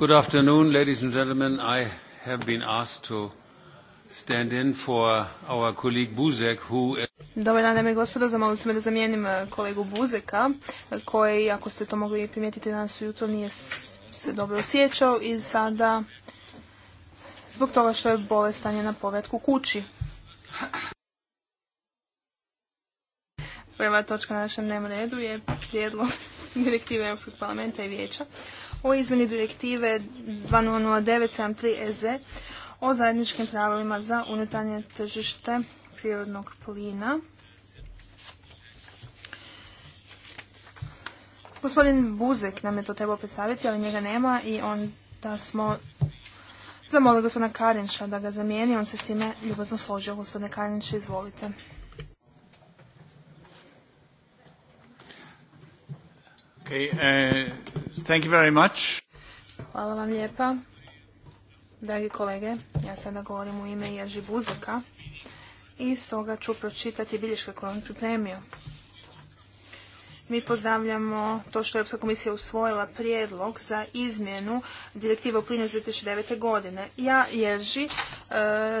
Good afternoon, ladies and gentlemen. I have been asked to stand in for our colleague Buzek, who... Dobar dan, dame i gospodo, zamolili su me da zamijenim eh, kolegu Buzeka, koji, ako ste to mogli primijetiti danas ujutro, nije se dobro osjećao i sada zbog toga što je bolestan je na povratku kući. Prva točka na našem dnevnom redu je prijedlog direktive Europskog parlamenta i vijeća o izmjeni direktive 2009 ez o zajedničkim pravilima za unutarnje tržište prirodnog plina. Gospodin Buzek nam je to trebao predstaviti, ali njega nema i onda smo zamolili gospodina Karinča da ga zamijeni. On se s time ljubazno složio. Gospodine Karinče, izvolite. Okay, uh, thank Hvala vam lijepa. Dragi kolege, ja sada govorim u ime Jerži Buzaka i toga ću pročitati bilješke koje on pripremio. Mi pozdravljamo to što je Europska komisija usvojila prijedlog za izmjenu direktive o plinu iz 2009. godine. Ja, Jerži, e,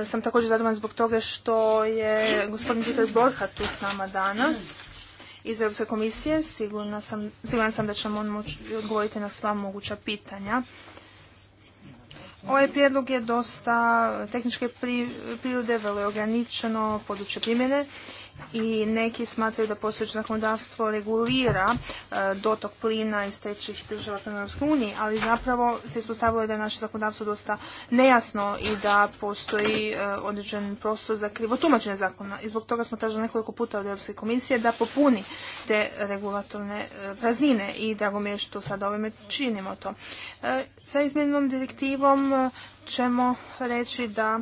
sam također zadovoljan zbog toga što je gospodin Dieter Borha tu s nama danas iz Europske komisije. Sigurna sam, siguran sam da ćemo on moći odgovoriti na sva moguća pitanja. Ovaj prijedlog je dosta tehničke prirode, vrlo je ograničeno područje primjene i neki smatraju da postojeće zakonodavstvo regulira e, dotok plina iz trećih država prema uniji, ali zapravo se ispostavilo da je naše zakonodavstvo dosta nejasno i da postoji e, određen prostor za krivo tumačenje zakona. I zbog toga smo tražili nekoliko puta od Europske komisije da popuni te regulatorne e, praznine i drago mi je što sada ovime činimo to. Sa izmjenom direktivom ćemo reći da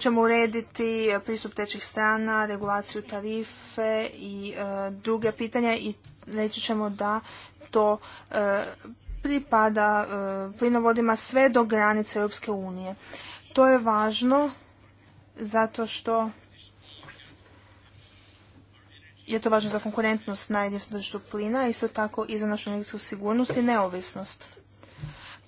ćemo urediti pristup trećih strana, regulaciju tarife i e, druge pitanja i reći ćemo da to e, pripada e, plinovodima sve do granice Europske unije. To je važno zato što je to važno za konkurentnost na jedinstvenom tržištu plina, isto tako i za našu energetsku sigurnost i neovisnost.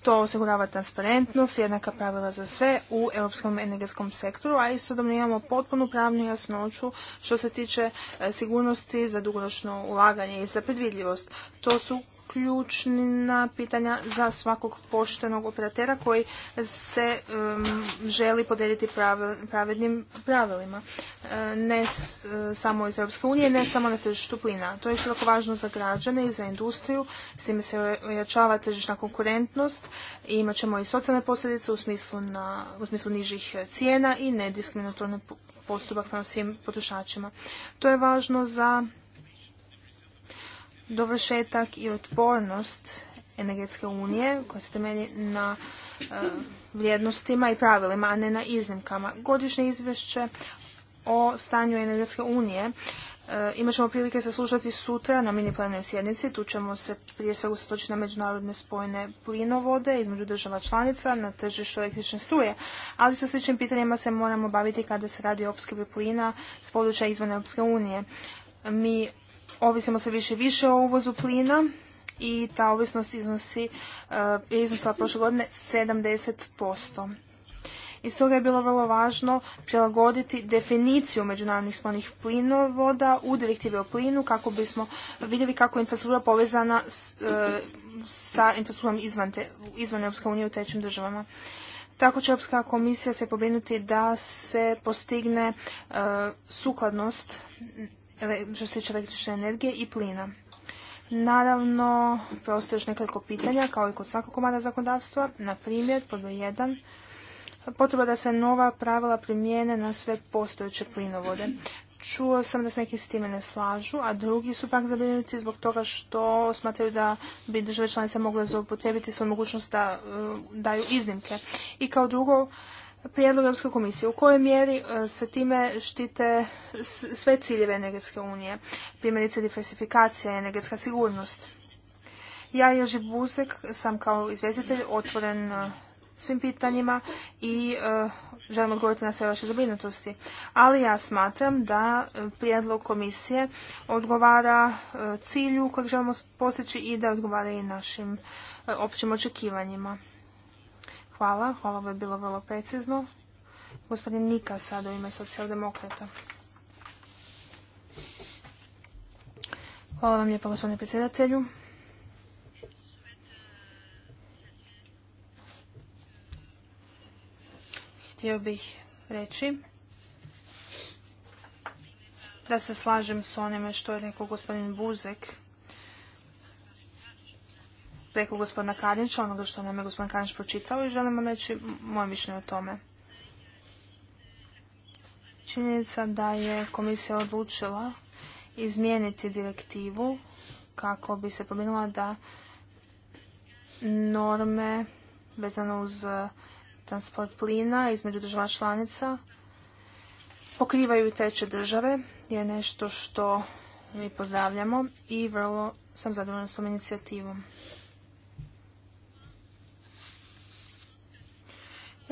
To osigurava transparentnost, jednaka pravila za sve u europskom energetskom sektoru, a istodobno imamo potpunu pravnu jasnoću što se tiče e, sigurnosti za dugoročno ulaganje i za predvidljivost. To su ključna pitanja za svakog poštenog operatera koji se želi podeliti pravednim pravilima. E, ne e, samo iz Europske unije, ne samo na tržištu plina. To je široko važno za građane i za industriju. S time se ojačava tržišna konkurentnost i imat ćemo i socijalne posljedice u smislu, nižih cijena i nediskriminatorne postupak prema svim potrošačima. To je važno za dovršetak i otpornost energetske unije koja se temelji na e, vrijednostima i pravilima, a ne na iznimkama. Godišnje izvješće o stanju energetske unije e, imat ćemo prilike saslušati sutra na mini sjednici. Tu ćemo se prije svega ustočiti na međunarodne spojne plinovode između država članica na tržištu električne struje, ali sa sličnim pitanjima se moramo baviti kada se radi o opskrbi plina s područja izvan Europske unije. Mi ovisimo sve više i više o uvozu plina i ta ovisnost iznosi, eh, je iznosila prošle godine 70%. I stoga je bilo vrlo važno prilagoditi definiciju međunarodnih spolnih plinovoda u direktivi o plinu kako bismo vidjeli kako je infrastruktura povezana eh, sa infrastrukturom izvan, izvan Europske unije u trećim državama. Tako će Europska komisija se pobrinuti da se postigne eh, sukladnost što se tiče električne energije i plina. Naravno, postoje još nekoliko pitanja, kao i kod svakog komada zakonodavstva. Na primjer, pod jedan, potreba da se nova pravila primijene na sve postojeće plinovode. Čuo sam da se neki s time ne slažu, a drugi su pak zabrinuti zbog toga što smatraju da bi države članice mogle zaupotrebiti svoju mogućnost da e, daju iznimke. I kao drugo, prijedlog Europske komisije, u kojoj mjeri e, se time štite sve ciljeve energetske unije, primjerice diversifikacija i energetska sigurnost. Ja, Ježi Buzek, sam kao izvjestitelj otvoren e, svim pitanjima i e, želim odgovoriti na sve vaše zabrinutosti. Ali ja smatram da prijedlog komisije odgovara cilju kojeg želimo postići i da odgovara i našim općim očekivanjima. Hvala, hvala vam je bilo vrlo precizno. Gospodin Nika sada u ime socijaldemokrata. Hvala vam lijepa gospodine predsjedatelju. Htio bih reći da se slažem s onime što je rekao gospodin Buzek preko gospodina Karnića, onoga što nam je gospodin Karinč pročitao i želim vam reći moje mišljenje o tome. Činjenica da je komisija odlučila izmijeniti direktivu kako bi se pominula da norme vezano uz e, transport plina između država članica pokrivaju i treće države je nešto što mi pozdravljamo i vrlo sam zadovoljna s tom inicijativom.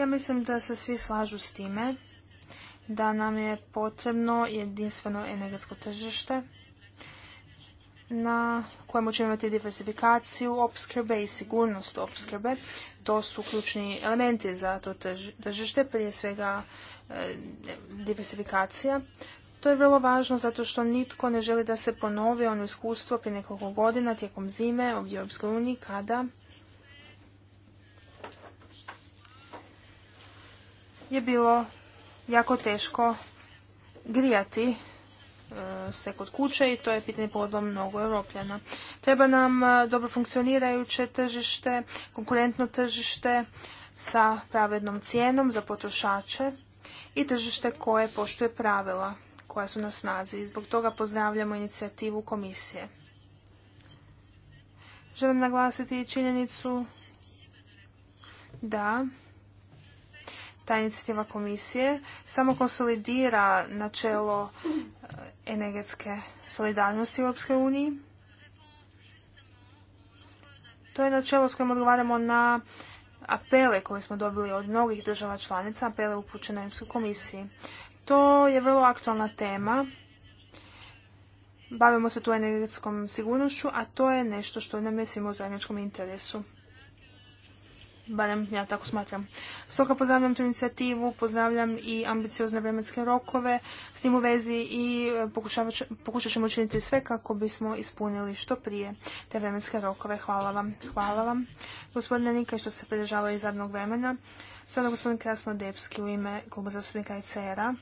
Ja mislim da se svi slažu s time da nam je potrebno jedinstveno energetsko tržište na kojemu ćemo imati diversifikaciju opskrbe i sigurnost opskrbe. To su ključni elementi za to tržište, prije svega e, diversifikacija. To je vrlo važno zato što nitko ne želi da se ponovi ono iskustvo prije nekoliko godina tijekom zime ovdje u Europskoj kada je bilo jako teško grijati e, se kod kuće i to je pitanje povodom mnogo europljana. Treba nam e, dobro funkcionirajuće tržište, konkurentno tržište sa pravednom cijenom za potrošače i tržište koje poštuje pravila koja su na snazi i zbog toga pozdravljamo inicijativu komisije. Želim naglasiti i činjenicu da ta inicijativa komisije samo konsolidira načelo eh, energetske solidarnosti u Europskoj uniji. To je načelo s kojim odgovaramo na apele koje smo dobili od mnogih država članica, apele upućene Europskoj komisiji. To je vrlo aktualna tema. Bavimo se tu energetskom sigurnošću, a to je nešto što nam je u zajedničkom interesu barem ja tako smatram. Stoga pozdravljam tu inicijativu, pozdravljam i ambiciozne vremenske rokove s njim u vezi i e, pokušat ćemo učiniti sve kako bismo ispunili što prije te vremenske rokove. Hvala vam. Hvala vam. Gospodine Nike što se predržalo iz zadnog vremena. Sada gospodin Krasno Depski u ime kluba zastupnika ICR-a.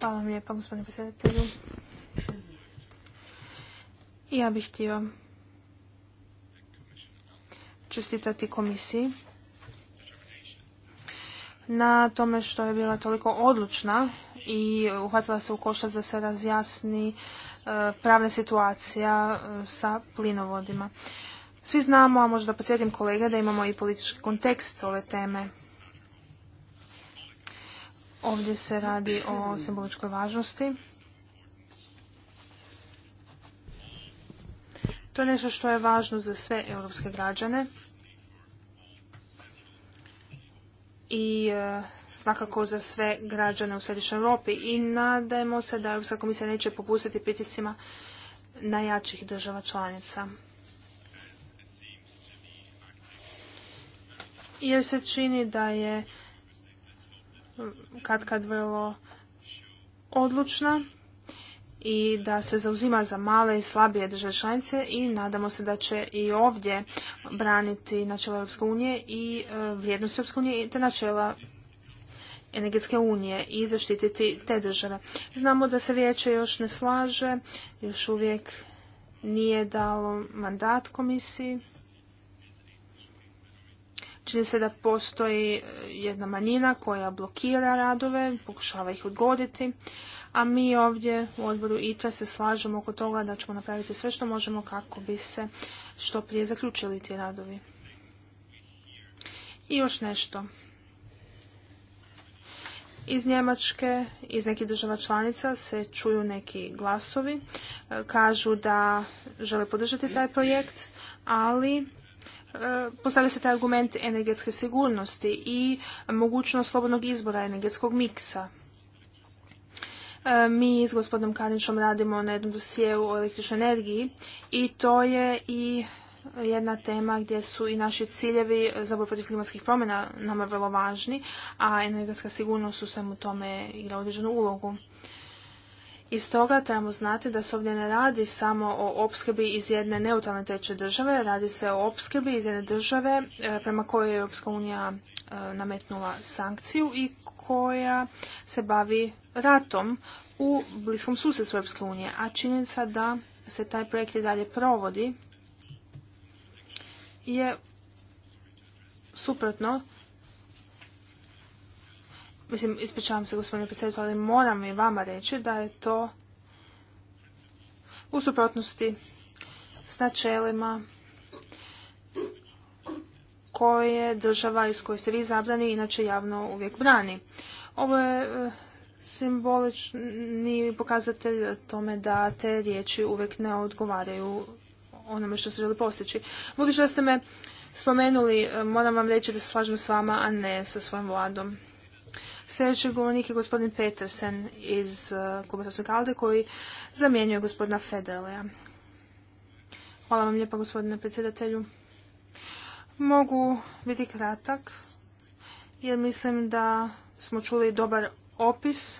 Hvala vam lijepa gospodine predsjedatelju. Ja bih htio čestitati komisiji na tome što je bila toliko odlučna i uhvatila se u koštac da se razjasni e, pravna situacija e, sa plinovodima. Svi znamo, a možda podsjetim kolega, da imamo i politički kontekst ove teme. Ovdje se radi o simboličkoj važnosti. To je nešto što je važno za sve europske građane i e, svakako za sve građane u Središnjoj Europi i nadajmo se da Europska komisija neće popustiti pritiscima najjačih država članica. Jer se čini da je kad kad vrlo odlučna i da se zauzima za male i slabije države članice i nadamo se da će i ovdje braniti načela Europske unije i e, vrijednost Europske unije te načela energetske unije i zaštititi te države. Znamo da se vijeće još ne slaže, još uvijek nije dalo mandat komisiji. Čini se da postoji e, jedna manjina koja blokira radove, pokušava ih odgoditi a mi ovdje u odboru ITRA se slažemo oko toga da ćemo napraviti sve što možemo kako bi se što prije zaključili ti radovi. I još nešto. Iz Njemačke, iz nekih država članica se čuju neki glasovi. E, kažu da žele podržati taj projekt, ali e, postavlja se taj argument energetske sigurnosti i mogućnost slobodnog izbora energetskog miksa. E, mi s gospodinom Karničom radimo na jednom dosijeu o električnoj energiji i to je i jedna tema gdje su i naši ciljevi za borbu protiv klimatskih promjena nama vrlo važni, a energetska sigurnost u svemu tome igra određenu ulogu. I stoga trebamo znati da se ovdje ne radi samo o opskrbi iz jedne neutralne treće države, radi se o opskrbi iz jedne države e, prema kojoj je Europska unija e, nametnula sankciju i koja se bavi ratom u bliskom susjedstvu Europske unije, a činjenica da se taj projekt i dalje provodi je suprotno Mislim, ispričavam se gospodine predsjedatelju, ali moram i vama reći da je to u suprotnosti s načelima koje država iz koje ste vi zabrani, inače javno uvijek brani. Ovo je eh, simbolični pokazatelj tome da te riječi uvijek ne odgovaraju onome što se želi postići. Budući da ste me spomenuli, e, moram vam reći da se slažem s vama, a ne sa svojom vladom. Sljedeći govornik je gospodin Petersen iz e, Kluba Alde koji zamjenjuje gospodina fedelea Hvala vam lijepa gospodine predsjedatelju. Mogu biti kratak jer mislim da smo čuli dobar opis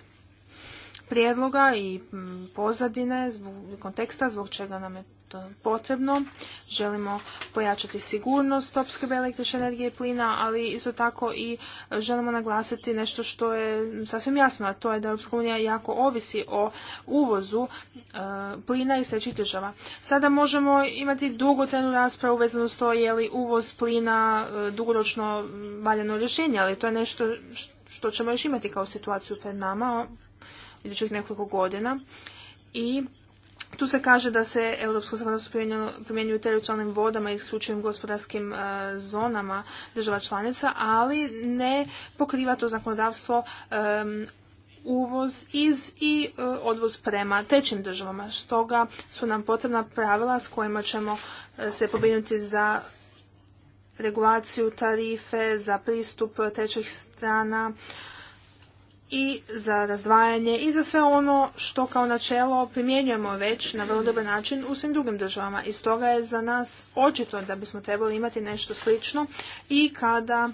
prijedloga i mm, pozadine, konteksta zbog čega nam je to potrebno. Želimo pojačati sigurnost opskrbe električne energije i plina, ali isto tako i e, želimo naglasiti nešto što je sasvim jasno, a to je da Europska unija jako ovisi o uvozu e, plina iz trećih država. Sada možemo imati dugotrenu raspravu vezanu s to je li uvoz plina e, dugoročno valjano rješenje, ali to je nešto što što ćemo još imati kao situaciju pred nama idućih nekoliko godina. I tu se kaže da se europsko zakonodavstvo primjenjuje u teritorijalnim vodama i isključivim gospodarskim e, zonama država članica, ali ne pokriva to zakonodavstvo e, uvoz iz i e, odvoz prema trećim državama. Stoga su nam potrebna pravila s kojima ćemo se pobrinuti za regulaciju tarife, za pristup trećih strana i za razdvajanje i za sve ono što kao načelo primjenjujemo već na vrlo dobar način u svim drugim državama. I stoga je za nas očito da bismo trebali imati nešto slično i kada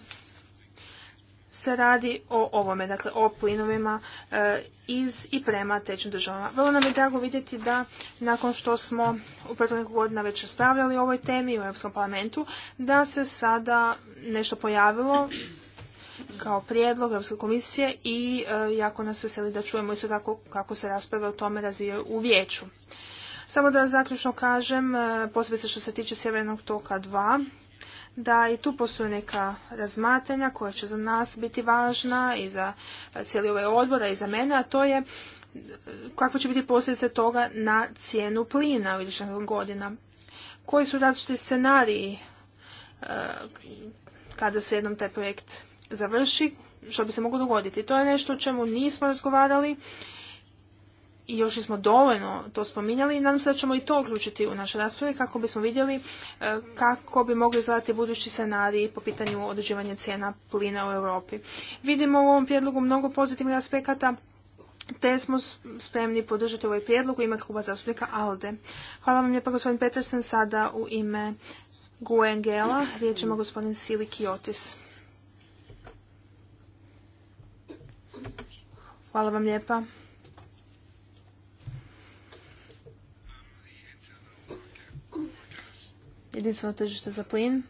se radi o ovome, dakle o plinovima e, iz i prema trećim državama. Vrlo nam je drago vidjeti da nakon što smo u proteklih godina već raspravljali o ovoj temi u Europskom parlamentu, da se sada nešto pojavilo kao prijedlog Europske komisije i e, jako nas veseli da čujemo isto tako kako se rasprave o tome razvijaju u vijeću. Samo da zaključno kažem, e, posebice što se tiče Sjevernog toka 2, da i tu postoje neka razmatranja koja će za nas biti važna i za e, cijeli ovaj odbor, a i za mene, a to je e, kakve će biti posljedice toga na cijenu plina u idućih godina. Koji su različiti scenariji e, kada se jednom taj projekt završi, što bi se moglo dogoditi. To je nešto o čemu nismo razgovarali i još nismo dovoljno to spominjali i nadam se da ćemo i to uključiti u naše rasprave kako bismo vidjeli e, kako bi mogli izgledati budući scenariji po pitanju određivanja cijena plina u Europi. Vidimo u ovom prijedlogu mnogo pozitivnih aspekata te smo spremni podržati ovaj prijedlog u ime kluba zastupnika ALDE. Hvala vam lijepa gospodin Petersen, sada u ime Guengela, riječ ima gospodin Sili Kiotis. Hvala vam lijepa jedinstveno tržište za plin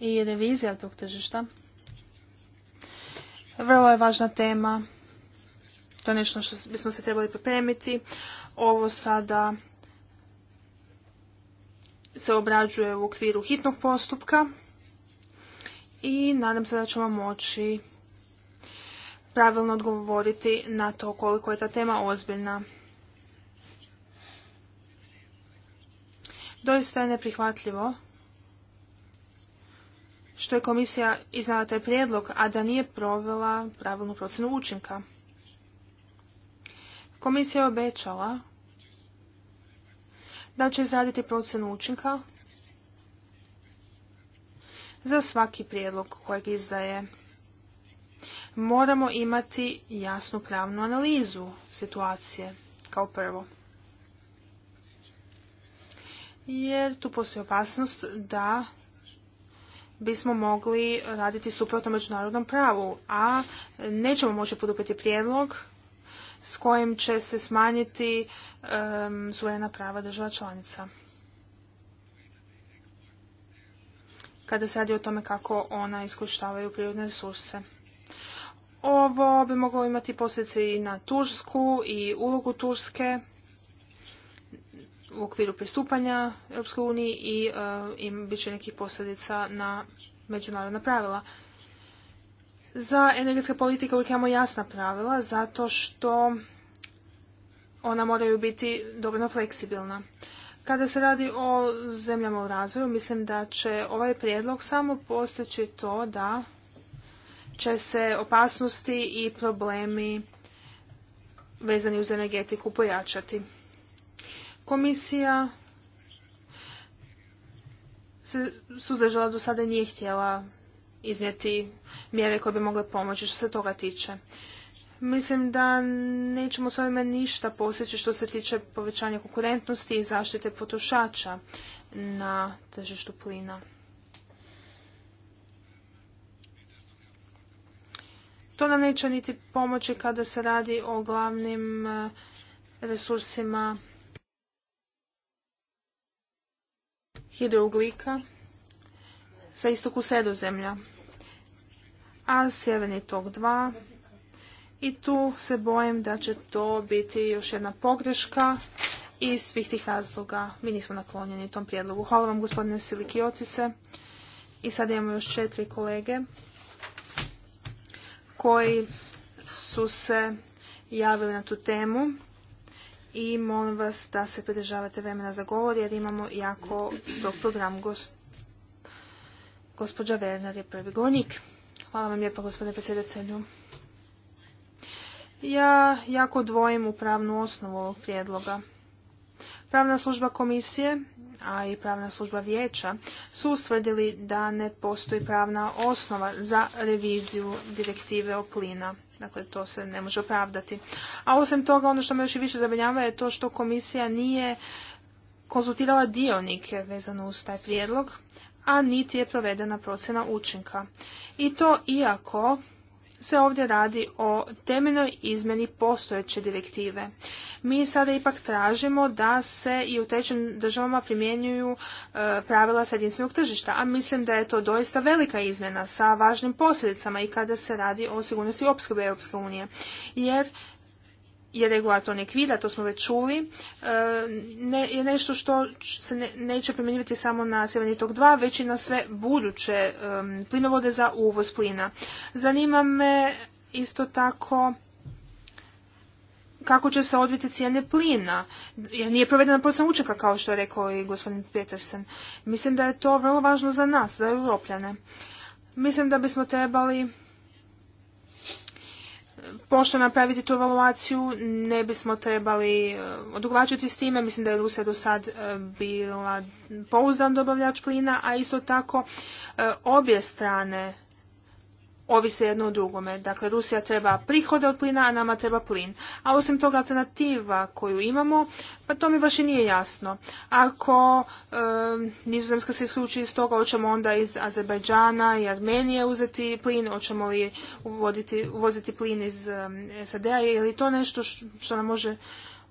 i revizija tog tržišta. Vrlo je važna tema. To je nešto što bismo se trebali pripremiti. Ovo sada se obrađuje u okviru hitnog postupka i nadam se da ćemo moći pravilno odgovoriti na to koliko je ta tema ozbiljna. Doista je neprihvatljivo što je komisija iznala taj prijedlog, a da nije provela pravilnu procenu učinka. Komisija je obećala da će izraditi procenu učinka za svaki prijedlog kojeg izdaje. Moramo imati jasnu pravnu analizu situacije kao prvo jer tu postoji opasnost da bismo mogli raditi suprotno međunarodnom pravu, a nećemo moći podupiti prijedlog s kojim će se smanjiti suverena prava država članica. Kada se radi o tome kako ona iskorištavaju prirodne resurse. Ovo bi moglo imati posljedice i na Tursku i ulogu Turske u okviru pristupanja Europskoj uniji i e, im bit će nekih posljedica na međunarodna pravila. Za energetska politika uvijek imamo jasna pravila zato što ona moraju biti dovoljno fleksibilna. Kada se radi o zemljama u razvoju, mislim da će ovaj prijedlog samo postići to da će se opasnosti i problemi vezani uz energetiku pojačati. Komisija se suzdržala do sada nije htjela iznijeti mjere koje bi mogle pomoći što se toga tiče. Mislim da nećemo s ovime ništa posjeći što se tiče povećanja konkurentnosti i zaštite potrošača na tržištu plina. To nam neće niti pomoći kada se radi o glavnim eh, resursima hidrouglika sa istoku sredozemlja, a sjeverni tok 2 i tu se bojim da će to biti još jedna pogreška iz svih tih razloga mi nismo naklonjeni tom prijedlogu. Hvala vam gospodine Silikiotise. I sad imamo još četiri kolege koji su se javili na tu temu i molim vas da se pridržavate vremena za govor jer imamo jako strog program. Gospođa Werner je prvi govornik. Hvala vam lijepa gospodine predsjedatelju. Ja jako dvojim u pravnu osnovu ovog prijedloga. Pravna služba komisije, a i pravna služba vijeća su ustvrdili da ne postoji pravna osnova za reviziju direktive o plina. Dakle, to se ne može opravdati. A osim toga, ono što me još i više zabrinjava je to što komisija nije konzultirala dionike vezano uz taj prijedlog, a niti je provedena procjena učinka. I to iako se ovdje radi o temeljnoj izmeni postojeće direktive. Mi sada ipak tražimo da se i u trećim državama primjenjuju e, pravila sredinstvenog tržišta, a mislim da je to doista velika izmjena sa važnim posljedicama i kada se radi o sigurnosti opskrbe Europske unije. Jer je regulatorni a to smo već čuli, e, je nešto što se neće primjenjivati samo na Sjeverni tok 2, već i na sve buduće plinovode za uvoz plina. Zanima me isto tako kako će se odviti cijene plina, jer nije provedena posljedna učinka, kao što je rekao i gospodin Petersen. Mislim da je to vrlo važno za nas, za europljane. Mislim da bismo trebali pošto napraviti tu evaluaciju, ne bismo trebali e, odugovlačiti s time. Mislim da je Rusija do sad e, bila pouzdan dobavljač plina, a isto tako e, obje strane ovise jedno o drugome. Dakle, Rusija treba prihode od plina, a nama treba plin. A osim toga alternativa koju imamo, pa to mi baš i nije jasno. Ako e, nizozemska se isključi iz toga, hoćemo onda iz Azerbajdžana i Armenije uzeti plin, hoćemo li uvoditi, uvoziti plin iz SAD-a, je li to nešto što nam može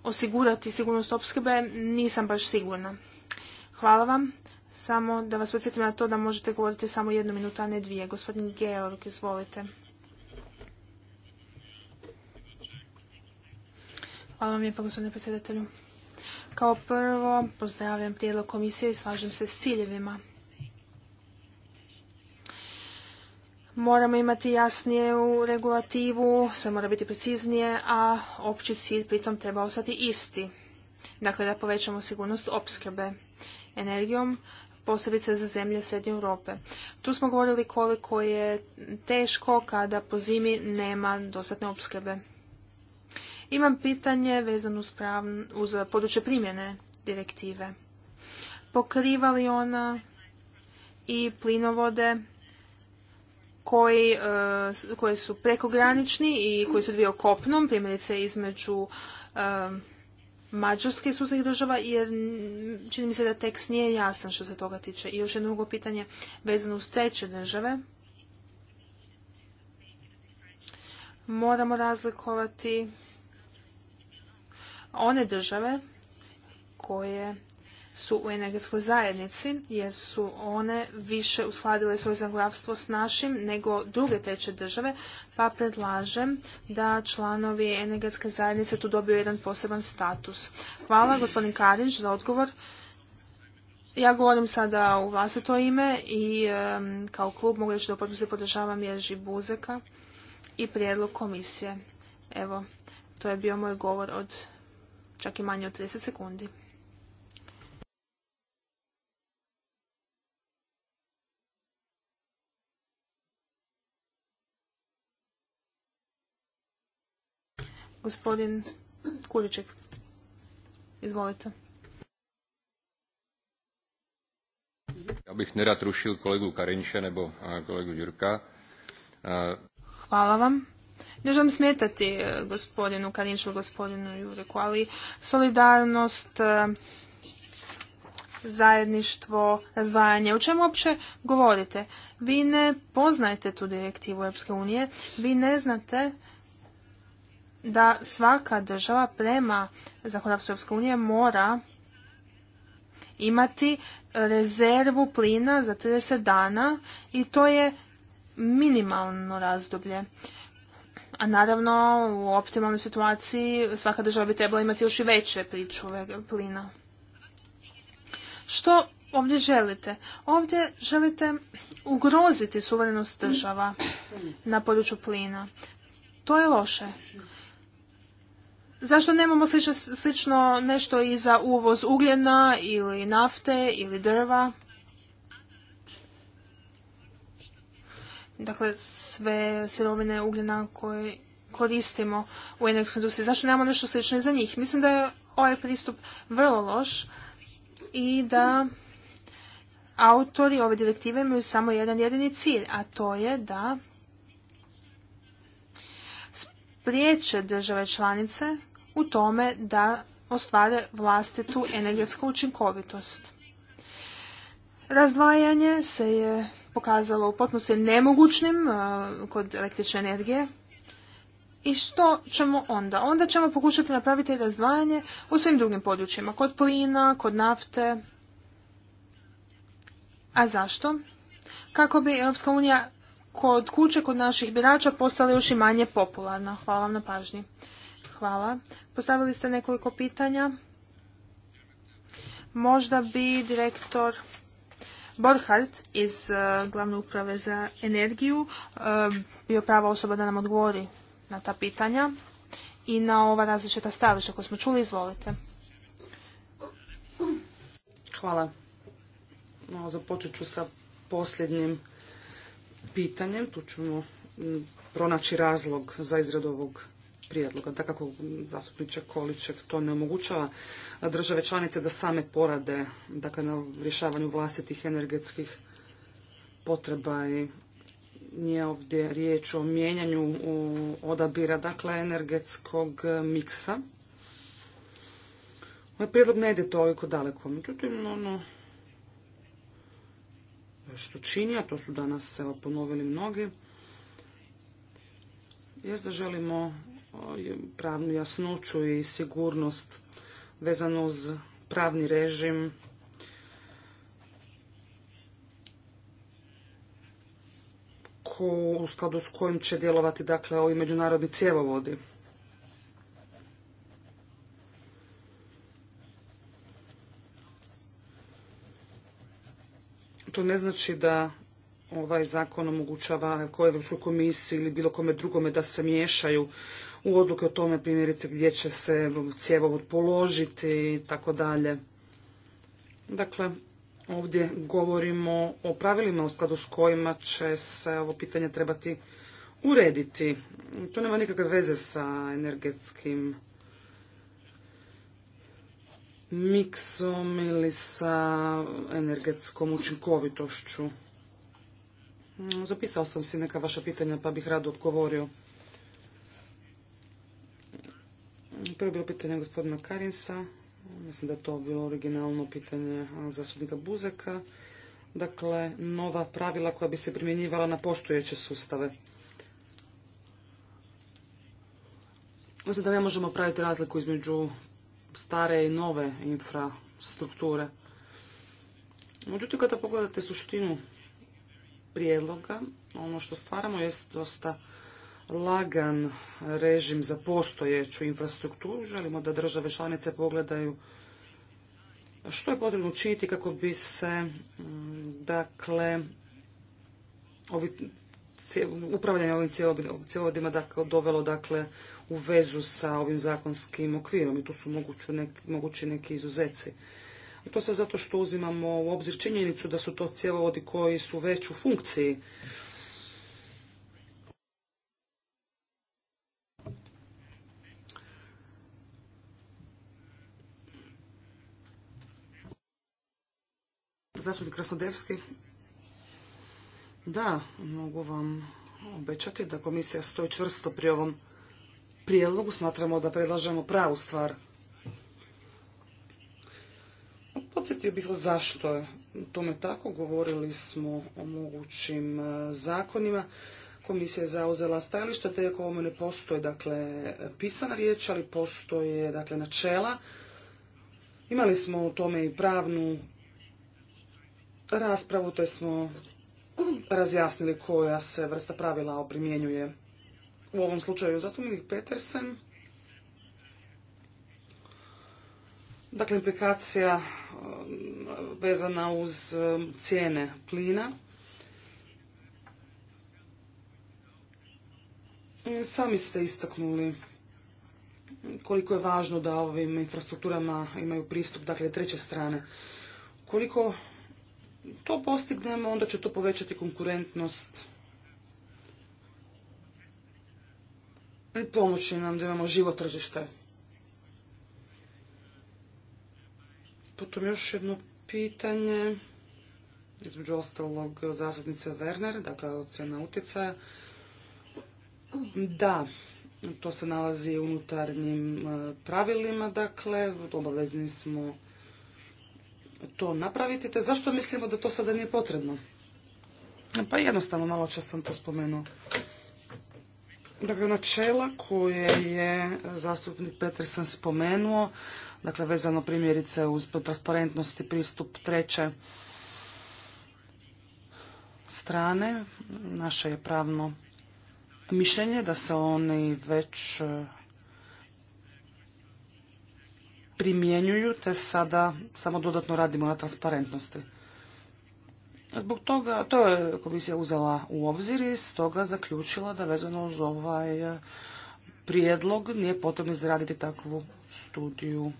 osigurati sigurnost opskrbe, nisam baš sigurna. Hvala vam. Samo da vas podsjetim na to da možete govoriti samo jednu minutu, a ne dvije. Gospodin Georg, izvolite. Hvala vam lijepa, gospodine predsjedatelju. Kao prvo, pozdravljam prijedlog komisije i slažem se s ciljevima. Moramo imati jasniju regulativu, sve mora biti preciznije, a opći cilj pritom treba ostati isti. Dakle, da povećamo sigurnost opskrbe energijom, posebice za zemlje Srednje Europe. Tu smo govorili koliko je teško kada po zimi nema dostatne opskrbe. Imam pitanje vezano uz, područje primjene direktive. Pokriva li ona i plinovode e, koji, su prekogranični i koji su dvije kopnom, primjerice između e, Mađarske i država jer čini mi se da tekst nije jasan što se toga tiče. I još jedno drugo pitanje vezano uz treće države. Moramo razlikovati one države koje su u energetskoj zajednici jer su one više uskladile svoje zakonodavstvo s našim nego druge treće države, pa predlažem da članovi energetske zajednice tu dobiju jedan poseban status. Hvala gospodin Karinč za odgovor. Ja govorim sada u vlastito ime i kao klub mogu reći da se podržavam Ježi Buzeka i prijedlog komisije. Evo, to je bio moj govor od čak i manje od 30 sekundi. Gospodin Kuriček, izvolite. Ja bih nerad rušil kolegu Karinša nebo kolegu Jurka. Hvala vam. Ne želim smetati e, gospodinu Karinšu, gospodinu Jureku, ali solidarnost, e, zajedništvo, razdvajanje. O čemu uopće govorite? Vi ne poznajete tu direktivu Europske unije, vi ne znate da svaka država prema zakonodavstvu Europske unije mora imati rezervu plina za 30 dana i to je minimalno razdoblje. A naravno u optimalnoj situaciji svaka država bi trebala imati još i veće pričuve plina. Što ovdje želite? Ovdje želite ugroziti suverenost država na području plina. To je loše. Zašto nemamo slično, nešto i za uvoz ugljena ili nafte ili drva? Dakle, sve sirovine ugljena koje koristimo u energetskoj industriji. Zašto nemamo nešto slično i za njih? Mislim da je ovaj pristup vrlo loš i da autori ove direktive imaju samo jedan jedini cilj, a to je da spriječe države članice u tome da ostvare vlastitu energetsku učinkovitost. Razdvajanje se je pokazalo u potpunosti nemogućnim kod električne energije. I što ćemo onda? Onda ćemo pokušati napraviti razdvajanje u svim drugim područjima, kod plina, kod nafte. A zašto? Kako bi Europska unija kod kuće, kod naših birača postala još i manje popularna. Hvala vam na pažnji. Hvala. Postavili ste nekoliko pitanja. Možda bi direktor Borhardt iz e, Glavne uprave za energiju e, bio prava osoba da nam odgovori na ta pitanja i na ova različita stajališta koja smo čuli. Izvolite. Hvala. No, započet ću sa posljednjim pitanjem. Tu ćemo pronaći razlog za izradu ovog prijedloga. kako zastupniče Količek to ne omogućava države članice da same porade dakle, na rješavanju vlastitih energetskih potreba i nije ovdje riječ o mijenjanju odabira dakle, energetskog miksa. Moj prijedlog ne ide toliko daleko. Međutim, ono, što čini, a to su danas evo, ponovili mnogi, jest da želimo Ovaj, pravnu jasnoću i sigurnost vezano uz pravni režim. u skladu s kojim će djelovati dakle ovi međunarodni cjevovodi. To ne znači da ovaj zakon omogućava Europskoj komisiji ili bilo kome drugome da se miješaju u odluke o tome primjerice gdje će se cjevovod položiti i tako dalje. Dakle, ovdje govorimo o pravilima u skladu s kojima će se ovo pitanje trebati urediti. To nema nikakve veze sa energetskim miksom ili sa energetskom učinkovitošću. Zapisao sam si neka vaša pitanja pa bih rado odgovorio. Prvo bilo pitanje gospodina Karinsa. Mislim da je to bilo originalno pitanje zastupnika Buzeka. Dakle, nova pravila koja bi se primjenjivala na postojeće sustave. Mislim da ne možemo praviti razliku između stare i nove infrastrukture. Međutim, kada pogledate suštinu prijedloga, ono što stvaramo jest dosta lagan režim za postojeću infrastrukturu. Želimo da države članice pogledaju što je potrebno učiniti kako bi se mm, dakle ovi upravljanje ovim cjevodima dakle, dovelo dakle, u vezu sa ovim zakonskim okvirom i tu su mogući, neki izuzeci. to se zato što uzimamo u obzir činjenicu da su to cjevovodi koji su već u funkciji Zastupnik Krasnodevski. Da, mogu vam obećati da komisija stoji čvrsto pri ovom prijedlogu. Smatramo da predlažemo pravu stvar. Podsjetio bih vas zašto je tome tako. Govorili smo o mogućim e, zakonima. Komisija je zauzela stajalište, te ako ovome ne postoje dakle, pisana riječ, ali postoje dakle, načela. Imali smo u tome i pravnu raspravu te smo razjasnili koja se vrsta pravila primjenjuje. U ovom slučaju zastupnik Petersen. Dakle, implikacija um, vezana uz um, cijene plina. Sami ste istaknuli koliko je važno da ovim infrastrukturama imaju pristup, dakle, treće strane. Koliko to postignemo, onda će to povećati konkurentnost i pomoći nam da imamo živo tržište. Potom još jedno pitanje, između ostalog zastupnice Werner, dakle ocjena utjecaja. Da, to se nalazi u unutarnjim eh, pravilima, dakle, obavezni smo to napraviti, te zašto mislimo da to sada nije potrebno? Pa jednostavno, malo čas sam to spomenuo. Dakle, načela koje je zastupnik Petersen spomenuo, dakle, vezano primjerice uz transparentnost i pristup treće strane, naše je pravno mišljenje da se oni već primjenjuju, te sada samo dodatno radimo na transparentnosti. Zbog toga, to je komisija uzela u obzir i stoga zaključila da vezano uz ovaj eh, prijedlog nije potrebno izraditi takvu studiju.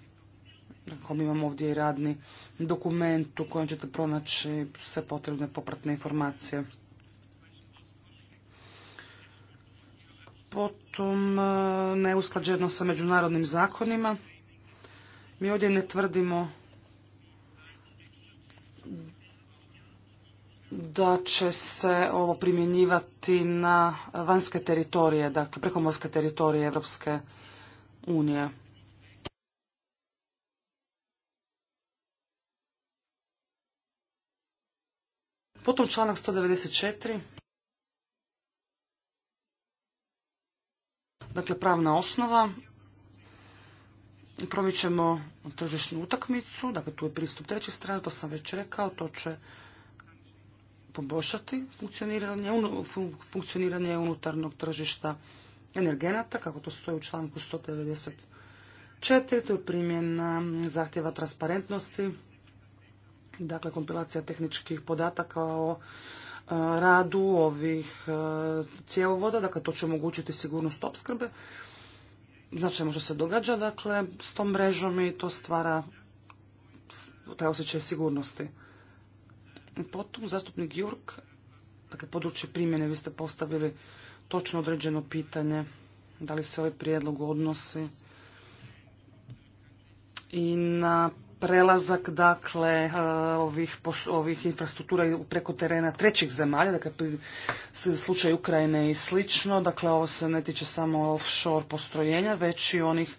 Dakle, mi imamo ovdje i radni dokument u kojem ćete pronaći sve potrebne popratne informacije. Potom eh, neusklađeno sa međunarodnim zakonima. Mi ovdje ne tvrdimo da će se ovo primjenjivati na vanjske teritorije, dakle prekomorske teritorije Europske unije. Potom članak 194. Dakle, pravna osnova promičemo tržišnu utakmicu, dakle tu je pristup treće strane, to sam već rekao, to će poboljšati funkcioniranje, funkcioniranje unutarnog tržišta energenata, kako to stoji u članku 194, to je primjena zahtjeva transparentnosti, dakle kompilacija tehničkih podataka o e, radu ovih e, cjevovoda, dakle to će omogućiti sigurnost opskrbe, znači ono se događa dakle s tom mrežom i to stvara taj osjećaj sigurnosti. Potom zastupnik Jurk, dakle područje primjene, vi ste postavili točno određeno pitanje da li se ovaj prijedlog odnosi i na prelazak dakle eh, ovih, ovih infrastruktura preko terena trećih zemalja, dakle slučaj Ukrajine i slično, dakle ovo se ne tiče samo offshore postrojenja, već i onih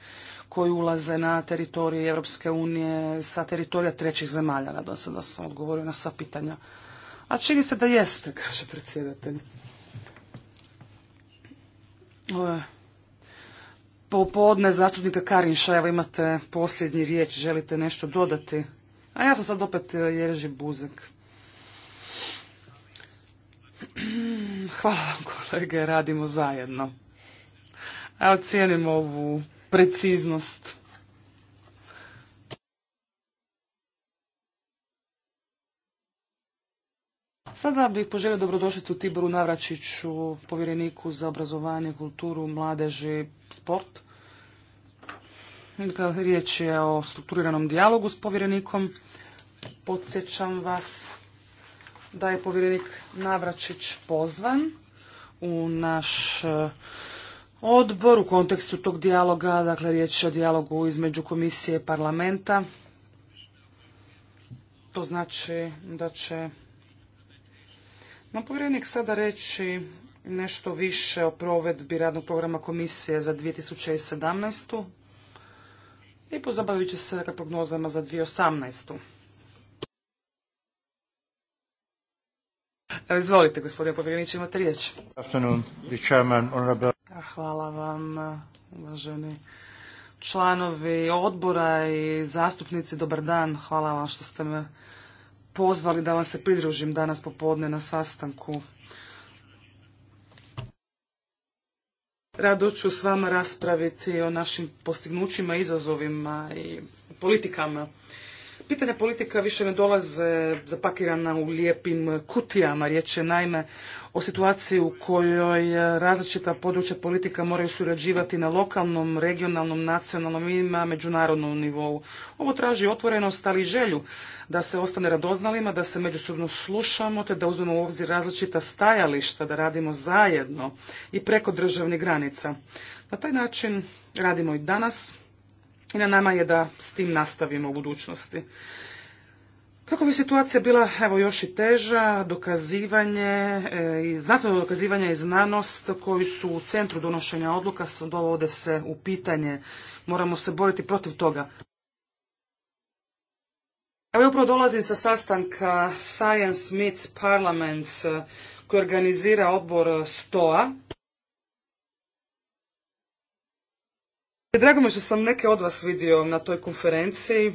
koji ulaze na teritorij Europske unije sa teritorija trećih zemalja. Nadam se da sam odgovorio na sva pitanja. A čini se da jeste, kaže predsjedatelj. Ovo je popodne zastupnika Karinša. Evo imate posljednji riječ, želite nešto dodati? A ja sam sad opet e, Jerži Buzek. Hvala vam kolege, radimo zajedno. Evo cijenim ovu preciznost. Sada bih poželio u Tiboru Navračiću, povjereniku za obrazovanje, kulturu, mladeži, sport. Dakle, riječ je o strukturiranom dijalogu s povjerenikom. Podsjećam vas da je povjerenik Navračić pozvan u naš eh, odbor u kontekstu tog dijaloga, dakle riječ je o dijalogu između komisije i parlamenta. To znači da će no povjerenik sada reći nešto više o provedbi radnog programa komisije za 2017. i pozabavit će se dakle prognozama za 2018. Izvolite, gospodine povjereniče, imate riječ. Hvala vam, uvaženi članovi odbora i zastupnici. Dobar dan, hvala vam što ste me pozvali da vam se pridružim danas popodne na sastanku. Rado ću s vama raspraviti o našim postignućima, izazovima i politikama Pitanja politika više ne dolaze zapakirana u lijepim kutijama. Riječ je naime o situaciji u kojoj različita područja politika moraju surađivati na lokalnom, regionalnom, nacionalnom i na međunarodnom nivou. Ovo traži otvorenost, ali i želju da se ostane radoznalima, da se međusobno slušamo, te da uzmemo u obzir različita stajališta, da radimo zajedno i preko državnih granica. Na taj način radimo i danas, i na nama je da s tim nastavimo u budućnosti. Kako bi situacija bila evo još i teža, dokazivanje e, i znanstveno dokazivanje i znanost koji su u centru donošenja odluka dovode se u pitanje. Moramo se boriti protiv toga. Evo upravo dolazim sa sastanka Science Meets Parliaments e, koji organizira odbor STOA. Drago mi je što sam neke od vas vidio na toj konferenciji,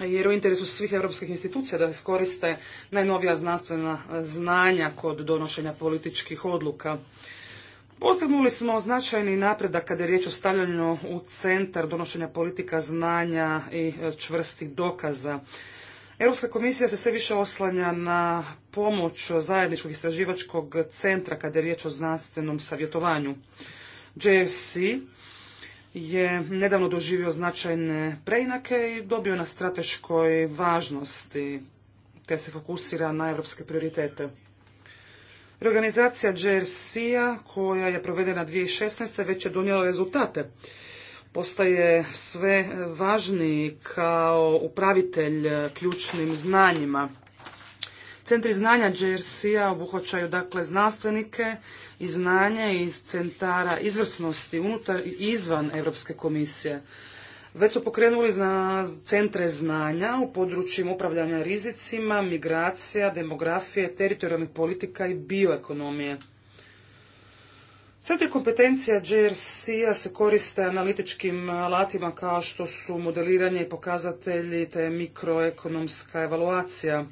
jer u interesu svih europskih institucija da iskoriste najnovija znanstvena e, znanja kod donošenja političkih odluka. Postignuli smo značajni napredak kada je riječ o stavljanju u centar donošenja politika znanja i e, čvrstih dokaza. Europska komisija se sve više oslanja na pomoć zajedničkog istraživačkog centra kada je riječ o znanstvenom savjetovanju. JFC je nedavno doživio značajne preinake i dobio na strateškoj važnosti, te se fokusira na evropske prioritete. Reorganizacija JRC-a koja je provedena 2016. već je donijela rezultate. Postaje sve važniji kao upravitelj ključnim znanjima. Centri znanja GRC-a obuhvaćaju dakle znanstvenike i znanje iz centara izvrsnosti unutar i izvan Europske komisije. Već su pokrenuli na centre znanja u područjima upravljanja rizicima, migracija, demografije, teritorijalnih politika i bioekonomije. Centri kompetencija JRC-a se koriste analitičkim alatima kao što su modeliranje i pokazatelji te mikroekonomska evaluacija.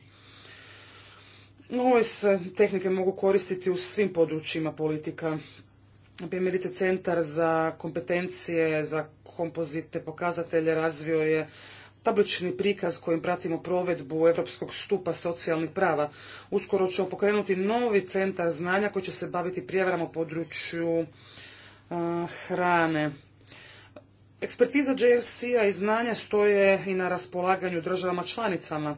Ove se tehnike mogu koristiti u svim područjima politika. Primjerice, Centar za kompetencije, za kompozite, pokazatelje razvio je tablični prikaz kojim pratimo provedbu Europskog stupa socijalnih prava. Uskoro ćemo pokrenuti novi centar znanja koji će se baviti prijevarama području hrane. Ekspertiza JRC-a i znanja stoje i na raspolaganju državama članicama.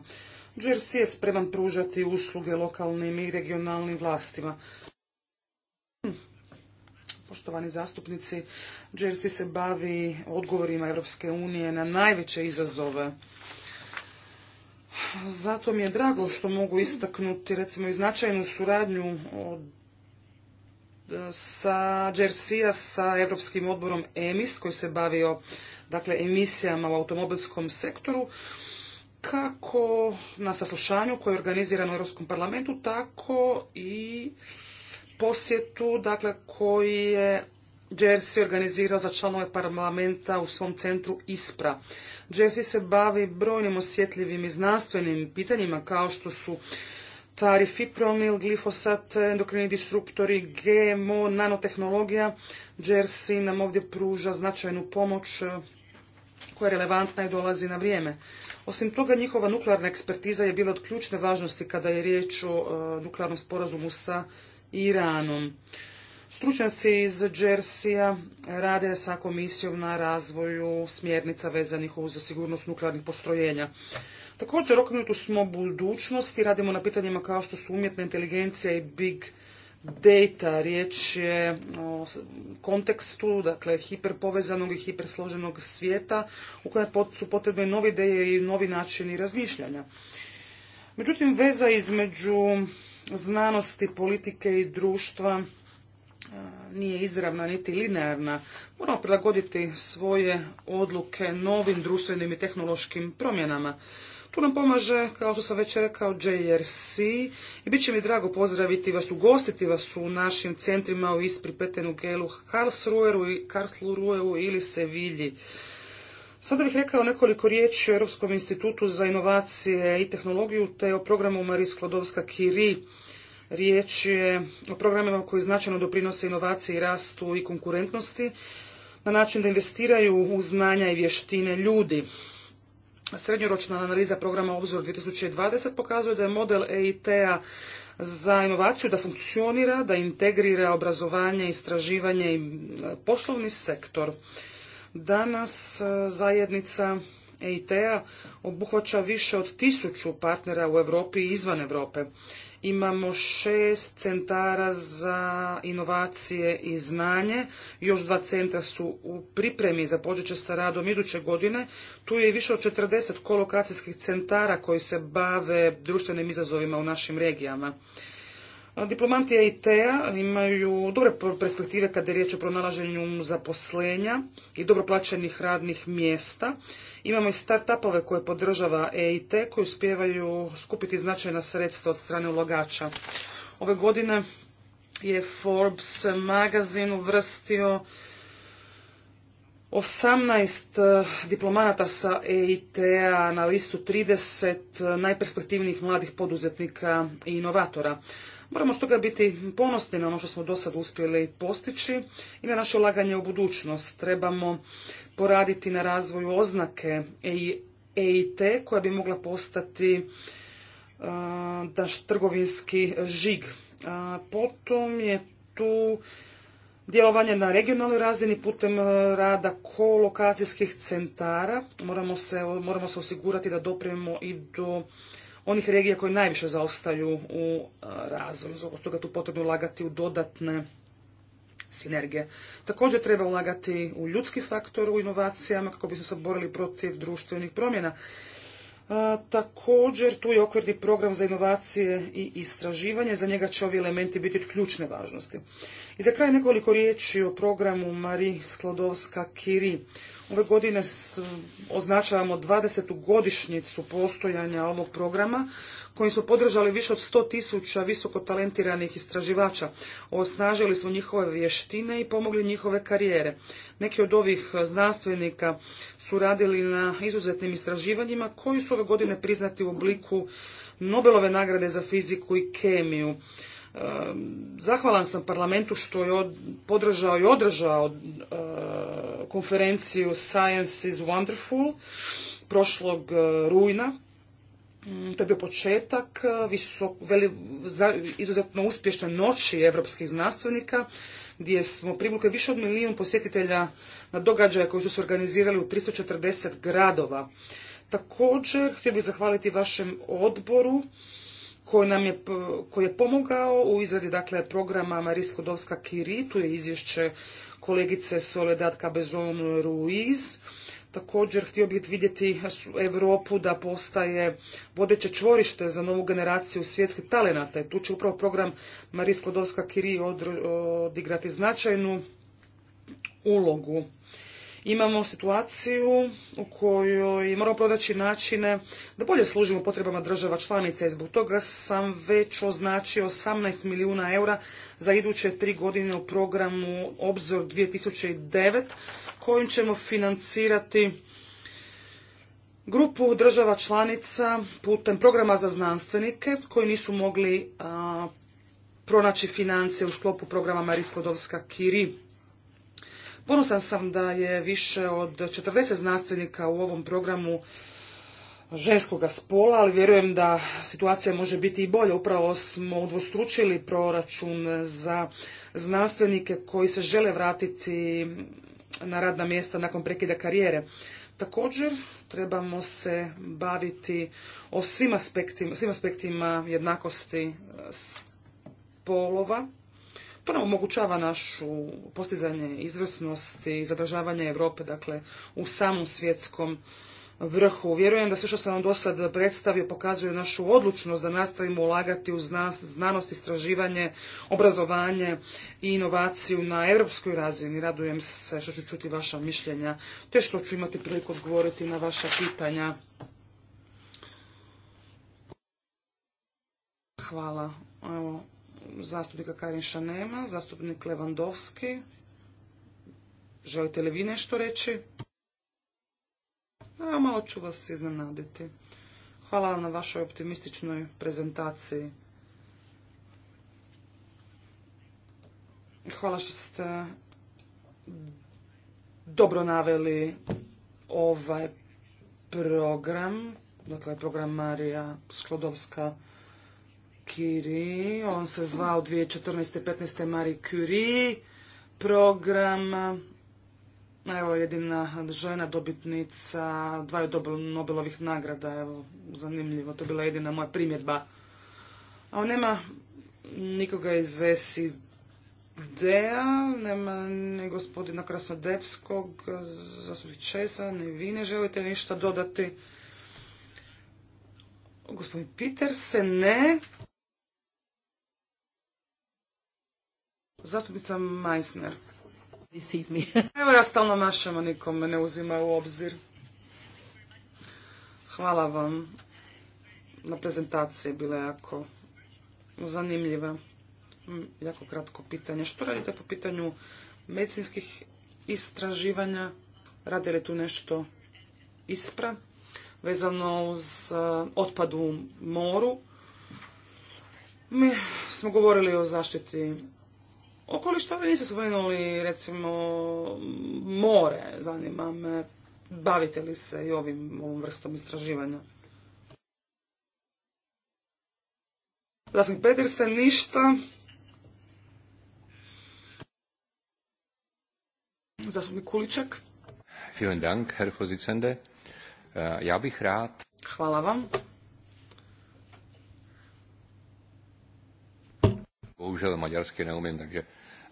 Jersey je spreman pružati usluge lokalnim i regionalnim vlastima. Poštovani zastupnici, Jersey se bavi odgovorima Europske unije na najveće izazove. Zato mi je drago što mogu istaknuti recimo i značajnu suradnju od sa Jersija, sa Europskim odborom EMIS koji se bavio dakle, emisijama u automobilskom sektoru kako na saslušanju koje je organizirano u Europskom parlamentu, tako i posjetu dakle, koji je Jersey organizirao za članove parlamenta u svom centru ISPRA. Jersey se bavi brojnim osjetljivim i znanstvenim pitanjima kao što su tarifipronil, glifosat, endokrini disruptori, GMO, nanotehnologija. Jersey nam ovdje pruža značajnu pomoć eh, koja je relevantna i dolazi na vrijeme. Osim toga, njihova nuklearna ekspertiza je bila od ključne važnosti kada je riječ o e, nuklearnom sporazumu sa Iranom. Stručnjaci iz Džersija rade sa komisijom na razvoju smjernica vezanih uz sigurnost nuklearnih postrojenja. Također, okrenuti smo budućnosti, radimo na pitanjima kao što su umjetna inteligencija i big data, riječ je o kontekstu, dakle hiperpovezanog i hipersloženog svijeta u kojem su potrebne nove ideje i novi načini razmišljanja. Međutim, veza između znanosti, politike i društva e, nije izravna niti linearna. Moramo prilagoditi svoje odluke novim društvenim i tehnološkim promjenama. Tu nam pomaže, kao što sam već rekao, JRC i bit će mi drago pozdraviti vas, ugostiti vas u našim centrima u Ispri, Petenu, Gelu, Karlsruheu ili Sevilji. Sada bih rekao nekoliko riječi o Europskom institutu za inovacije i tehnologiju te o programu Marie sklodovska kiri Riječ je o programima koji značajno doprinose inovaciji, rastu i konkurentnosti na način da investiraju u znanja i vještine ljudi. Srednjoročna analiza programa Obzor 2020 pokazuje da je model EIT-a za inovaciju da funkcionira, da integrira obrazovanje, istraživanje i e, poslovni sektor. Danas e, zajednica EIT-a obuhvaća više od tisuću partnera u Europi i izvan Europe imamo šest centara za inovacije i znanje, još dva centra su u pripremi, za će sa radom iduće godine. Tu je i više od 40 kolokacijskih centara koji se bave društvenim izazovima u našim regijama. Diplomanti i imaju dobre perspektive kada je riječ o pronalaženju zaposlenja i dobro plaćenih radnih mjesta. Imamo i start-upove koje podržava EIT koji uspijevaju skupiti značajna sredstva od strane ulagača. Ove godine je Forbes magazin uvrstio 18 eh, diplomanata sa EIT-a na listu 30 eh, najperspektivnijih mladih poduzetnika i inovatora. Moramo stoga biti ponosni na ono što smo do sad uspjeli postići i na naše ulaganje u budućnost. Trebamo poraditi na razvoju oznake EIT koja bi mogla postati e, naš trgovinski žig. potom je tu djelovanje na regionalnoj razini putem e, rada kolokacijskih centara. Moramo se, moramo se osigurati da doprijemo i do onih regija koje najviše zaostaju u e, razvoju. Zbog toga tu potrebno ulagati u dodatne sinergije. Također treba ulagati u ljudski faktor u inovacijama kako bismo se borili protiv društvenih promjena. Također tu je okvirni program za inovacije i istraživanje, za njega će ovi elementi biti od ključne važnosti. I za kraj nekoliko riječi o programu Marie sklodovska kiri Ove godine označavamo 20. godišnjicu postojanja ovog programa kojim smo podržali više od 100 tisuća visoko talentiranih istraživača. Osnažili smo njihove vještine i pomogli njihove karijere. Neki od ovih znanstvenika su radili na izuzetnim istraživanjima koji su ove godine priznati u obliku Nobelove nagrade za fiziku i kemiju. E, zahvalan sam parlamentu što je podržao i održao e, konferenciju Science is Wonderful prošlog e, rujna Mm, to je bio početak e, izuzetno uspješne noći evropskih znanstvenika gdje smo privukli više od milijun posjetitelja na događaje koji su se organizirali u 340 gradova. Također, htio bih zahvaliti vašem odboru koji, nam je, koji je pomogao u izradi dakle, programa Maris kodovska Kiri, tu je izvješće kolegice Soledad Cabezon Ruiz, Također htio bih vidjeti Europu da postaje vodeće čvorište za novu generaciju svjetskih talenata i tu će upravo program Marie Sklodovska Kiri odigrati značajnu ulogu imamo situaciju u kojoj moramo pronaći načine da bolje služimo potrebama država članica i zbog toga sam već označio 18 milijuna eura za iduće tri godine u programu Obzor 2009 kojim ćemo financirati grupu država članica putem programa za znanstvenike koji nisu mogli pronaći financije u sklopu programa marislodovska kiri Ponosan sam da je više od 40 znanstvenika u ovom programu ženskog spola, ali vjerujem da situacija može biti i bolja. Upravo smo udvostručili proračun za znanstvenike koji se žele vratiti na radna mjesta nakon prekida karijere. Također trebamo se baviti o svim aspektima jednakosti spolova. To nam omogućava našu postizanje izvrsnosti i zadržavanje Europe dakle, u samom svjetskom vrhu. Vjerujem da sve što sam vam do sad predstavio pokazuje našu odlučnost da nastavimo ulagati u znanost, istraživanje, obrazovanje i inovaciju na europskoj razini. Radujem se što ću čuti vaša mišljenja te što ću imati priliku odgovoriti na vaša pitanja. Hvala. Zastupnika Karinša nema. Zastupnik Levandovski. Želite li vi nešto reći? A, malo ću vas iznenaditi. Hvala vam na vašoj optimističnoj prezentaciji. Hvala što ste dobro naveli ovaj program, dakle program Marija Sklodovska Curie, on se zvao 2014. 15. Marie Curie, program, evo jedina žena dobitnica, dvaju Nobelovih nagrada, evo zanimljivo, to je bila jedina moja primjedba. A on nema nikoga iz SID-a, nema ni gospodina Krasnodepskog, za Česa, ni vi ne želite ništa dodati. Gospodin Peter se ne, Zastupnica Meissner. Evo ja stalno mašem, a nikom me ne uzima u obzir. Hvala vam na prezentaciji, bila je jako zanimljiva. Mm, jako kratko pitanje. Što radite po pitanju medicinskih istraživanja? Radi li tu nešto ispra vezano uz e, otpad u moru? Mi smo govorili o zaštiti okoliš, to niste spomenuli, recimo, more, zanima me, bavite li se i ovim, ovom vrstom istraživanja? Zastupnik Petersen, ništa. Zastupnik Kuličak. Vielen Dank, Herr Vorsitzende. Äh, ja bih Hvala vam. bohužel maďarsky neumím, takže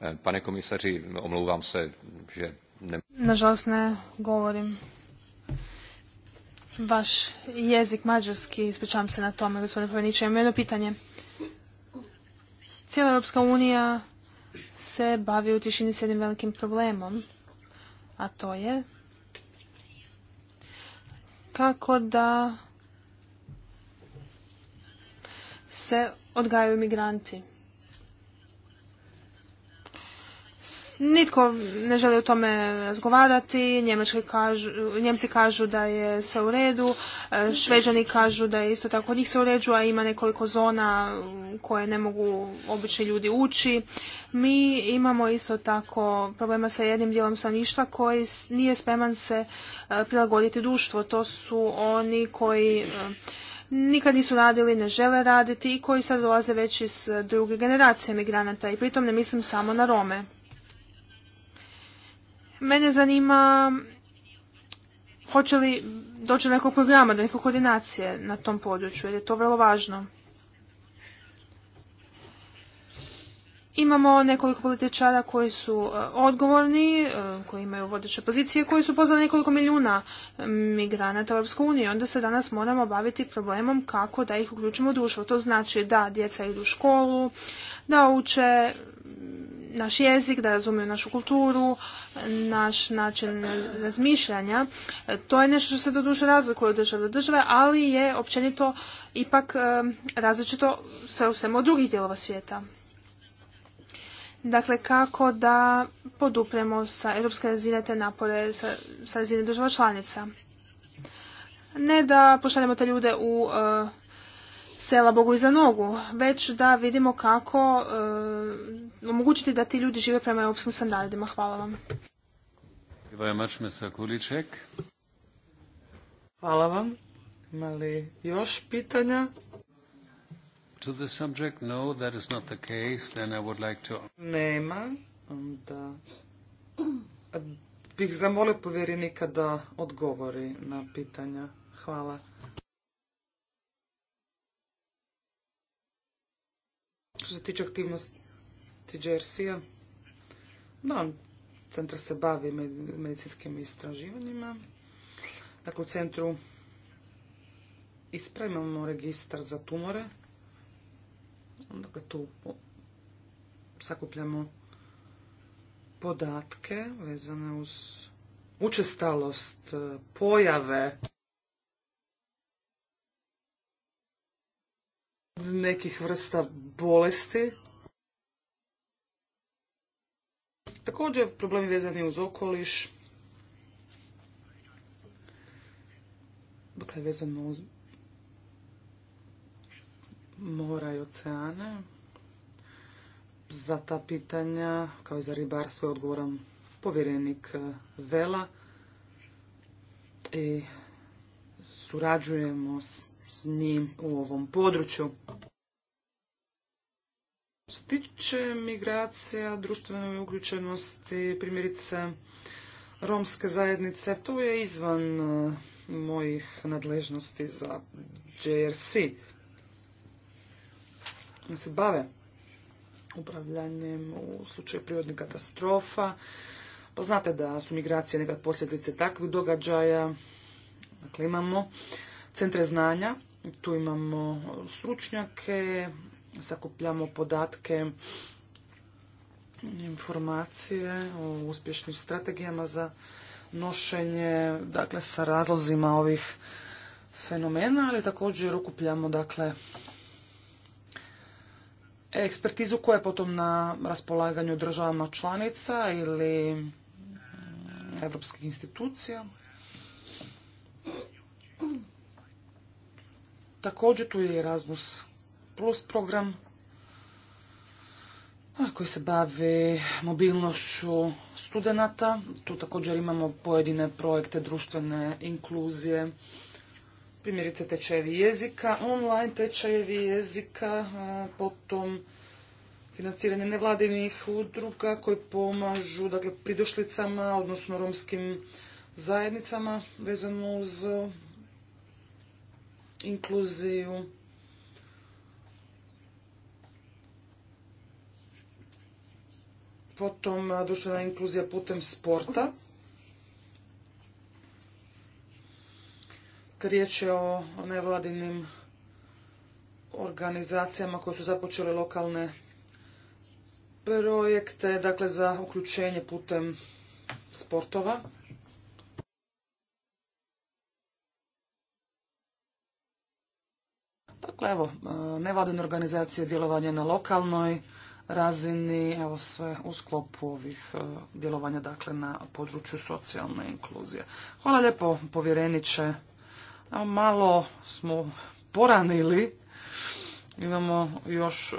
eh, pane komisaři, omlouvám se, že... Nažalost ne govorim vaš jezik mađarski, ispričavam se na tome, gospodine Poveniče, imam jedno pitanje. Cijela Europska unija se bavi u tišini s jednim velikim problemom, a to je kako da se odgajaju migranti. Nitko ne želi o tome razgovarati, Njemački kažu, Njemci kažu da je sve u redu, e, Šveđani kažu da je isto tako njih se u a ima nekoliko zona koje ne mogu obični ljudi ući. Mi imamo isto tako problema sa jednim dijelom stanovništva koji nije spreman se e, prilagoditi društvo. To su oni koji e, nikad nisu radili, ne žele raditi i koji sad dolaze već iz druge generacije migranata i pritom ne mislim samo na Rome. Mene zanima hoće li doći do nekog programa, do nekog koordinacije na tom području, jer je to vrlo važno. Imamo nekoliko političara koji su e, odgovorni, e, koji imaju vodeće pozicije, koji su poznali nekoliko milijuna e, migranata u Europsku Onda se danas moramo baviti problemom kako da ih uključimo u društvo. To znači da djeca idu u školu, da uče naš jezik, da razumiju našu kulturu, naš način razmišljanja. To je nešto što se doduše razlikuje od države do države, ali je općenito ipak e, različito sve u svemu od drugih dijelova svijeta. Dakle, kako da podupremo sa europske razine te napore sa, razine država članica. Ne da pošaljemo te ljude u e, sela Bogu iza nogu, već da vidimo kako e, omogućiti da ti ljudi žive prema europskim standardima. Hvala vam. Hvala vam. Ima još pitanja? To the subject? No, that Nema. Onda bih zamolio povjerenika da odgovori na pitanja. Hvala. Što se tiče aktivnosti Jersey-a, da, centar se bavi medicinskim istraživanjima. Dakle, u centru ispremamo registar za tumore. Dakle, tu sakupljamo podatke vezane uz učestalost eh, pojave nekih vrsta bolesti. Također problemi vezani uz okoliš, dakle vezano uz mora i oceane. Za ta pitanja, kao i za ribarstvo, je odgovoran povjerenik eh, Vela i surađujemo s prisutni u ovom području. Što se tiče migracija, društvene uključenosti, primjerice romske zajednice, to je izvan uh, mojih nadležnosti za JRC. Oni se bave upravljanjem u slučaju prirodnih katastrofa. Pa znate da su migracije nekad posljedice takvih događaja. Dakle, imamo centre znanja tu imamo stručnjake, sakupljamo podatke, informacije o uspješnim strategijama za nošenje, dakle, sa razlozima ovih fenomena, ali također okupljamo, dakle, ekspertizu koja je potom na raspolaganju državama članica ili mm, europskih institucija. Također tu je Erasmus Plus program koji se bavi mobilnošću studenata. Tu također imamo pojedine projekte društvene inkluzije, primjerice tečajevi jezika, online tečajevi jezika, potom financiranje nevladinih udruga koji pomažu dakle, pridošlicama, odnosno romskim zajednicama vezano uz inkluziju. Potom društvena inkluzija putem sporta. riječ je o nevladinim organizacijama koje su započele lokalne projekte, dakle za uključenje putem sportova. Dakle, evo, e, nevladine organizacije, djelovanje na lokalnoj razini, evo sve u sklopu ovih e, djelovanja, dakle, na području socijalne inkluzije. Hvala lijepo, povjereniče. Evo, malo smo poranili. Imamo još, e,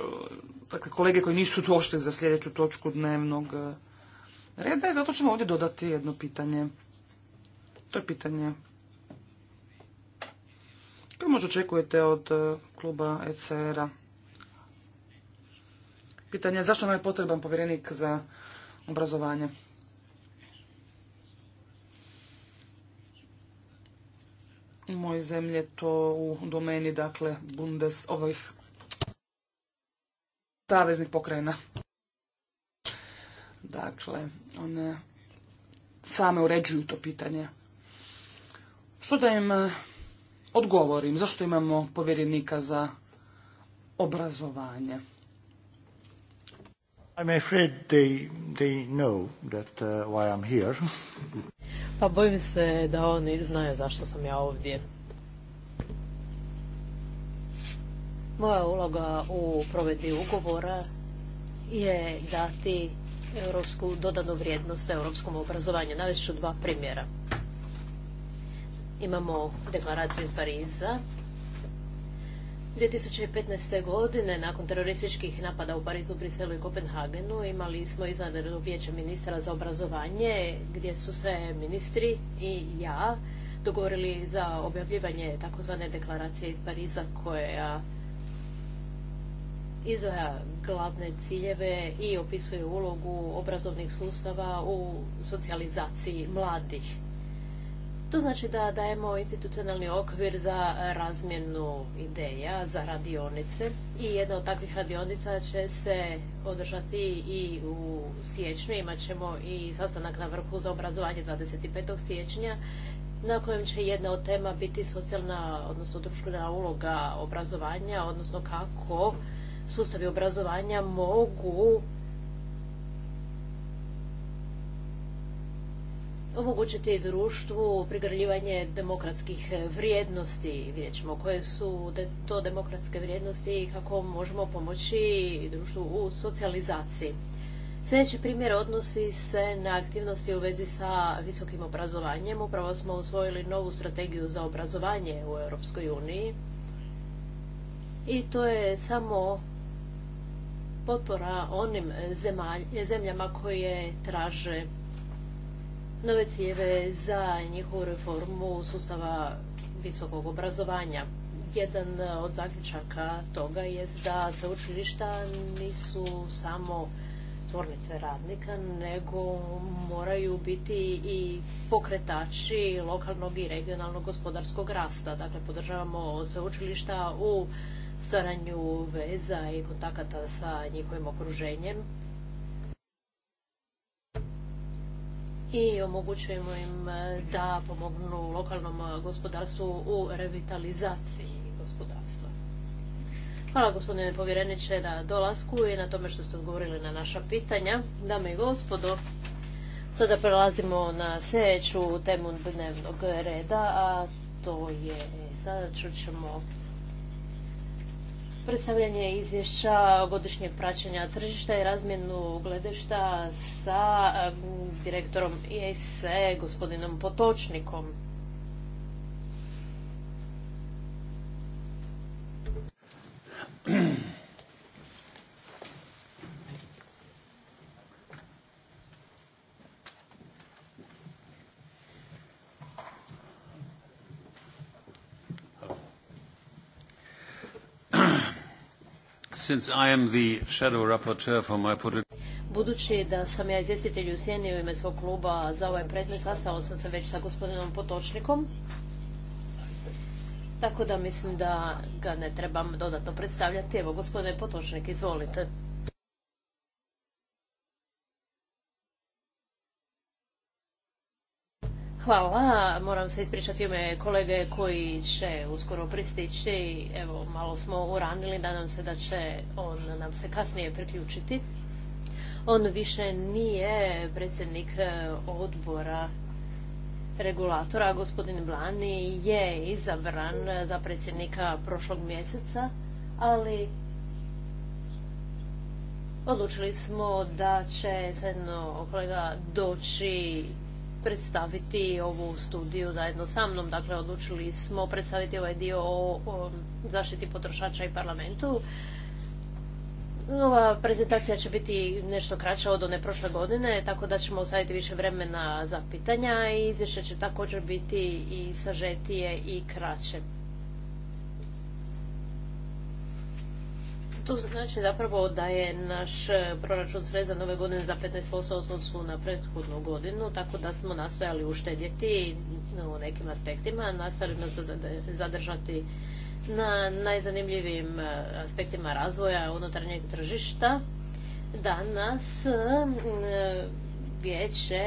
dakle, kolege koji nisu došli za sljedeću točku dnevnog reda i zato ćemo ovdje dodati jedno pitanje. To je pitanje kako možda očekujete od e, kluba ECR-a? Pitanje je zašto nam je potreban povjerenik za obrazovanje? U mojoj zemlji je to u domeni, dakle, bundes ovih saveznih pokrajina. Dakle, one same uređuju to pitanje. Što da im e, odgovorim zašto imamo povjerenika za obrazovanje. know that, uh, why I'm here. Pa bojim se da oni znaju zašto sam ja ovdje. Moja uloga u provedbi ugovora je dati europsku dodanu vrijednost europskom obrazovanju. Navest ću dva primjera. Imamo deklaraciju iz Pariza. 2015. godine, nakon terorističkih napada u Parizu, Briselu i Kopenhagenu, imali smo izvanredno vijeće ministra za obrazovanje, gdje su se ministri i ja dogovorili za objavljivanje takozvane deklaracije iz Pariza koja izvaja glavne ciljeve i opisuje ulogu obrazovnih sustava u socijalizaciji mladih. To znači da dajemo institucionalni okvir za e, razmjenu ideja, za radionice i jedna od takvih radionica će se održati i u siječnju. Imat ćemo i sastanak na vrhu za obrazovanje 25. siječnja na kojem će jedna od tema biti socijalna, odnosno društvena uloga obrazovanja, odnosno kako sustavi obrazovanja mogu omogućiti društvu prigrljivanje demokratskih vrijednosti. Vidjet ćemo koje su to demokratske vrijednosti i kako možemo pomoći društvu u socijalizaciji. Sljedeći primjer odnosi se na aktivnosti u vezi sa visokim obrazovanjem. Upravo smo usvojili novu strategiju za obrazovanje u Europskoj uniji. I to je samo potpora onim zemljama koje traže nove cijeve za njihovu reformu sustava visokog obrazovanja. Jedan od zaključaka toga je da sveučilišta nisu samo tvornice radnika, nego moraju biti i pokretači lokalnog i regionalnog gospodarskog rasta. Dakle, podržavamo sveučilišta u stvaranju veza i kontakata sa njihovim okruženjem, i omogućujemo im e, da pomognu lokalnom gospodarstvu u revitalizaciji gospodarstva. Hvala gospodine povjereniče na dolasku i na tome što ste odgovorili na naša pitanja. Dame i gospodo, sada prelazimo na sljedeću temu dnevnog reda, a to je, sada ćemo predstavljanje izvješća godišnjeg praćenja tržišta i razmjenu gledešta sa eh, direktorom ISE, gospodinom Potočnikom. Budući da sam ja izvjestitelj u sjeni u ime svog kluba za ovaj predmet, sastao sam se već sa gospodinom Potočnikom, tako da mislim da ga ne trebam dodatno predstavljati. Evo, gospodine Potočnik, izvolite. Hvala. Moram se ispričati ime kolege koji će uskoro pristići. Evo, malo smo uranili, nadam se da će on nam se kasnije priključiti. On više nije predsjednik e, odbora regulatora. Gospodin Blani je izabran za predsjednika prošlog mjeseca, ali odlučili smo da će zajedno kolega doći predstaviti ovu studiju zajedno sa mnom. Dakle, odlučili smo predstaviti ovaj dio o, zaštiti potrošača i parlamentu. Ova prezentacija će biti nešto kraća od one prošle godine, tako da ćemo ostaviti više vremena za pitanja i izvješće će također biti i sažetije i kraće. To znači zapravo da je naš e, proračun srezan nove godine za 15% odnosu na prethodnu godinu, tako da smo nastojali uštedjeti u nekim aspektima, nastojali nas zadržati na najzanimljivim e, aspektima razvoja unutarnjeg tržišta. Danas e, vijeće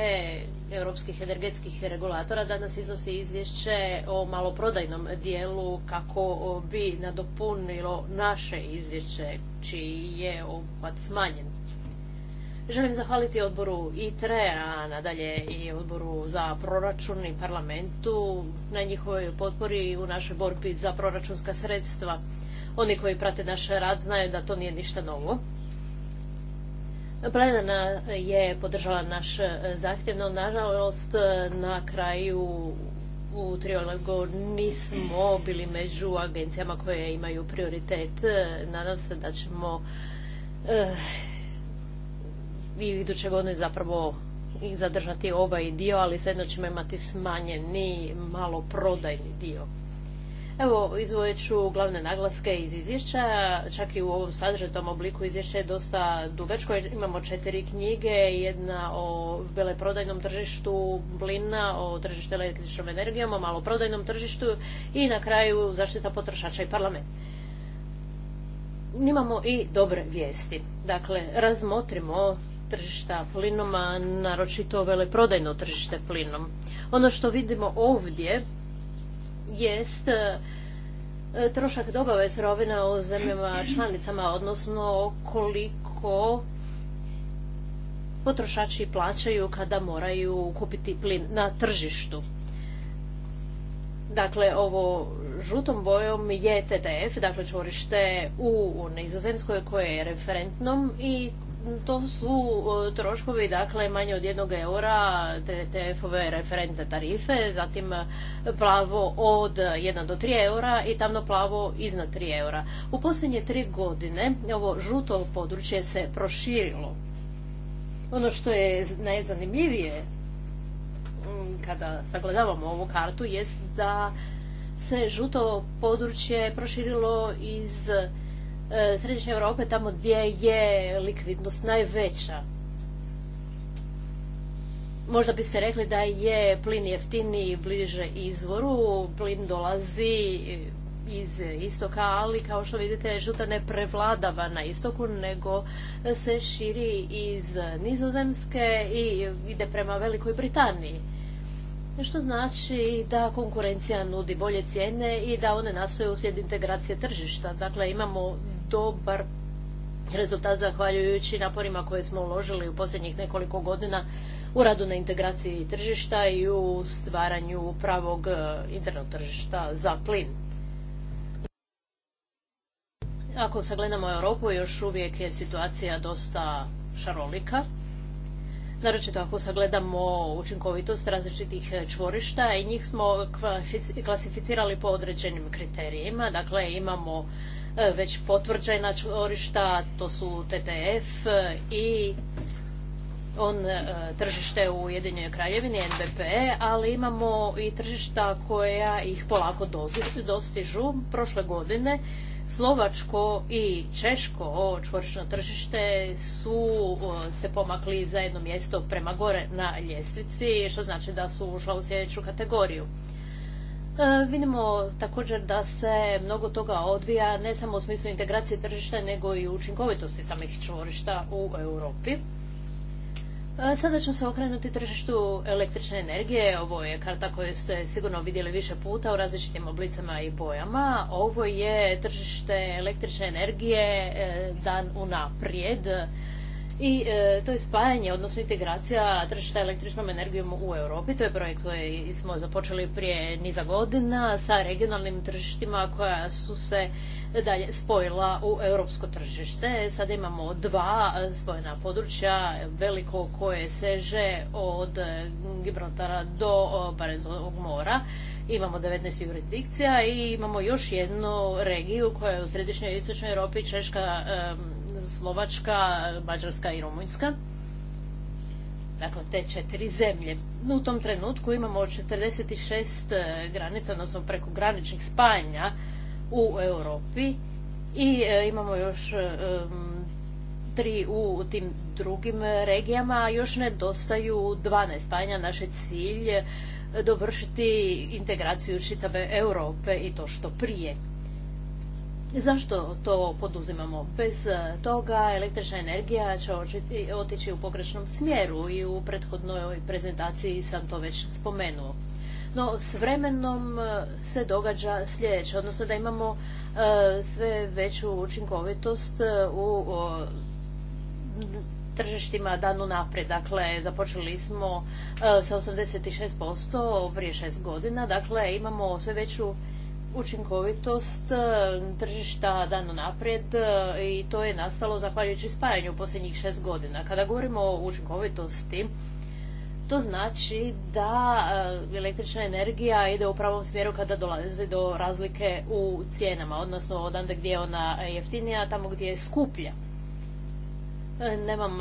europskih energetskih regulatora danas iznosi izvješće o maloprodajnom dijelu kako bi nadopunilo naše izvješće čiji je obuhvat smanjen. Želim zahvaliti odboru ITRE, a nadalje i odboru za proračun i parlamentu na njihovoj potpori u našoj borbi za proračunska sredstva. Oni koji prate naš rad znaju da to nije ništa novo. Plenarna je podržala naš e, zahtjev, no nažalost e, na kraju u Triologu nismo bili među agencijama koje imaju prioritet. E, nadam se da ćemo i u iduće godine zapravo zadržati ovaj dio, ali svejedno ćemo imati smanjeni malo prodajni dio. Evo, izvojeću glavne naglaske iz izvješća. Čak i u ovom sadržetom obliku izvješća je dosta dugačko. Imamo četiri knjige, jedna o veleprodajnom tržištu plina, o tržištu električnom energijom, o maloprodajnom tržištu i na kraju zaštita potrošača i parlament. Imamo i dobre vijesti. Dakle, razmotrimo tržišta plinoma, naročito veleprodajno tržište plinom. Ono što vidimo ovdje jest e, e, trošak dobave sirovina u zemljama članicama, odnosno koliko potrošači plaćaju kada moraju kupiti plin na tržištu. Dakle, ovo žutom bojom je TTF, dakle čvorište u Nizozemskoj koje je referentnom i to su e, troškovi dakle manje od jednog eura TTF-ove referentne tarife, zatim e, plavo od 1 do 3 eura i tamno plavo iznad 3 eura. U posljednje tri godine ovo žuto područje se proširilo. Ono što je najzanimljivije mm, kada sagledavamo ovu kartu jest da se žuto područje proširilo iz E, Središnje Europe tamo gdje je likvidnost najveća. Možda bi se rekli da je plin jeftiniji bliže izvoru, plin dolazi iz istoka, ali kao što vidite žuta ne prevladava na istoku, nego se širi iz nizozemske i ide prema Velikoj Britaniji. Što znači da konkurencija nudi bolje cijene i da one nastoje uslijed integracije tržišta. Dakle, imamo dobar rezultat zahvaljujući naporima koje smo uložili u posljednjih nekoliko godina u radu na integraciji tržišta i u stvaranju pravog e, internog tržišta za plin. Ako sagledamo Europu, još uvijek je situacija dosta šarolika. Naročito ako sagledamo učinkovitost različitih e, čvorišta i njih smo klasificirali po određenim kriterijima. Dakle, imamo E, već potvrđena čvorišta, to su TTF i on e, tržište u Ujedinjenoj kraljevini, NBP, ali imamo i tržišta koja ih polako dostižu. Prošle godine Slovačko i Češko čvorišno tržište su se pomakli za jedno mjesto prema gore na ljestvici, što znači da su ušla u sljedeću kategoriju. E, vidimo također da se mnogo toga odvija ne samo u smislu integracije tržišta nego i učinkovitosti samih čvorišta u Europi. E, sada ću se okrenuti tržištu električne energije. Ovo je karta koju ste sigurno vidjeli više puta u različitim oblicama i bojama. Ovo je tržište električne energije e, dan unaprijed i e, to je spajanje, odnosno integracija tržišta električnom energijom u Europi. To je projekt koji smo započeli prije niza godina sa regionalnim tržištima koja su se dalje spojila u europsko tržište. Sada imamo dva e, spojena područja, veliko koje seže od Gibraltara do e, Barentovog mora. Imamo 19 jurisdikcija i imamo još jednu regiju koja je u središnjoj i istočnoj Europi, Češka, Slovačka, Mađarska i Rumunjska. Dakle, te četiri zemlje. U tom trenutku imamo 46 e, granica, odnosno preko graničnih spajanja u Europi i e, imamo još e, tri u tim drugim regijama, još nedostaju 12 spajanja. Naš je cilj dovršiti integraciju čitave Europe i to što prije. Zašto to poduzimamo? Bez e, toga električna energija će otići u pogrešnom smjeru i u prethodnoj prezentaciji sam to već spomenuo. No, s vremenom e, se događa sljedeće, odnosno da imamo e, sve veću učinkovitost u tržištima danu naprijed. Dakle, započeli smo sa 86% prije šest godina, dakle imamo sve veću učinkovitost e, tržišta dano naprijed e, i to je nastalo zahvaljujući spajanju posljednjih šest godina. Kada govorimo o učinkovitosti, to znači da e, električna energija ide u pravom smjeru kada dolazi do razlike u cijenama, odnosno onda gdje je ona jeftinija, tamo gdje je skuplja. Nemam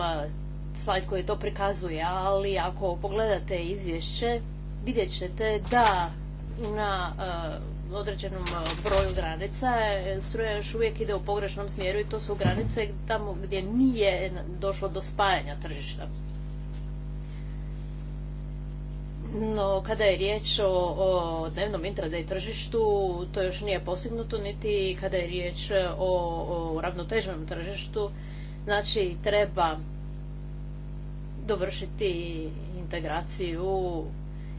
slajd koji to prikazuje, ali ako pogledate izvješće, vidjet ćete da na određenom e, broju granica, e, struja još uvijek ide u pogrešnom smjeru i to su granice tamo gdje nije došlo do spajanja tržišta. No, kada je riječ o, o dnevnom intraday tržištu, to još nije postignuto, niti kada je riječ o, o ravnoteženom tržištu. Znači, treba dovršiti integraciju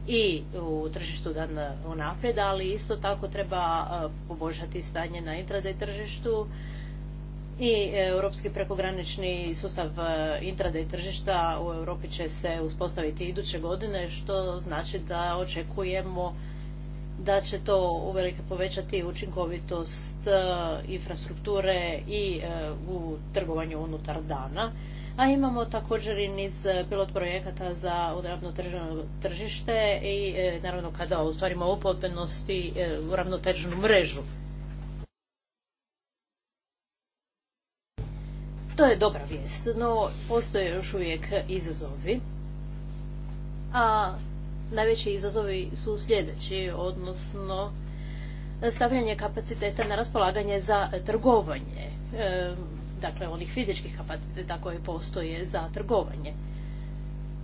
i u tržištu dan unaprijed, ali isto tako treba e, poboljšati stanje na intraday tržištu i europski prekogranični sustav e, intraday tržišta u Europi će se uspostaviti iduće godine, što znači da očekujemo da će to uvelike povećati učinkovitost e, infrastrukture i u trgovanju unutar dana a imamo također i niz e, pilot projekata za uravno tržište i e, naravno kada ostvarimo ovu u e, uravnoteženu mrežu. To je dobra vijest, no postoje još uvijek izazovi. A najveći izazovi su sljedeći, odnosno stavljanje kapaciteta na raspolaganje za trgovanje dakle onih fizičkih kapaciteta koje postoje za trgovanje.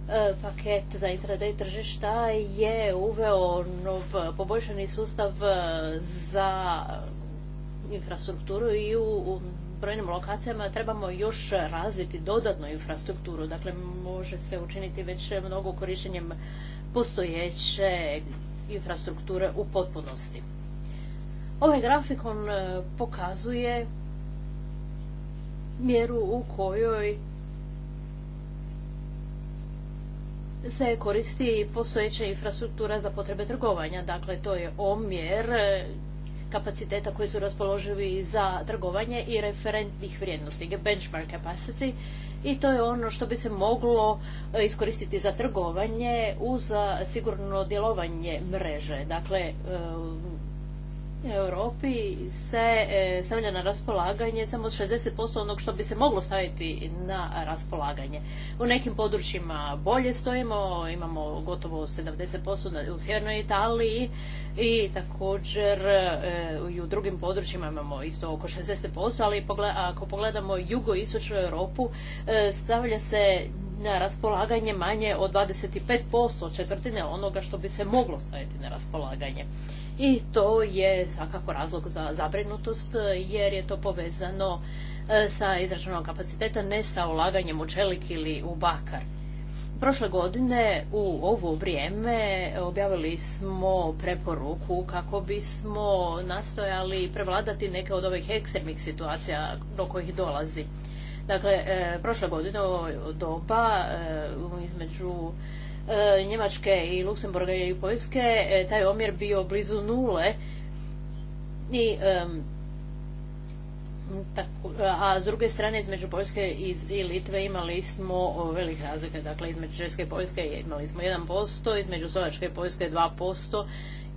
E, paket za intraday tržišta je uveo nov poboljšani sustav e, za infrastrukturu i u brojnim lokacijama trebamo još razviti dodatnu infrastrukturu. Dakle, može se učiniti već mnogo korištenjem postojeće infrastrukture u potpunosti. Ovaj grafikon e, pokazuje mjeru u kojoj se koristi postojeća infrastruktura za potrebe trgovanja. Dakle, to je omjer e, kapaciteta koji su raspoloživi za trgovanje i referentnih vrijednosti, benchmark capacity. I to je ono što bi se moglo e, iskoristiti za trgovanje uz sigurno djelovanje mreže. Dakle, e, Europi se e, stavlja na raspolaganje samo 60% onog što bi se moglo staviti na raspolaganje. U nekim područjima bolje stojimo, imamo gotovo 70% u Sjevernoj Italiji i također e, i u drugim područjima imamo isto oko 60%, ali ako pogledamo jugoistočnu Europu e, stavlja se na raspolaganje manje od 25% četvrtine onoga što bi se moglo staviti na raspolaganje i to je svakako razlog za zabrinutost jer je to povezano e, sa izračunom kapaciteta, ne sa ulaganjem u čelik ili u bakar. Prošle godine u ovo vrijeme objavili smo preporuku kako bismo nastojali prevladati neke od ovih ekstremnih situacija do kojih dolazi. Dakle, e, prošle godine u doba e, između E, Njemačke i Luksemburga i Poljske e, taj omjer bio blizu nule i a s druge strane između Poljske i Litve imali smo velik razlika. dakle između Česke i Poljske imali smo 1%, između Slovačke i Poljske 2%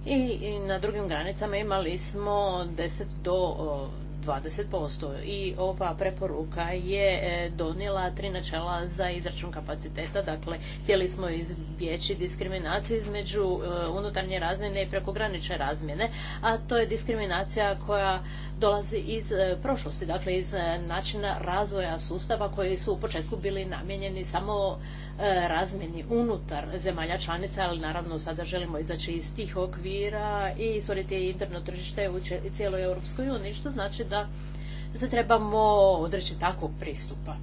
i na drugim granicama imali smo 10 do 20%. I ova preporuka je e, donijela tri načela za izračun kapaciteta. Dakle, htjeli smo izbjeći diskriminaciju između e, unutarnje razmjene i prekogranične razmjene, a to je diskriminacija koja dolazi iz e, prošlosti, dakle iz načina razvoja sustava koji su u početku bili namijenjeni samo E, razmjeni unutar zemalja članica, ali naravno sada želimo izaći iz tih okvira i stvoriti interno tržište u cijeloj Europskoj uniji, što znači da se trebamo odreći takvog pristupa.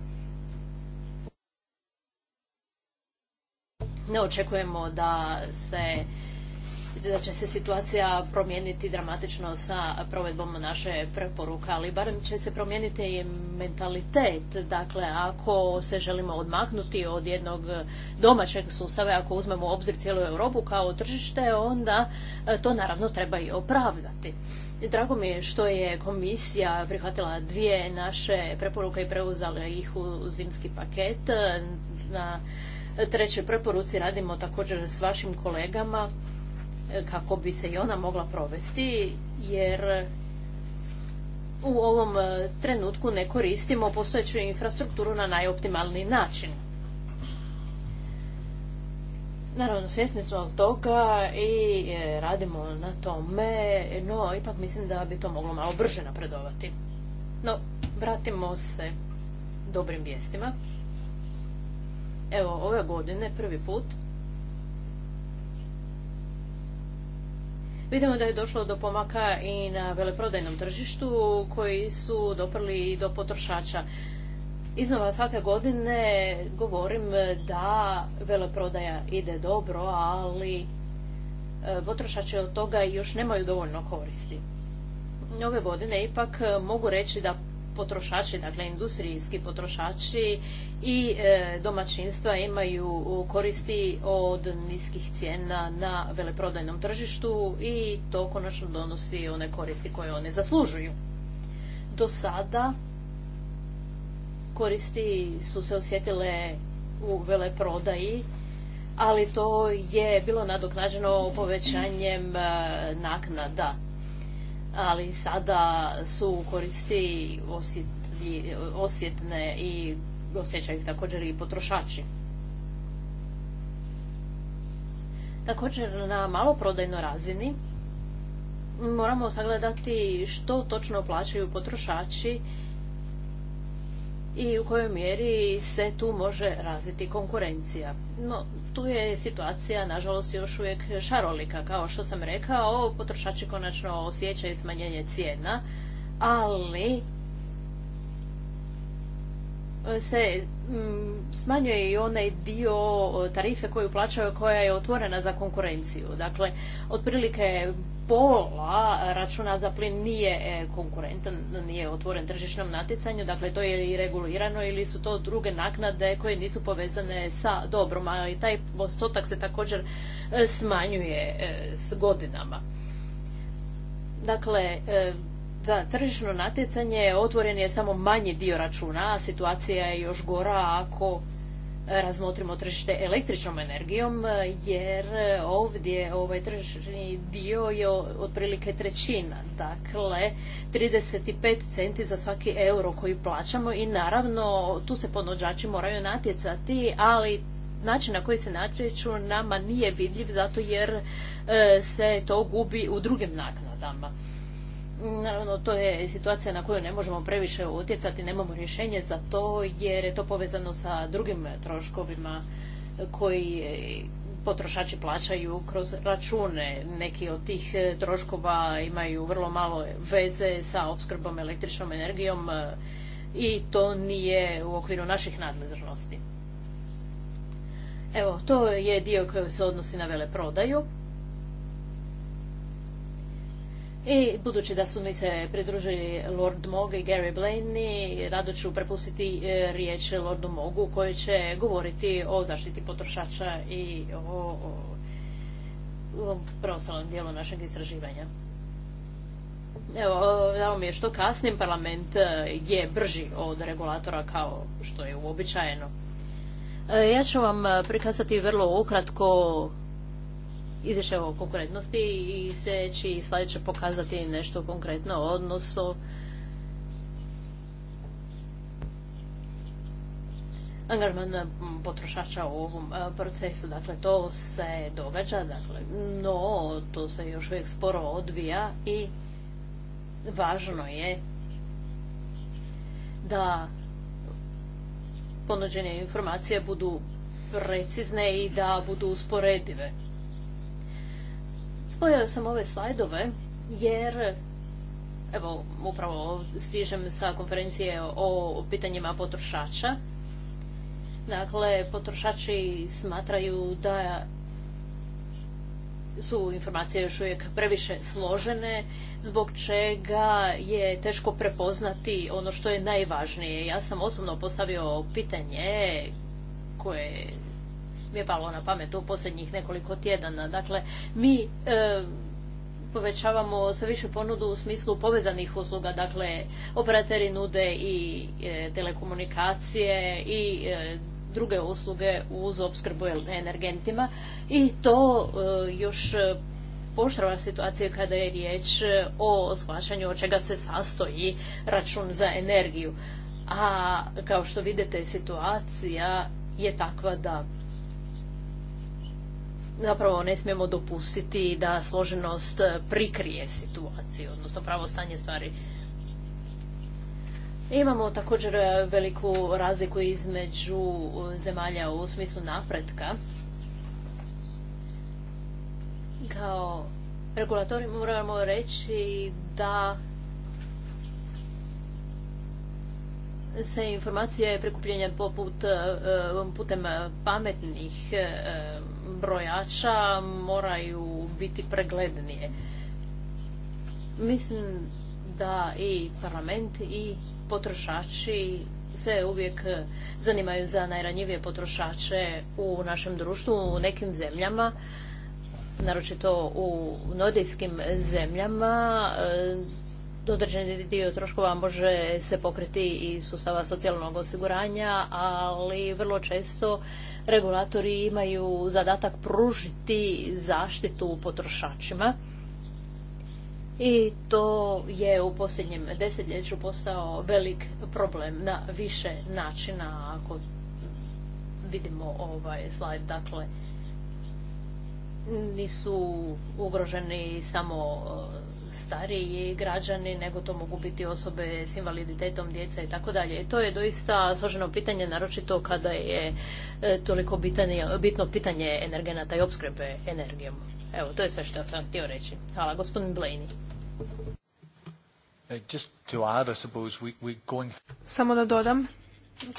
Ne očekujemo da se da će se situacija promijeniti dramatično sa provedbom naše preporuka, ali barem će se promijeniti i mentalitet. Dakle, ako se želimo odmaknuti od jednog domaćeg sustava, ako uzmemo u obzir cijelu Europu kao tržište, onda e, to naravno treba i opravdati. Drago mi je što je komisija prihvatila dvije naše preporuke i preuzala ih u zimski paket. Na trećoj preporuci radimo također s vašim kolegama kako bi se i ona mogla provesti jer u ovom e, trenutku ne koristimo postojeću infrastrukturu na najoptimalniji način. Naravno, svjesni smo toga i e, radimo na tome, no ipak mislim da bi to moglo malo brže napredovati. No, vratimo se dobrim vijestima. Evo, ove godine prvi put Vidimo da je došlo do pomaka i na veleprodajnom tržištu koji su doprli i do potrošača. Iznova svake godine govorim da veleprodaja ide dobro, ali e, potrošači od toga još nemaju dovoljno koristi. Ove godine ipak mogu reći da potrošači, dakle industrijski potrošači i e, domaćinstva imaju koristi od niskih cijena na veleprodajnom tržištu i to konačno donosi one koristi koje one zaslužuju. Do sada koristi su se osjetile u veleprodaji ali to je bilo nadoknađeno povećanjem e, naknada ali sada su koristi osjetne i osjećaju također i potrošači. Također na maloprodajnoj razini moramo sagledati što točno plaćaju potrošači i u kojoj mjeri se tu može razviti konkurencija. No, tu je situacija nažalost još uvijek šarolika. Kao što sam rekao, potrošači konačno osjećaju smanjenje cijena, ali se mm, smanjuje i onaj dio tarife koju plaćaju koja je otvorena za konkurenciju. Dakle, otprilike pola računa za plin nije e, konkurentan, nije otvoren tržišnom natjecanju, dakle to je i regulirano ili su to druge naknade koje nisu povezane sa dobrom, ali i taj postotak se također e, smanjuje e, s godinama. Dakle, za tržišno natjecanje otvoren je samo manji dio računa, a situacija je još gora ako razmotrimo tržište električnom energijom, jer ovdje ovaj tržišni dio je otprilike trećina. Dakle, 35 centi za svaki euro koji plaćamo i naravno tu se ponuđači moraju natjecati, ali način na koji se natječu nama nije vidljiv zato jer e, se to gubi u drugim naknadama. Naravno, to je situacija na koju ne možemo previše utjecati, nemamo rješenje za to jer je to povezano sa drugim troškovima koji potrošači plaćaju kroz račune. Neki od tih troškova imaju vrlo malo veze sa opskrbom električnom energijom i to nije u okviru naših nadležnosti. Evo, to je dio koji se odnosi na veleprodaju. I budući da su mi se pridružili Lord Mog i Gary Blaney, rado ću prepustiti e, riječ Lordu Mogu koji će govoriti o zaštiti potrošača i o, o, o dijelu našeg istraživanja. Evo, e, žao mi je što kasnim, parlament e, je brži od regulatora kao što je uobičajeno. Ja ću vam prikazati vrlo ukratko izvješće o konkurentnosti i sljedeći slajd će pokazati nešto konkretno o odnosu angažman potrošača u ovom e, procesu. Dakle, to se događa, dakle, no to se još uvijek sporo odvija i važno je da ponuđene informacije budu precizne i da budu usporedive. Spojao sam ove slajdove jer evo upravo stižem sa konferencije o pitanjima potrošača. Dakle, potrošači smatraju da su informacije još uvijek previše složene, zbog čega je teško prepoznati ono što je najvažnije. Ja sam osobno postavio pitanje koje mi je palo na pamet u posljednjih nekoliko tjedana. Dakle, mi e, povećavamo sve više ponudu u smislu povezanih usluga, dakle operateri nude i e, telekomunikacije i e, druge usluge uz opskrbu energentima i to još poštrava situacija kada je riječ o shvaćanju od čega se sastoji račun za energiju. A kao što vidite situacija je takva da zapravo ne smijemo dopustiti da složenost prikrije situaciju, odnosno pravo stanje stvari. Imamo također veliku razliku između zemalja u smislu napretka. Kao regulatori moramo reći da se informacije prikupljene poput eh, putem pametnih eh, brojača moraju biti preglednije. Mislim da i parlament i potrošači se uvijek zanimaju za najranjivije potrošače u našem društvu, u nekim zemljama, naročito u nordijskim zemljama. E, određeni dio troškova može se pokriti i sustava socijalnog osiguranja, ali vrlo često regulatori imaju zadatak pružiti zaštitu potrošačima i to je u posljednjem desetljeću postao velik problem na više načina ako vidimo ovaj slajd dakle nisu ugroženi samo stariji građani, nego to mogu biti osobe s invaliditetom, djeca i tako dalje. To je doista složeno pitanje, naročito kada je e, toliko bitno pitanje energenata i opskrbe energijom. Evo, to je sve što sam htio reći. Hvala, gospodin Blaney. Uh, Samo da dodam,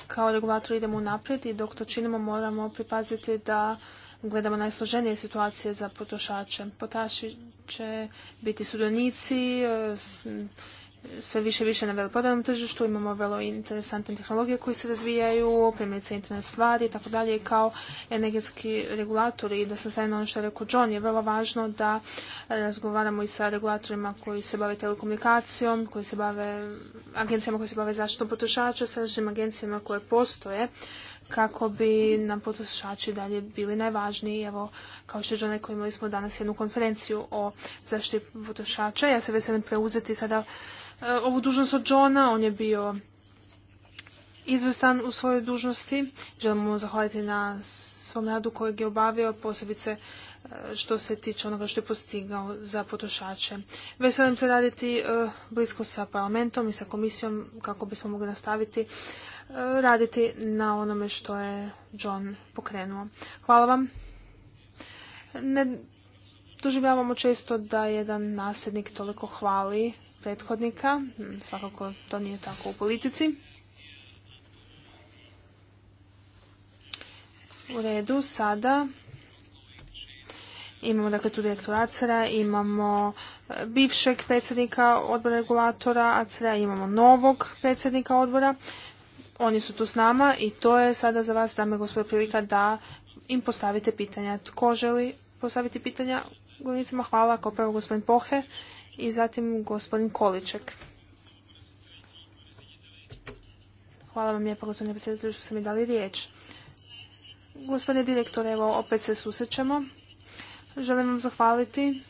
kao regulator idemo naprijed i dok to činimo moramo pripaziti da gledamo najsloženije situacije za potrošače. Potaši će biti sudionici e, sve više i više na veleprodajnom tržištu, imamo vrlo interesantne tehnologije koje se razvijaju, primjerice internet stvari i tako dalje, kao energetski regulatori. I da sam sad ono što je rekao John, je vrlo važno da razgovaramo i sa regulatorima koji se bave telekomunikacijom, koji se bave agencijama koji se bave zaštitom potrošača, sa agencijama koje postoje kako bi nam potrošači dalje bili najvažniji. Evo, kao što je žena imali smo danas jednu konferenciju o zaštiti potrošača. Ja se veselim preuzeti sada e, ovu dužnost od Johna. On je bio izvrstan u svojoj dužnosti. Želimo mu zahvaliti na svom radu kojeg je obavio, posebice e, što se tiče onoga što je postigao za potrošače. Veselim se raditi e, blisko sa parlamentom i sa komisijom kako bismo mogli nastaviti raditi na onome što je John pokrenuo. Hvala vam. Ne doživljavamo često da jedan nasljednik toliko hvali prethodnika. Mm, svakako to nije tako u politici. U redu, sada imamo dakle tu direktora imamo e, bivšeg predsjednika odbora regulatora ACERA, imamo novog predsjednika odbora. Oni su tu s nama i to je sada za vas, dame gospodo, prilika da im postavite pitanja. Tko želi postaviti pitanja govornicima? Hvala, kao prvo gospodin Pohe i zatim gospodin Količek. Hvala vam lijepo gospodine predsjedatelju, što ste mi dali riječ. Gospodine direktore, evo, opet se susrećemo. Želim vam zahvaliti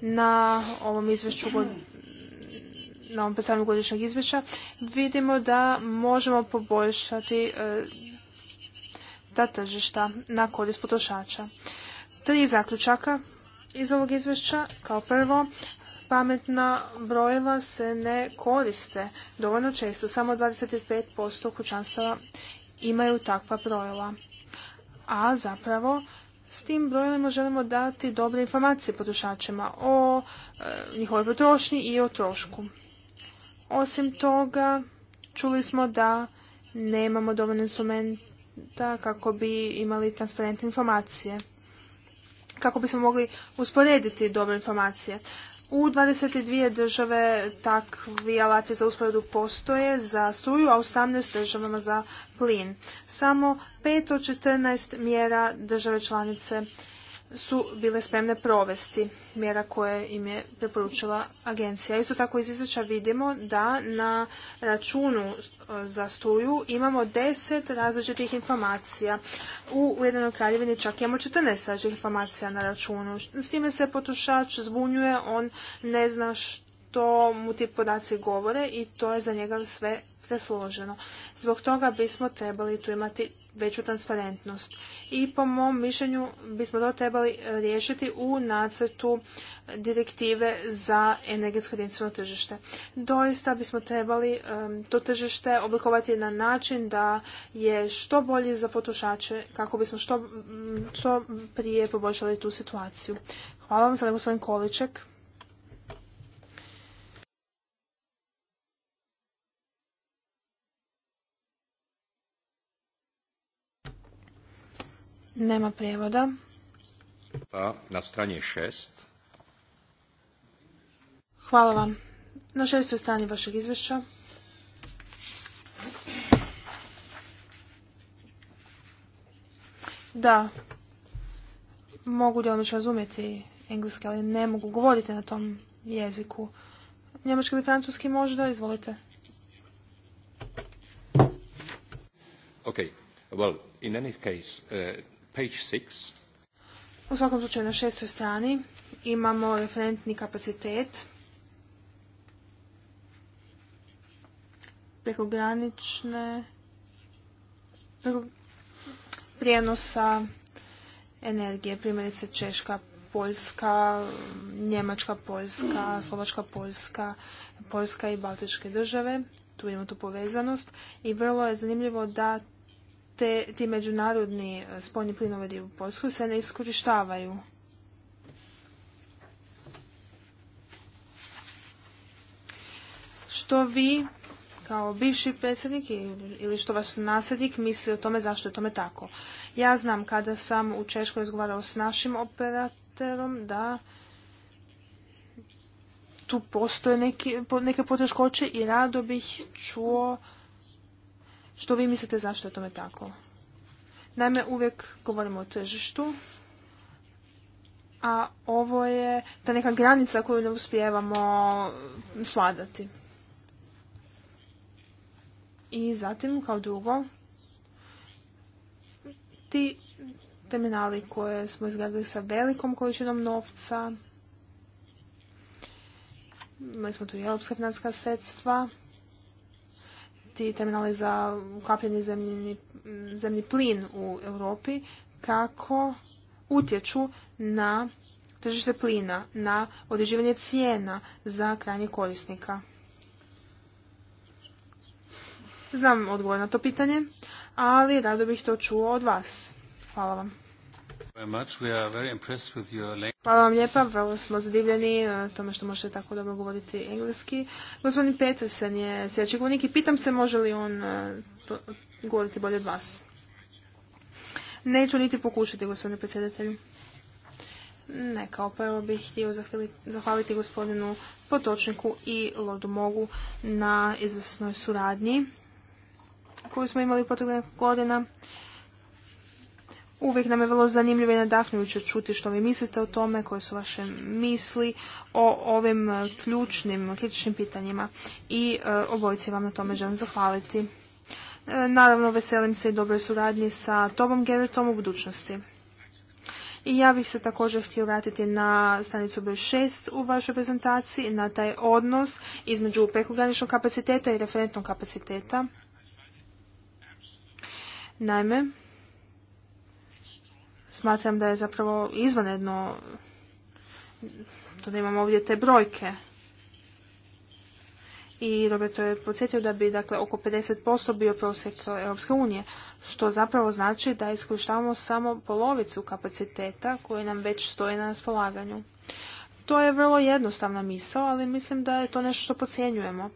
na ovom izvješću na ovom predstavljanju godišnjeg izvješća, vidimo da možemo poboljšati e, ta tržišta na korist potrošača. Tri zaključaka iz ovog izvješća. Kao prvo, pametna brojila se ne koriste dovoljno često. Samo 25% kućanstava imaju takva brojila. A zapravo s tim brojilima želimo dati dobre informacije potrošačima o e, njihovoj potrošnji i o trošku. Osim toga, čuli smo da nemamo dovoljno instrumenta kako bi imali transparentne informacije. Kako bismo mogli usporediti dobre informacije. U 22 države takvi alati za usporedu postoje za struju, a u 18 državama za plin. Samo 5 od 14 mjera države članice su bile spremne provesti mjera koje im je preporučila agencija. Isto tako iz izvješća vidimo da na računu e, za struju imamo 10 različitih informacija. U Ujedinoj kraljevini čak imamo 14 različitih informacija na računu. S time se potrošač zbunjuje, on ne zna što mu ti podaci govore i to je za njega sve presloženo. Zbog toga bismo trebali tu imati veću transparentnost. I po mom mišljenju bismo to trebali e, riješiti u nacrtu direktive za energetsko jedinstveno tržište. Doista bismo trebali e, to tržište oblikovati na način da je što bolje za potrošače kako bismo što, prije poboljšali tu situaciju. Hvala vam za gospodin Količek. Nema prijevoda. Pa, na stranje šest. Hvala vam. Na šestoj strani vašeg izvješća. Da, mogu djelomično razumjeti engleski, ali ne mogu govoriti na tom jeziku. Njemački ili francuski možda? Izvolite. Ok. Well, in any case, eh, u svakom slučaju na šestoj strani imamo referentni kapacitet prekogranične prijenosa energije, primjerice Češka, Poljska, Njemačka, Poljska, Slovačka, Poljska, Poljska i Baltičke države. Tu imamo tu povezanost i vrlo je zanimljivo da te, ti međunarodni e, spojni plinovodi u Poljskoj se ne iskorištavaju. Što vi kao bivši predsjednik ili što vas nasljednik misli o tome zašto je tome tako. Ja znam kada sam u Češkoj razgovarao s našim operatorom da tu postoje neke poteškoće i rado bih čuo što vi mislite zašto je tome tako? Naime, uvijek govorimo o tržištu, a ovo je ta neka granica koju ne uspijevamo sladati. I zatim, kao drugo, ti terminali koje smo izgradili sa velikom količinom novca, imali smo tu i europska financijska sredstva, ti terminali za ukapljeni zemlji plin u Europi kako utječu na tržište plina, na određivanje cijena za krajnje korisnika. Znam odgovor na to pitanje, ali rado bih to čuo od vas. Hvala vam. Hvala vam lijepa, vrlo smo zadivljeni e, tome što možete tako dobro govoriti engleski. Gospodin Petersen je sljedeći govornik i pitam se može li on e, govoriti bolje od vas. Neću niti pokušati, gospodine predsjedatelju. Ne, kao prvo bih htio zahvaliti gospodinu Potočniku i Lordu Mogu na izvrsnoj suradnji koju smo imali proteklih godina. Uvijek nam je vrlo zanimljivo i nadahnujuće čuti što vi mislite o tome, koje su vaše misli o ovim e, ključnim, kritičnim pitanjima i e, obojci vam na tome želim zahvaliti. E, naravno, veselim se i dobroj suradnji sa tobom, Gerritom, u budućnosti. I ja bih se također htio vratiti na stanicu broj 6 u vašoj prezentaciji, na taj odnos između prekograničnog kapaciteta i referentnog kapaciteta. Naime, smatram da je zapravo izvanredno to da imamo ovdje te brojke. I Roberto je podsjetio da bi dakle, oko 50% bio prosjek Europske unije, što zapravo znači da iskorištavamo samo polovicu kapaciteta koji nam već stoje na raspolaganju. To je vrlo jednostavna misao, ali mislim da je to nešto što pocijenjujemo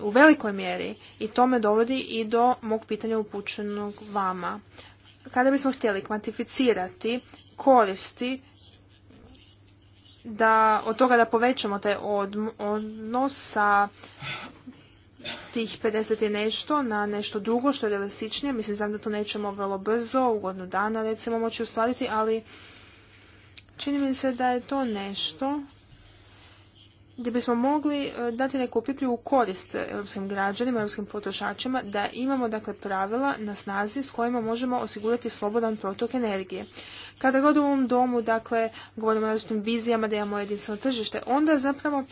u velikoj mjeri i to me dovodi i do mog pitanja upućenog vama kada bismo htjeli kvantificirati koristi da od toga da povećamo taj odnos sa tih 50 i nešto na nešto drugo što je realističnije. Mislim, znam da to nećemo vrlo brzo, u godinu dana recimo moći ostvariti, ali čini mi se da je to nešto gdje bismo mogli e, dati neku opipljivu korist europskim građanima, europskim potrošačima, da imamo dakle pravila na snazi s kojima možemo osigurati slobodan protok energije. Kada god u ovom domu, dakle, govorimo o različitim vizijama da imamo jedinstveno tržište, onda zapravo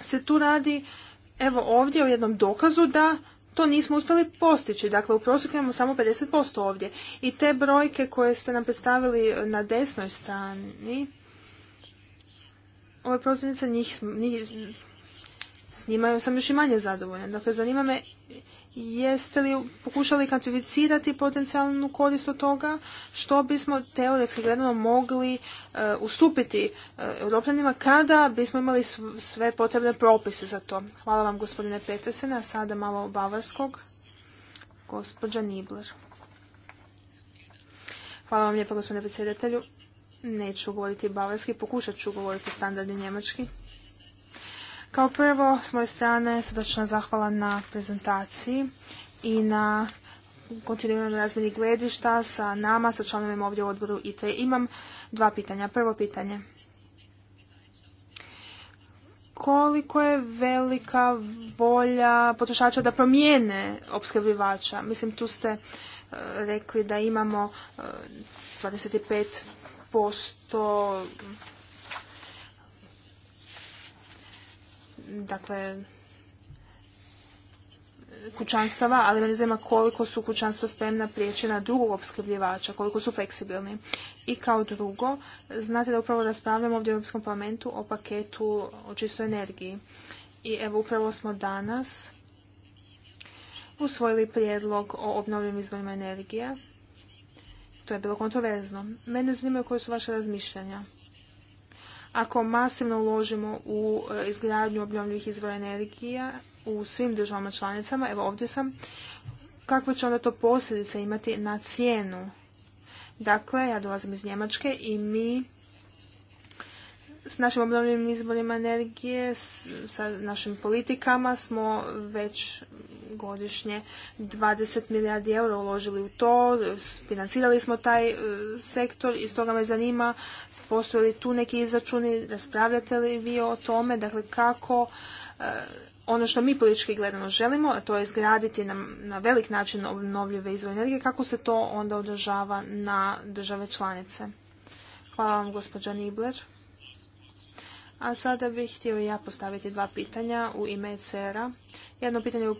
se tu radi, evo ovdje, o jednom dokazu da to nismo uspjeli postići. Dakle, u prosjeku imamo samo 50% ovdje. I te brojke koje ste nam predstavili na desnoj strani, ove prozirnice njih, njih s sam još i manje zadovoljan. Dakle, zanima me jeste li pokušali kvantificirati potencijalnu korist od toga što bismo teoretski gledano mogli e, ustupiti e, europljanima kada bismo imali sve potrebne propise za to. Hvala vam gospodine Petersen, a sada malo bavarskog. Gospođa Nibler. Hvala vam lijepo, gospodine predsjedatelju neću govoriti bavarski, pokušat ću govoriti standardni njemački. Kao prvo, s moje strane, srdačna zahvala na prezentaciji i na kontinuiranoj razmjeni gledišta sa nama, sa članovima ovdje u odboru IT. Imam dva pitanja. Prvo pitanje. Koliko je velika volja potrošača da promijene opskrbljivača? Mislim, tu ste e, rekli da imamo e, 25 posto dakle kućanstava, ali ne zanima koliko su kućanstva spremna prijeći na drugog opskrbljivača, koliko su fleksibilni. I kao drugo, znate da upravo raspravljamo ovdje u Europskom parlamentu o paketu o čistoj energiji. I evo upravo smo danas usvojili prijedlog o obnovljivim izvorima energije to je bilo kontroverzno. Mene zanimaju koje su vaše razmišljanja. Ako masivno uložimo u e, izgradnju obnovljivih izvora energija u svim državama članicama, evo ovdje sam, kakve će onda to posljedice imati na cijenu? Dakle, ja dolazim iz Njemačke i mi s našim obnovljivim izvorima energije, sa našim politikama smo već godišnje 20 milijardi eura uložili u to, financirali smo taj e, sektor i stoga me zanima postoje li tu neki izračuni, raspravljate li vi o tome, dakle kako e, ono što mi politički gledano želimo, a to je izgraditi na, na velik način obnovljive izvore energije, kako se to onda održava na države članice. Hvala vam, gospođa Nibler. A sada bih htio ja postaviti dva pitanja u ime ECR-a. Jedno pitanje je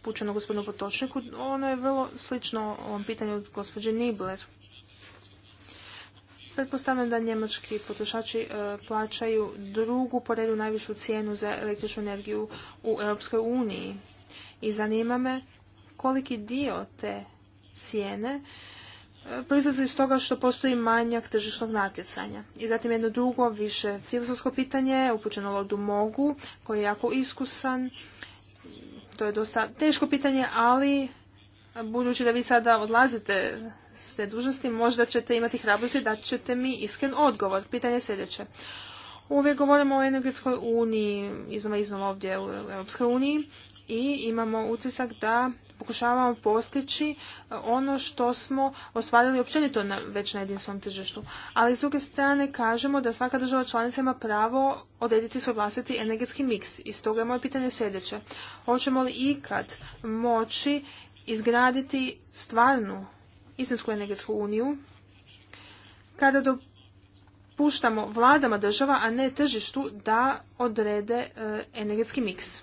upućeno gospodinu Potočniku. Ono je vrlo slično ovom pitanju od gospođe Nibler. Pretpostavljam da njemački potrošači e, plaćaju drugu po redu najvišu cijenu za električnu energiju u Europskoj uniji. I zanima me koliki dio te cijene proizlazi iz toga što postoji manjak tržišnog natjecanja. I zatim jedno drugo, više filozofsko pitanje, upućeno lodu Mogu, koji je jako iskusan. To je dosta teško pitanje, ali budući da vi sada odlazite s te dužnosti, možda ćete imati hrabrosti da ćete mi iskren odgovor. Pitanje je sljedeće. Uvijek govorimo o energetskoj uniji, iznova iznova ovdje u Europskoj uniji i imamo utisak da pokušavamo postići e, ono što smo ostvarili općenito na, već na jedinstvenom tržištu. Ali s druge strane kažemo da svaka država članica ima pravo odrediti svoj vlastiti energetski miks. I stoga je moje pitanje sljedeće. Hoćemo li ikad moći izgraditi stvarnu istinsku energetsku uniju kada do puštamo vladama država, a ne tržištu da odrede e, energetski miks.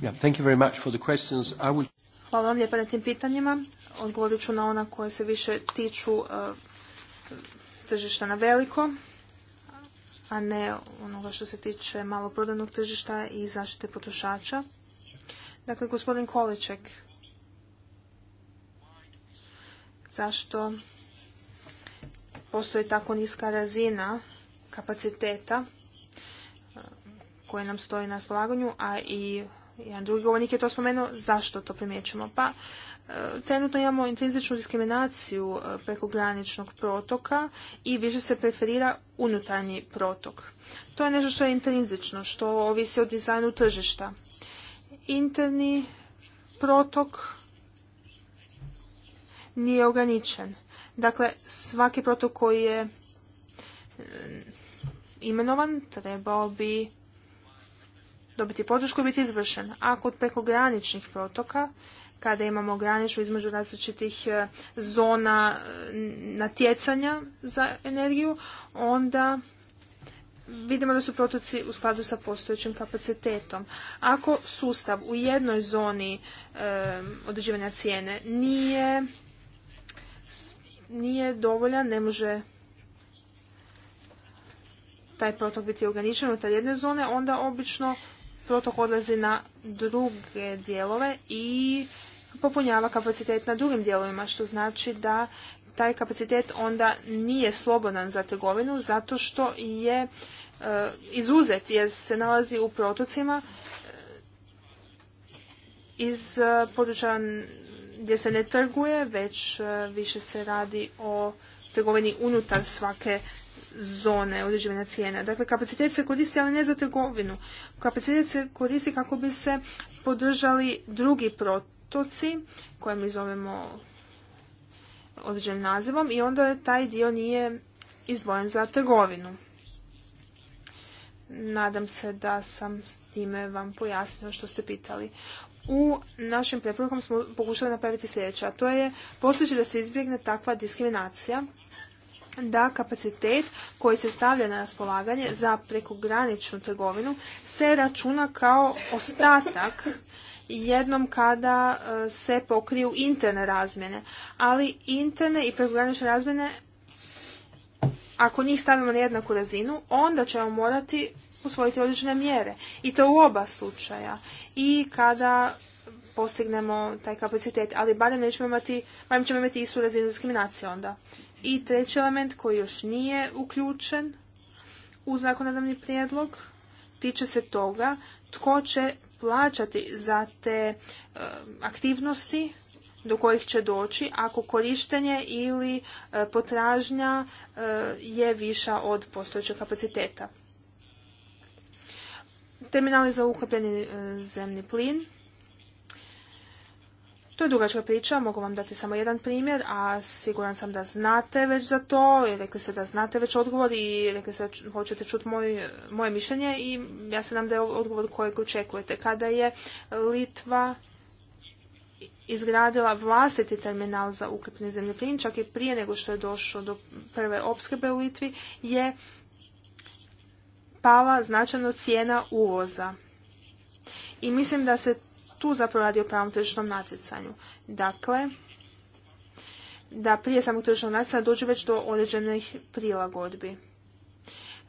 Hvala vam lijepa na tim pitanjima. Odgovorit ću na ona koja se više tiču uh, tržišta na veliko, a ne onoga što se tiče maloprodanog tržišta i zaštite potrošača. Dakle, gospodin Količek, zašto postoji tako niska razina kapaciteta uh, koje nam stoji na spolaganju, a i jedan drugi govornik je to spomenuo, zašto to primjećujemo? Pa, e, trenutno imamo intrinzičnu diskriminaciju e, prekograničnog protoka i više se preferira unutarnji protok. To je nešto što je intrinzično, što ovisi o dizajnu tržišta. Interni protok nije ograničen. Dakle, svaki protok koji je e, imenovan trebao bi dobiti podršku i biti izvršen. A kod prekograničnih protoka, kada imamo graniču između različitih e, zona e, natjecanja za energiju, onda vidimo da su protoci u skladu sa postojećim kapacitetom. Ako sustav u jednoj zoni e, određivanja cijene nije, nije dovoljan, ne može taj protok biti ograničen u te jedne zone, onda obično protok odlazi na druge dijelove i popunjava kapacitet na drugim dijelovima, što znači da taj kapacitet onda nije slobodan za trgovinu zato što je e, izuzet jer se nalazi u protocima e, iz e, područja gdje se ne trguje, već više se radi o trgovini unutar svake zone određivanja cijena. Dakle, kapacitet se koristi, ali ne za trgovinu. Kapacitet se koristi kako bi se podržali drugi protoci, koje mi zovemo određenim nazivom, i onda taj dio nije izdvojen za trgovinu. Nadam se da sam s time vam pojasnio što ste pitali. U našim preporukom smo pokušali napraviti sljedeće, a to je postići da se izbjegne takva diskriminacija da kapacitet koji se stavlja na raspolaganje za prekograničnu trgovinu se računa kao ostatak jednom kada e, se pokriju interne razmjene. Ali interne i prekogranične razmjene, ako njih stavimo na jednaku razinu, onda ćemo morati usvojiti određene mjere. I to u oba slučaja. I kada postignemo taj kapacitet, ali barem nećemo imati, barem ćemo imati istu razinu diskriminacije onda. I treći element koji još nije uključen u zakonodavni prijedlog tiče se toga tko će plaćati za te e, aktivnosti do kojih će doći ako korištenje ili e, potražnja e, je viša od postojećeg kapaciteta. Terminali za ukapljeni zemni plin to je dugačka priča, mogu vam dati samo jedan primjer, a siguran sam da znate već za to, i rekli ste da znate već odgovor i rekli ste da hoćete čuti moje mišljenje i ja se nam da je odgovor kojeg očekujete. Kada je Litva izgradila vlastiti terminal za ukrepni zemljoplin, čak i prije nego što je došlo do prve opskrbe u Litvi, je pala značajno cijena uvoza. I mislim da se tu zapravo radi o pravom tržišnom natjecanju. Dakle, da prije samog tržišnog natjecanja dođe već do određenih prilagodbi.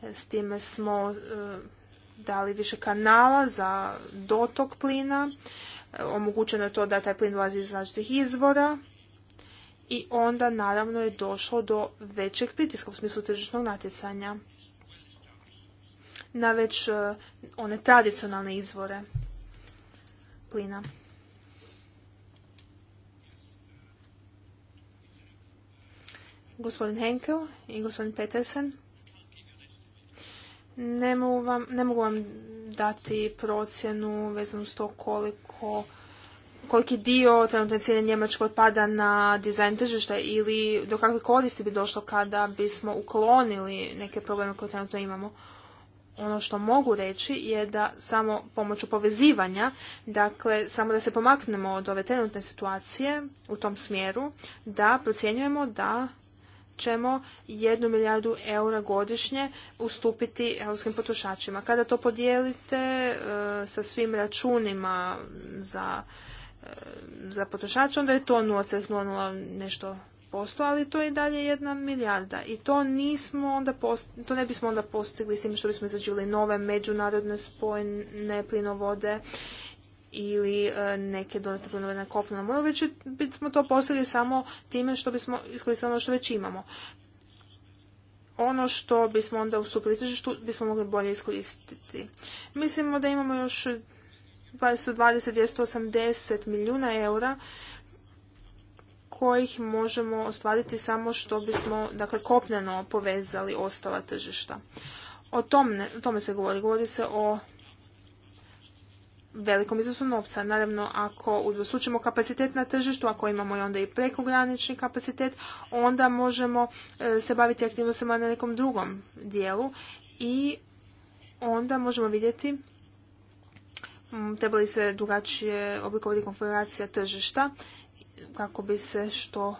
S time smo e, dali više kanala za dotok plina, omogućeno je to da taj plin dolazi iz različitih izvora i onda naravno je došlo do većeg pritiska u smislu tržišnog natjecanja na već e, one tradicionalne izvore plina. Gospodin Henkel i gospodin Petersen, ne mogu vam, dati procjenu vezanu s to koliko koliki dio trenutne cijene Njemačka otpada na dizajn tržišta ili do kakve koristi bi došlo kada bismo uklonili neke probleme koje trenutno imamo ono što mogu reći je da samo pomoću povezivanja, dakle samo da se pomaknemo od ove trenutne situacije u tom smjeru, da procjenjujemo da ćemo jednu milijardu eura godišnje ustupiti europskim potrošačima. Kada to podijelite e, sa svim računima za, e, za potrošače, onda je to 0,00 nešto 5%, ali to je i dalje jedna milijarda. I to nismo onda to ne bismo onda postigli s tim što bismo izrađivali nove međunarodne spojne plinovode ili e, neke dodatne plinove na kopnu. moru, već bismo to postigli samo time što bismo iskoristili ono što već imamo. Ono što bismo onda u tržištu bismo mogli bolje iskoristiti. Mislimo da imamo još 20, 280 milijuna eura kojih možemo ostvariti samo što bismo dakle, kopneno povezali ostala tržišta. O, o tome se govori. Govori se o velikom iznosu novca. Naravno, ako udvostručimo kapacitet na tržištu, ako imamo i onda i prekogranični kapacitet, onda možemo e, se baviti aktivnostima na nekom drugom dijelu i onda možemo vidjeti trebali se drugačije oblikovati konfiguracija tržišta kako bi se što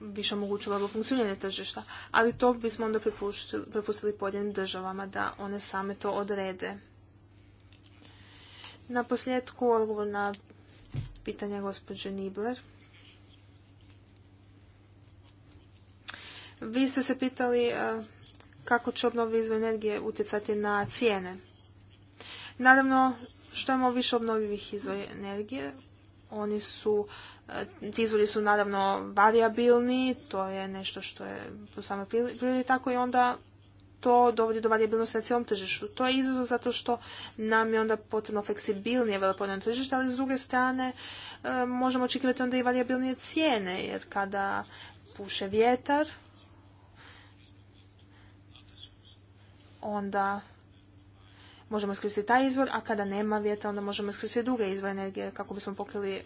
više omogućilo funkcioniranje tržišta. Ali to bismo onda prepustili pojedinim državama da one same to odrede. Na posljedku odgovor na pitanje gospođe Nibler. Vi ste se pitali eh, kako će obnovi izvoj energije utjecati na cijene. Naravno, što imamo više obnovljivih izvora energije, oni su, e, ti izvori su naravno variabilni, to je nešto što je po samoj prirodi tako i onda to dovodi do variabilnosti na cijelom tržištu. To je izazov zato što nam je onda potrebno fleksibilnije velepodajno tržište, ali s druge strane e, možemo očekivati onda i variabilnije cijene, jer kada puše vjetar, onda možemo iskoristiti taj izvor, a kada nema vjetra onda možemo iskoristiti druge izvore energije kako bismo pokrili e,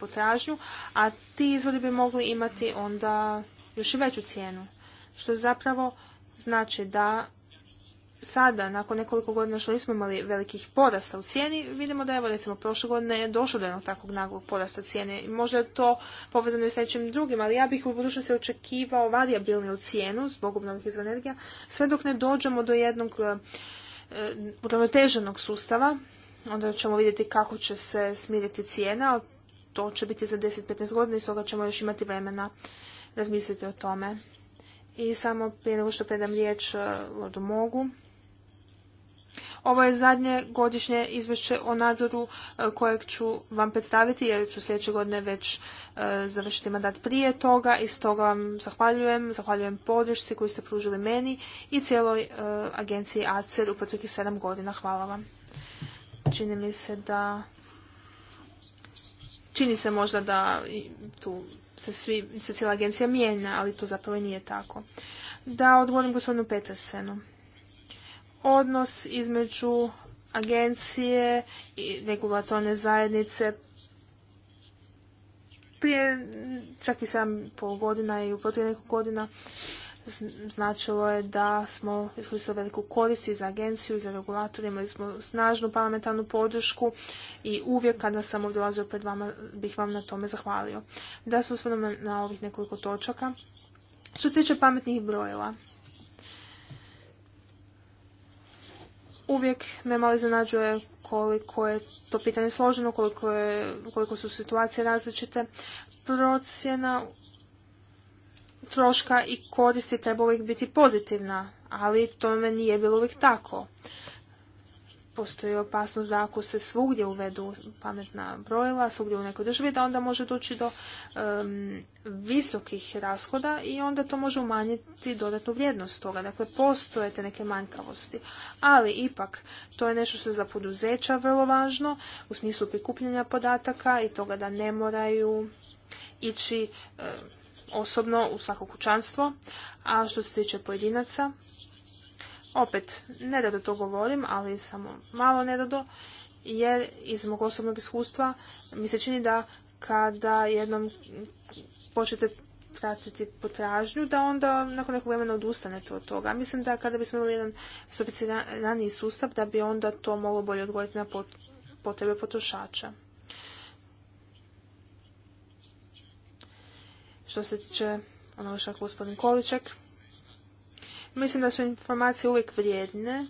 potražnju, a ti izvori bi mogli imati onda još i veću cijenu. Što zapravo znači da sada, nakon nekoliko godina što nismo imali velikih porasta u cijeni, vidimo da evo recimo prošle godine je došlo do jednog takvog naglog porasta cijene. možda je to povezano i s nečim drugim, ali ja bih u budućnosti očekivao variabilnu cijenu zbog obnovnih izvora energija, sve dok ne dođemo do jednog e, E, uravnoteženog sustava, onda ćemo vidjeti kako će se smiriti cijena, to će biti za 10-15 godina i stoga ćemo još imati vremena razmisliti o tome. I samo prije nego što predam riječ e, Mogu, ovo je zadnje godišnje izvješće o nadzoru e, kojeg ću vam predstaviti jer ću sljedeće godine već e, završiti mandat prije toga i stoga vam zahvaljujem, zahvaljujem podršci koju ste pružili meni i cijeloj e, agenciji ACER u proteklih 7 godina. Hvala vam. Čini mi se da čini se možda da tu se, svi, se cijela agencija mijenja, ali to zapravo nije tako. Da odgovorim gospodinu Petersenu odnos između agencije i regulatorne zajednice prije čak i 7,5 godina i u nekoliko godina značilo je da smo iskoristili veliku korist i za agenciju i za regulator, imali smo snažnu parlamentarnu podršku i uvijek kada sam ovdje dolazio pred vama bih vam na tome zahvalio. Da se osvrnemo na ovih nekoliko točaka. Što se tiče pametnih brojeva, Uvijek me malo iznenađuje koliko je to pitanje složeno, koliko, je, koliko su situacije različite. Procjena troška i koristi treba uvijek biti pozitivna, ali to me nije bilo uvijek tako postoji opasnost da ako se svugdje uvedu pametna brojila, svugdje u nekoj državi, da onda može doći do visokih rashoda i onda to može umanjiti dodatnu vrijednost toga. Dakle, postoje te neke manjkavosti. Ali ipak, to je nešto što je za poduzeća vrlo važno u smislu prikupljanja podataka i toga da ne moraju ići osobno u svako kućanstvo. A što se tiče pojedinaca, opet, ne da to govorim, ali samo malo do, jer iz mog osobnog iskustva mi se čini da kada jednom počnete pratiti potražnju, da onda nakon nekog vremena odustanete od toga. Mislim da kada bismo imali jedan sofisticiraniji sustav, da bi onda to moglo bolje odgovoriti na potrebe potrošača. Što se tiče onoga što je gospodin Količek, Mislim da su informacije uvijek vrijedne,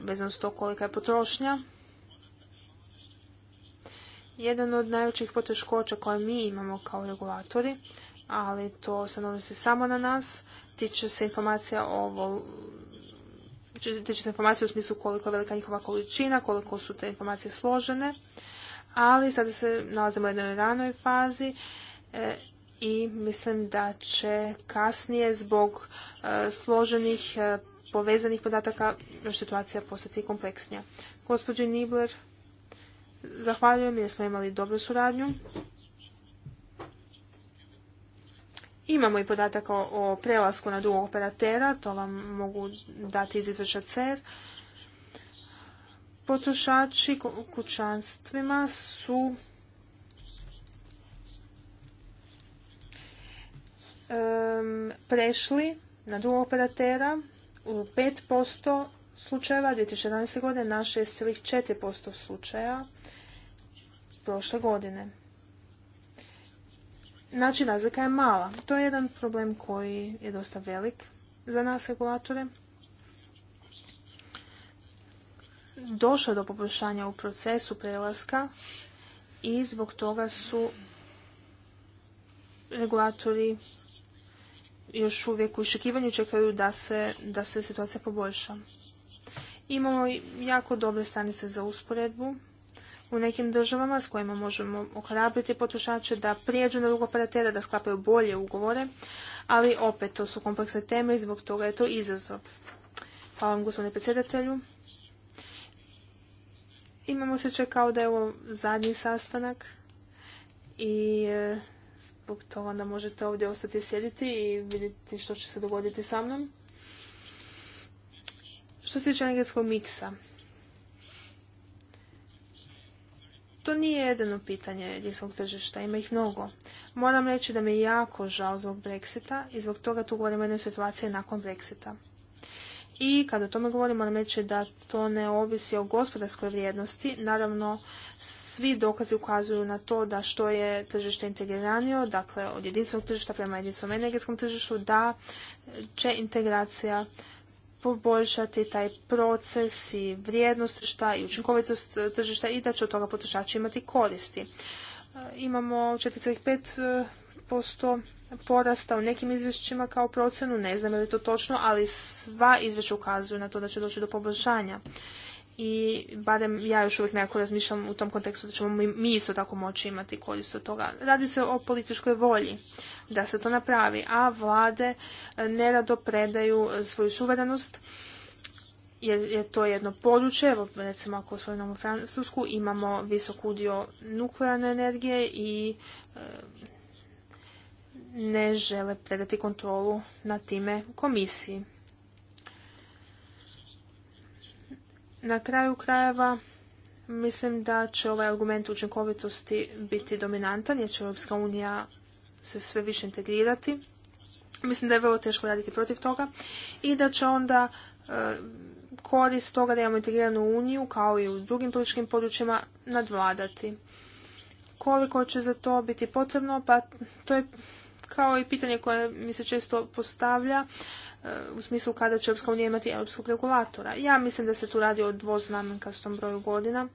vezano e, to kolika je potrošnja. Jedan od najvećih poteškoća koje mi imamo kao regulatori, ali to se odnosi samo na nas, tiče se informacija o tiče se informacije u smislu koliko je velika njihova količina, koliko su te informacije složene, ali sada se nalazimo u jednoj ranoj fazi e, i mislim da će kasnije zbog e, složenih e, povezanih podataka situacija postati kompleksnija. Gospodin Nibler, zahvaljujem jer smo imali dobru suradnju. Imamo i podatak o, prelasku na drugog operatera, to vam mogu dati iz izvrša CER. Potrošači kućanstvima su um, prešli na drugog operatera u 5% slučajeva 2011. godine na 6,4% slučaja prošle godine. Znači, razlika je mala. To je jedan problem koji je dosta velik za nas regulatore. Došlo je do poboljšanja u procesu prelaska i zbog toga su regulatori još uvijek u iščekivanju čekaju da se, situacija poboljša. Imamo jako dobre stanice za usporedbu u nekim državama s kojima možemo ohrabriti potrošače da prijeđu na drugog operatera, da sklapaju bolje ugovore, ali opet to su kompleksne teme i zbog toga je to izazov. Hvala vam gospodine predsjedatelju. Imamo se kao da je ovo zadnji sastanak i e, zbog onda možete ovdje ostati sjediti i vidjeti što će se dogoditi sa mnom. Što se tiče energetskog miksa, to nije jedino pitanje jedinstvenog tržišta, ima ih mnogo. Moram reći da mi je jako žao zbog Brexita i zbog toga tu govorimo o jednoj situaciji nakon Brexita. I kada o tome govorim, moram reći da to ne ovisi o gospodarskoj vrijednosti. Naravno, svi dokazi ukazuju na to da što je tržište integriranio, dakle od jedinstvenog tržišta prema jedinstvenom energetskom tržištu, da će integracija poboljšati taj proces i vrijednost tržišta i učinkovitost tržišta i da će od toga potrošači imati koristi. E, imamo 4,5% porasta u nekim izvješćima kao procenu, ne znam je li to točno, ali sva izvješća ukazuju na to da će doći do poboljšanja. I barem ja još uvijek nekako razmišljam u tom kontekstu da ćemo mi isto tako moći imati korist od toga. Radi se o političkoj volji da se to napravi, a vlade e, nerado predaju e, svoju suverenost jer je to jedno područje, evo recimo ako osvojimo Francusku, imamo visok udio nuklearne energije i e, ne žele predati kontrolu na time komisiji. Na kraju krajeva mislim da će ovaj argument učinkovitosti biti dominantan jer će Europska unija se sve više integrirati. Mislim da je vrlo teško raditi protiv toga i da će onda e, korist toga da imamo integriranu uniju kao i u drugim političkim područjima nadvladati. Koliko će za to biti potrebno, pa to je kao i pitanje koje mi se često postavlja e, u smislu kada će Europska unija imati europskog regulatora. Ja mislim da se tu radi o dvoznamenkastom broju godina.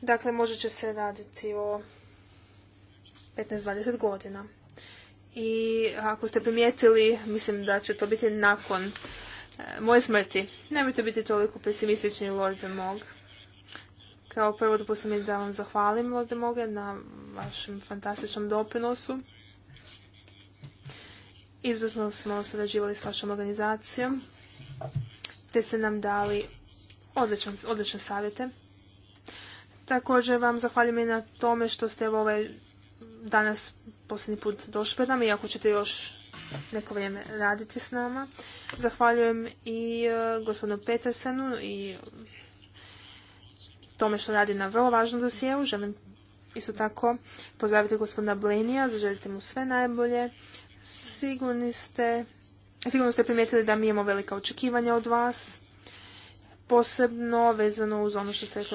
Dakle, može će se raditi o 15-20 godina. I ako ste primijetili, mislim da će to biti nakon e, moje smrti. Nemojte biti toliko pesimistični, Lorde Mog. Kao prvo dopustim mi da vam zahvalim, Lorde Mog, na vašem fantastičnom doprinosu. Izvrsno smo surađivali s vašom organizacijom, te ste nam dali odlične savjete. Također vam zahvaljujem i na tome što ste ovaj danas posljednji put došli pred nama, iako ćete još neko vrijeme raditi s nama. Zahvaljujem i e, gospodinu Petersenu i tome što radi na vrlo važnom dosjeu. Želim isto tako pozdraviti gospodina Blenija, zaželite mu sve najbolje Sigurni ste, sigurno ste primijetili da mi imamo velika očekivanja od vas, posebno vezano uz ono što ste rekli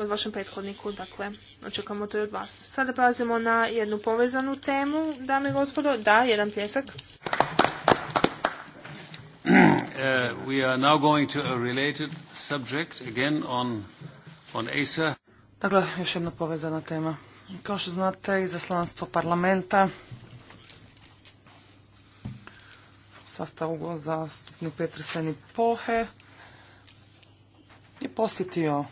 od vašem prethodniku, dakle, očekujemo to i od vas. Sada prelazimo na jednu povezanu temu, dame i gospodo. Da, jedan pljesak. Dakle, još jedna povezana tema. Kao što znate, izaslanstvo parlamenta sastavu zastupnik Petr Seni Pohe je posjetio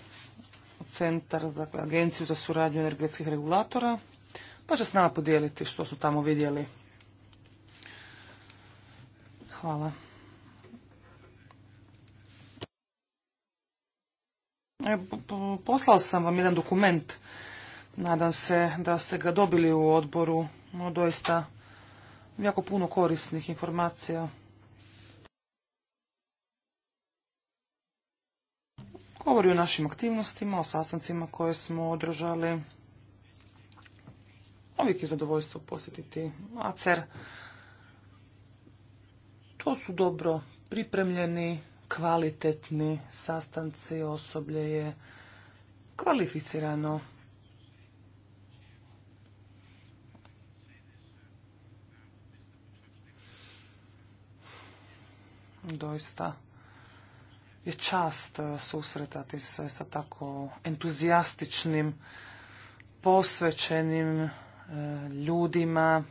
centar za agenciju za suradnju energetskih regulatora, pa će s nama podijeliti što su tamo vidjeli. Hvala. E, poslao sam vam jedan dokument. Nadam se da ste ga dobili u odboru. No, doista jako puno korisnih informacija. Govori o našim aktivnostima, o sastancima koje smo održali. Uvijek je zadovoljstvo posjetiti ACER. To su dobro pripremljeni, kvalitetni sastanci, osoblje je kvalificirano. Doista je čast e, susretati se sa tako entuzijastičnim, posvećenim e, ljudima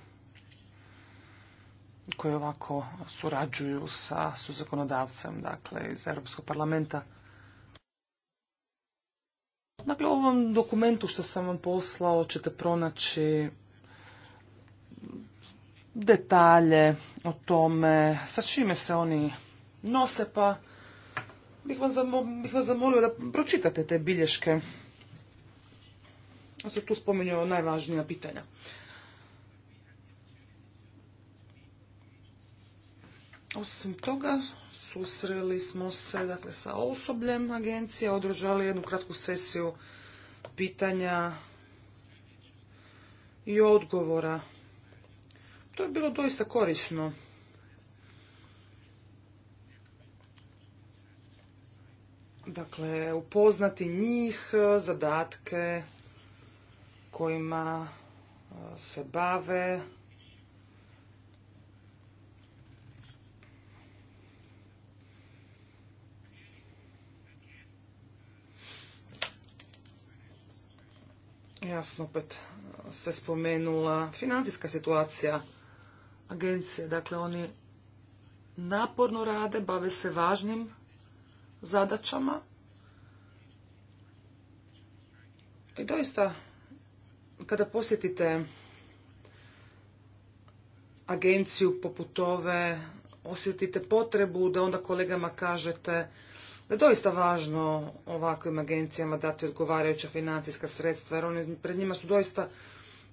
koji ovako surađuju sa suzakonodavcem, dakle, iz Europskog parlamenta. Dakle, u ovom dokumentu što sam vam poslao ćete pronaći detalje o tome sa čime se oni nose, pa bih vas, zamolio, da pročitate te bilješke. Ja se tu spominju najvažnija pitanja. Osim toga, susreli smo se dakle, sa osobljem agencije, održali jednu kratku sesiju pitanja i odgovora to je bilo doista korisno. Dakle, upoznati njih, e, zadatke kojima e, se bave. Jasno, opet e, se spomenula financijska situacija agencije. Dakle, oni naporno rade, bave se važnim zadaćama i doista kada posjetite agenciju poput ove, osjetite potrebu da onda kolegama kažete da je doista važno ovakvim agencijama dati odgovarajuća financijska sredstva jer oni, pred njima su doista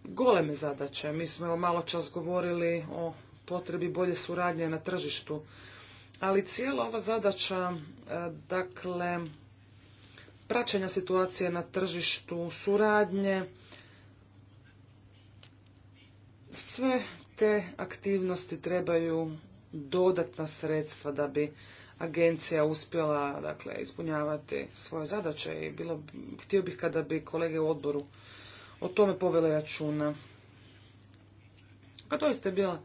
goleme zadaće. Mi smo malo čas govorili o potrebi bolje suradnje na tržištu, ali cijela ova zadaća, e, dakle, praćenja situacije na tržištu, suradnje, sve te aktivnosti trebaju dodatna sredstva da bi agencija uspjela dakle, ispunjavati svoje zadaće i bilo, htio bih kada bi kolege u odboru o tome povele računa. Kad doista je bila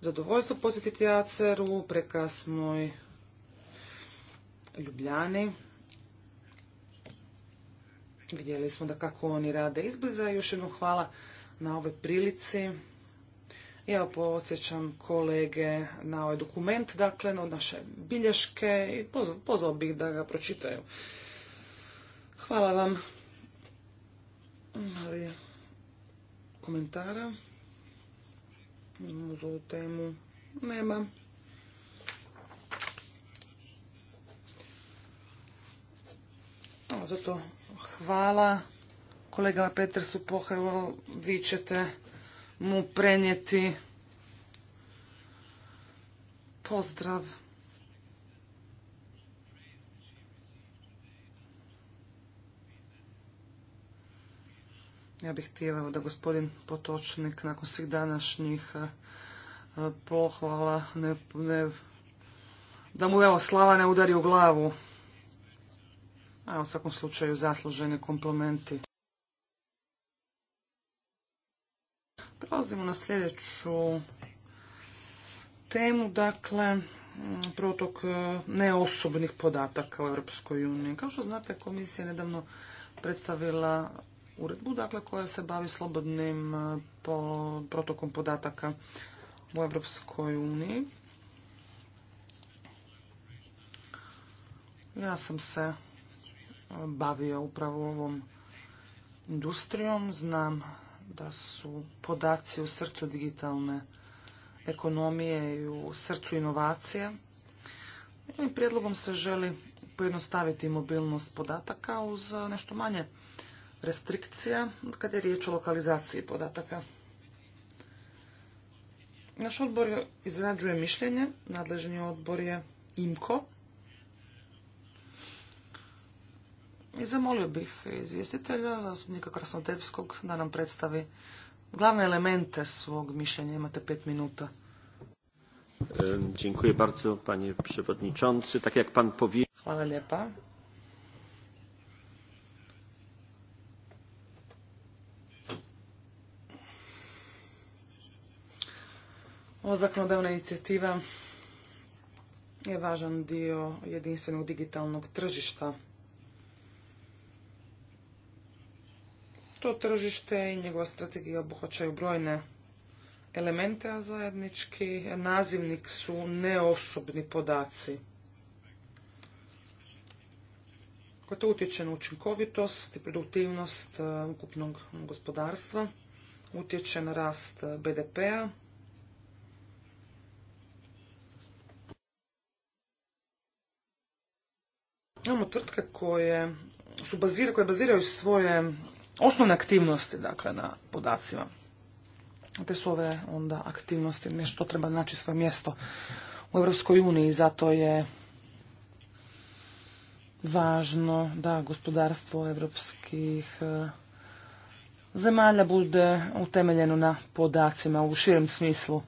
zadovoljstvo posjetiti Aceru u prekasnoj Ljubljani. Vidjeli smo da kako oni rade izbliza. Još jednom hvala na ovoj prilici. Ja podsjećam kolege na ovaj dokument, dakle, na naše bilješke i pozvao bih da ga pročitaju. Hvala vam ali komentara uz ovu temu nema. Zato hvala kolega Petersu Pohrevo, vi ćete mu prenijeti pozdrav. Ja bih htjela da gospodin Potočnik nakon svih današnjih e, pohvala ne, ne, da mu evo slava ne udari u glavu. A u svakom slučaju zasluženi komplementi. Prelazimo na sljedeću temu, dakle, mm, protok e, neosobnih podataka u Europskoj uniji. Kao što znate, komisija nedavno predstavila uredbu, dakle, koja se bavi slobodnim e, protokom podataka u Evropskoj uniji. Ja sam se e, bavio upravo ovom industrijom. Znam da su podaci u srcu digitalne ekonomije i u srcu inovacije. Ovim prijedlogom se želi pojednostaviti mobilnost podataka uz nešto manje restrikcija kada je riječ o lokalizaciji podataka. Naš odbor izrađuje mišljenje, nadležni odbor je IMKO. I zamolio bih izvjestitelja, zastupnika Krasnotepskog, da nam predstavi glavne elemente svog mišljenja. Imate pet minuta. Dziękuję bardzo, panie przewodniczący. Tak jak pan powiedział... Hvala lijepa. Ova zakonodavna inicijativa je važan dio jedinstvenog digitalnog tržišta. To tržište i njegova strategija obuhvaćaju brojne elemente, a zajednički nazivnik su neosobni podaci. Koje to utječe na učinkovitost i produktivnost eh, ukupnog gospodarstva, utječe na rast BDP-a, Imamo tvrtke koje su bazira, koje baziraju svoje osnovne aktivnosti dakle, na podacima. Te su ove onda aktivnosti nešto treba naći svoje mjesto u Europskoj uniji, zato je važno da gospodarstvo europskih e, zemalja bude utemeljeno na podacima u širem smislu.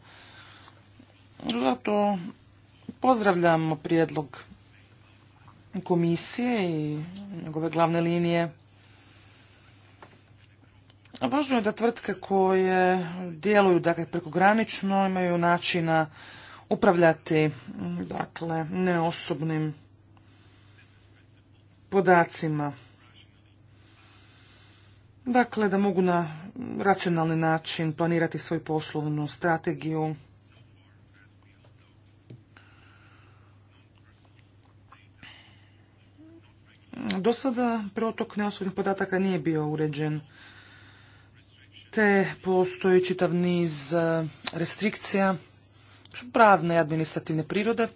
Zato pozdravljamo prijedlog komisije i njegove glavne linije. Važno je da tvrtke koje djeluju dakle, prekogranično imaju načina upravljati dakle, neosobnim podacima. Dakle, da mogu na racionalni način planirati svoju poslovnu strategiju, Do sada protok neosobnih podataka nije bio uređen, te postoji čitav niz e, restrikcija pravne i administrativne prirode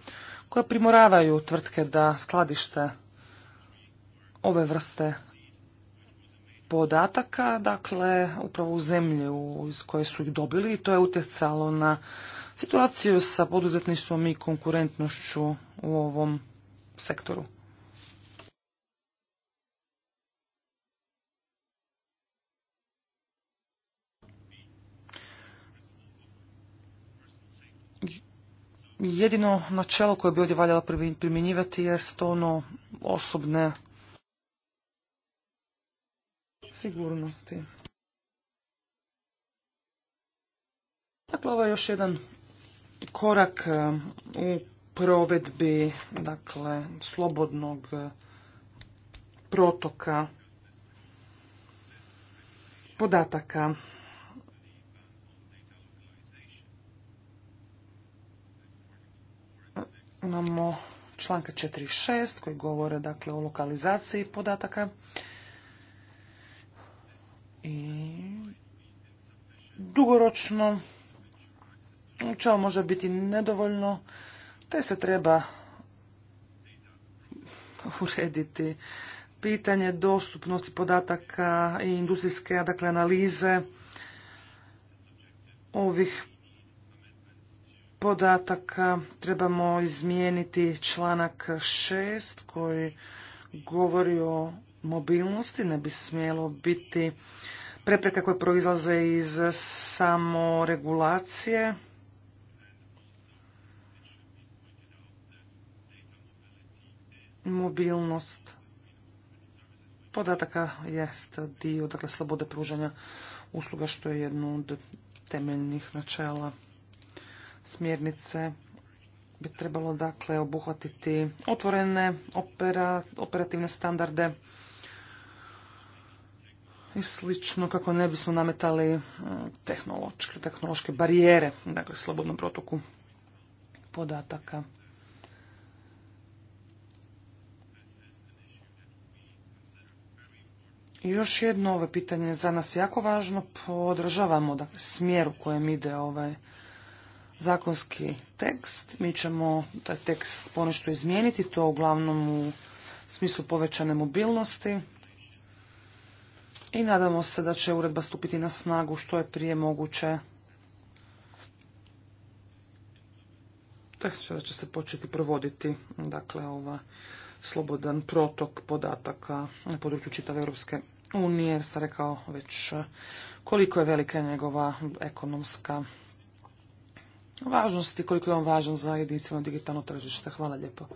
koja primoravaju tvrtke da skladište ove vrste podataka, dakle, upravo u zemlju iz koje su ih dobili i to je utjecalo na situaciju sa poduzetništvom i konkurentnošću u ovom sektoru. jedino načelo koje bi ovdje valjalo primjenjivati jest ono osobne sigurnosti. Dakle, ovo je još jedan korak e, u provedbi dakle, slobodnog e, protoka podataka. Imamo članka 4.6 koji govore dakle o lokalizaciji podataka. I dugoročno čao može biti nedovoljno, te se treba urediti pitanje dostupnosti podataka i industrijske dakle, analize ovih podataka trebamo izmijeniti članak 6 koji govori o mobilnosti, ne bi smjelo biti prepreka koje proizlaze iz samoregulacije. Mobilnost podataka jest dio dakle, slobode pružanja usluga što je jedno od temeljnih načela smjernice bi trebalo dakle obuhvatiti otvorene opera, operativne standarde i slično kako ne bismo nametali e, tehnološke, tehnološke barijere, dakle slobodnom protoku podataka. I još jedno ovo pitanje za nas jako važno, podržavamo dakle, smjer u kojem ide ovaj zakonski tekst. Mi ćemo taj tekst ponešto izmijeniti, to uglavnom u smislu povećane mobilnosti. I nadamo se da će uredba stupiti na snagu što je prije moguće. Tako da će se početi provoditi dakle, ova slobodan protok podataka na području čitave Europske unije, jer sam rekao već koliko je velika njegova ekonomska važnosti, koliko je on važan za jedinstveno digitalno tržište. Hvala lijepo.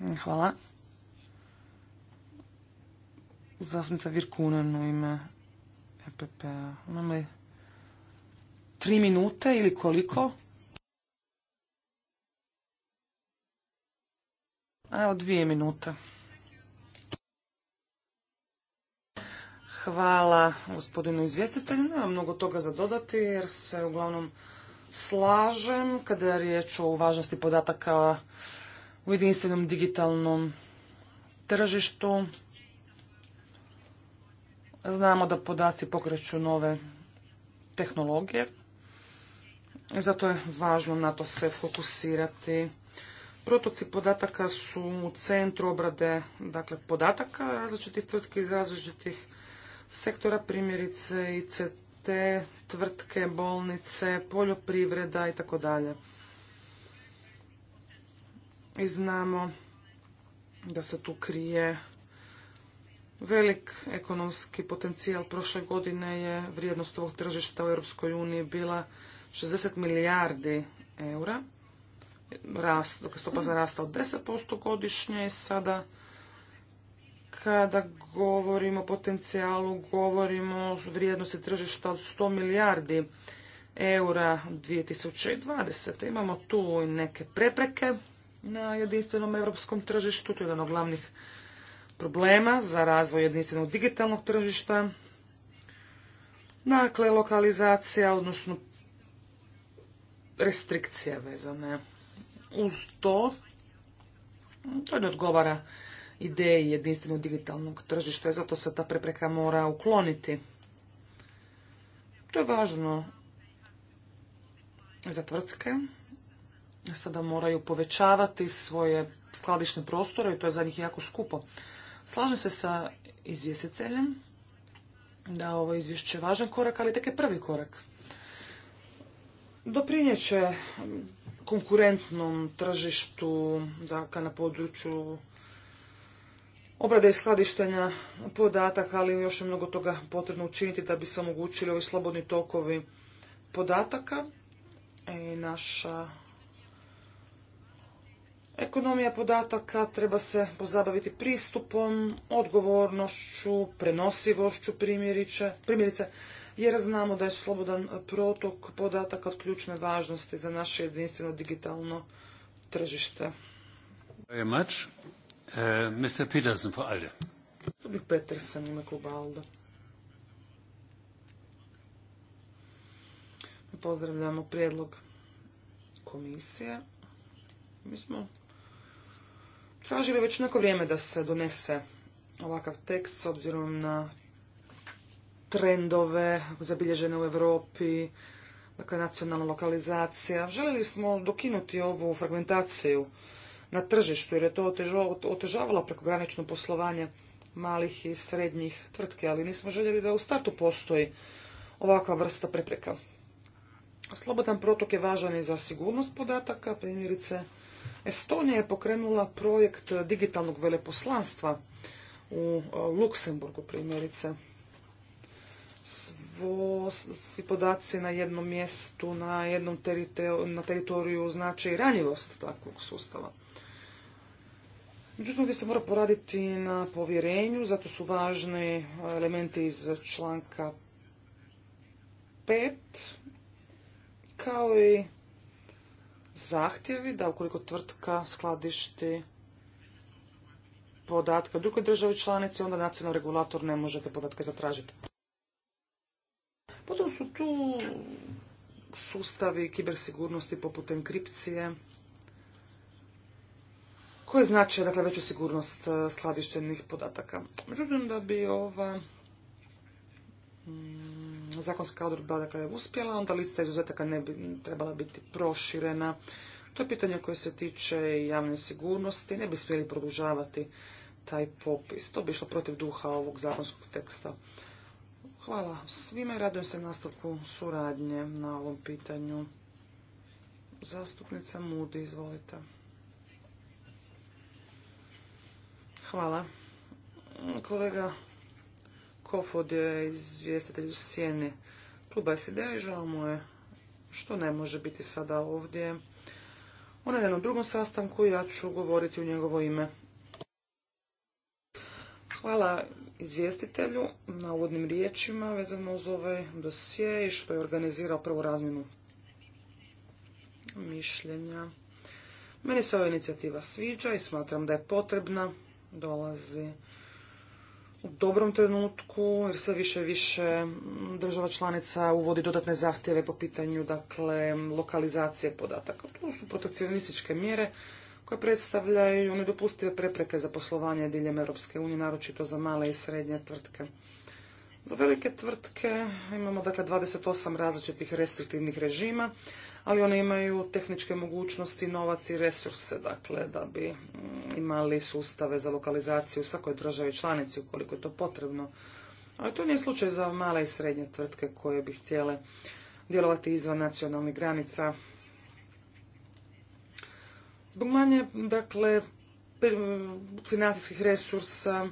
E Hvala. Zasmica Virkunen u ime EPP-a. li tri minute ili koliko? Evo dvije minute. Hvala gospodinu izvjestitelju. Nemam mnogo toga za dodati jer se uglavnom slažem kada je riječ o važnosti podataka u jedinstvenom digitalnom tržištu. Znamo da podaci pokreću nove tehnologije. Zato je važno na to se fokusirati. Protoci podataka su u centru obrade dakle, podataka različitih tvrtki iz različitih sektora, primjerice ICT, tvrtke, bolnice, poljoprivreda i tako dalje. I znamo da se tu krije velik ekonomski potencijal. Prošle godine je vrijednost ovog tržišta u Europskoj uniji bila 60 milijardi eura. dok je stopa za rasta od 10% godišnje i sada kada govorimo o potencijalu, govorimo o vrijednosti tržišta od 100 milijardi eura 2020. Imamo tu neke prepreke na jedinstvenom europskom tržištu, to je jedan od glavnih problema za razvoj jedinstvenog digitalnog tržišta. Dakle, lokalizacija, odnosno restrikcije vezane uz to, to ne odgovara ideji jedinstvenog digitalnog tržišta i zato se ta prepreka mora ukloniti. To je važno za tvrtke. Sada moraju povećavati svoje skladišne prostore i to je za njih jako skupo. Slažem se sa izvjestiteljem da ovo izvješće je važan korak, ali tek je prvi korak. Doprinjet će konkurentnom tržištu dakle, na području obrade i skladištenja podataka, ali još je mnogo toga potrebno učiniti da bi se omogućili ovi slobodni tokovi podataka. I e, naša ekonomija podataka treba se pozabaviti pristupom, odgovornošću, prenosivošću primjerice, jer znamo da je slobodan protok podataka od ključne važnosti za naše jedinstveno digitalno tržište. E, Mr. Peterson ime kluba Alde. Pozdravljamo prijedlog komisije. Mi smo tražili već neko vrijeme da se donese ovakav tekst s obzirom na trendove zabilježene u Europi, dakle nacionalna lokalizacija. Željeli smo dokinuti ovu fragmentaciju na tržištu jer je to otežavalo prekogranično poslovanje malih i srednjih tvrtke, ali nismo željeli da u startu postoji ovakva vrsta prepreka. Slobodan protok je važan i za sigurnost podataka, primjerice Estonija je pokrenula projekt digitalnog veleposlanstva u e, Luksemburgu, primjerice. svi podaci na jednom mjestu, na jednom teritoriju, na teritoriju znači ranjivost takvog sustava. Međutim, ovdje se mora poraditi na povjerenju, zato su važni e, elementi iz članka 5, kao i zahtjevi da ukoliko tvrtka skladišti podatke u drugoj državi članici, onda nacionalni regulator ne može te podatke zatražiti. Potom su tu sustavi kibersigurnosti poput enkripcije, koje znači dakle, veću sigurnost e, skladištenih podataka. Međutim, da bi ova mm, zakonska odredba dakle, uspjela, onda lista izuzetaka ne bi trebala biti proširena. To je pitanje koje se tiče javne sigurnosti. Ne bi smjeli produžavati taj popis. To bi išlo protiv duha ovog zakonskog teksta. Hvala svima i radujem se nastavku suradnje na ovom pitanju. Zastupnica Mudi, izvolite. Hvala. Kolega Kofod je izvjestitelj u kluba SID i žao mu je što ne može biti sada ovdje. On je na jednom drugom sastanku i ja ću govoriti u njegovo ime. Hvala izvjestitelju na uvodnim riječima vezano uz ove ovaj dosije i što je organizirao prvu razmjenu mišljenja. Meni se ova inicijativa sviđa i smatram da je potrebna dolazi u dobrom trenutku, jer sve više i više država članica uvodi dodatne zahtjeve po pitanju dakle, lokalizacije podataka. To su protekcionističke mjere koje predstavljaju nedopustive prepreke za poslovanje diljem Europske unije, naročito za male i srednje tvrtke. Za velike tvrtke imamo dakle 28 različitih restriktivnih režima, ali one imaju tehničke mogućnosti, novac i resurse, dakle, da bi mm, imali sustave za lokalizaciju u svakoj državi članici, ukoliko je to potrebno. Ali to nije slučaj za male i srednje tvrtke koje bi htjele djelovati izvan nacionalnih granica. Zbog manje, dakle, financijskih resursa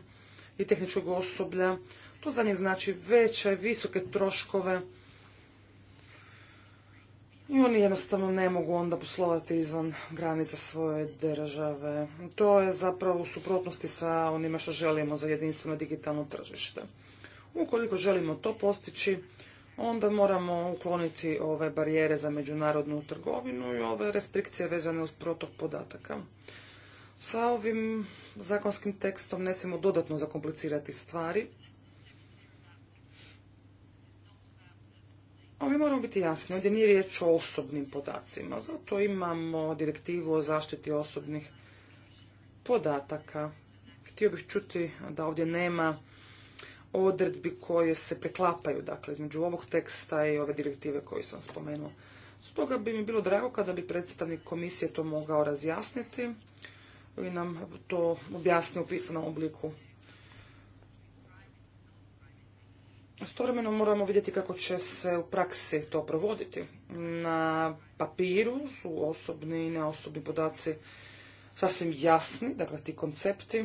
i tehničkog osoblja, to za njih znači veće, visoke troškove, i oni jednostavno ne mogu onda poslovati izvan granica svoje države. To je zapravo u suprotnosti sa onima što želimo za jedinstveno digitalno tržište. Ukoliko želimo to postići, onda moramo ukloniti ove barijere za međunarodnu trgovinu i ove restrikcije vezane uz protok podataka. Sa ovim zakonskim tekstom ne smijemo dodatno zakomplicirati stvari, Ali moramo biti jasni, ovdje nije riječ o osobnim podacima, zato imamo direktivu o zaštiti osobnih podataka. Htio bih čuti da ovdje nema odredbi koje se preklapaju, dakle, između ovog teksta i ove direktive koju sam spomenuo. Stoga bi mi bilo drago kada bi predstavnik komisije to mogao razjasniti i nam to objasnio u pisanom obliku. Stovremeno moramo vidjeti kako će se u praksi to provoditi. Na papiru su osobni i neosobni podaci sasvim jasni, dakle ti koncepti,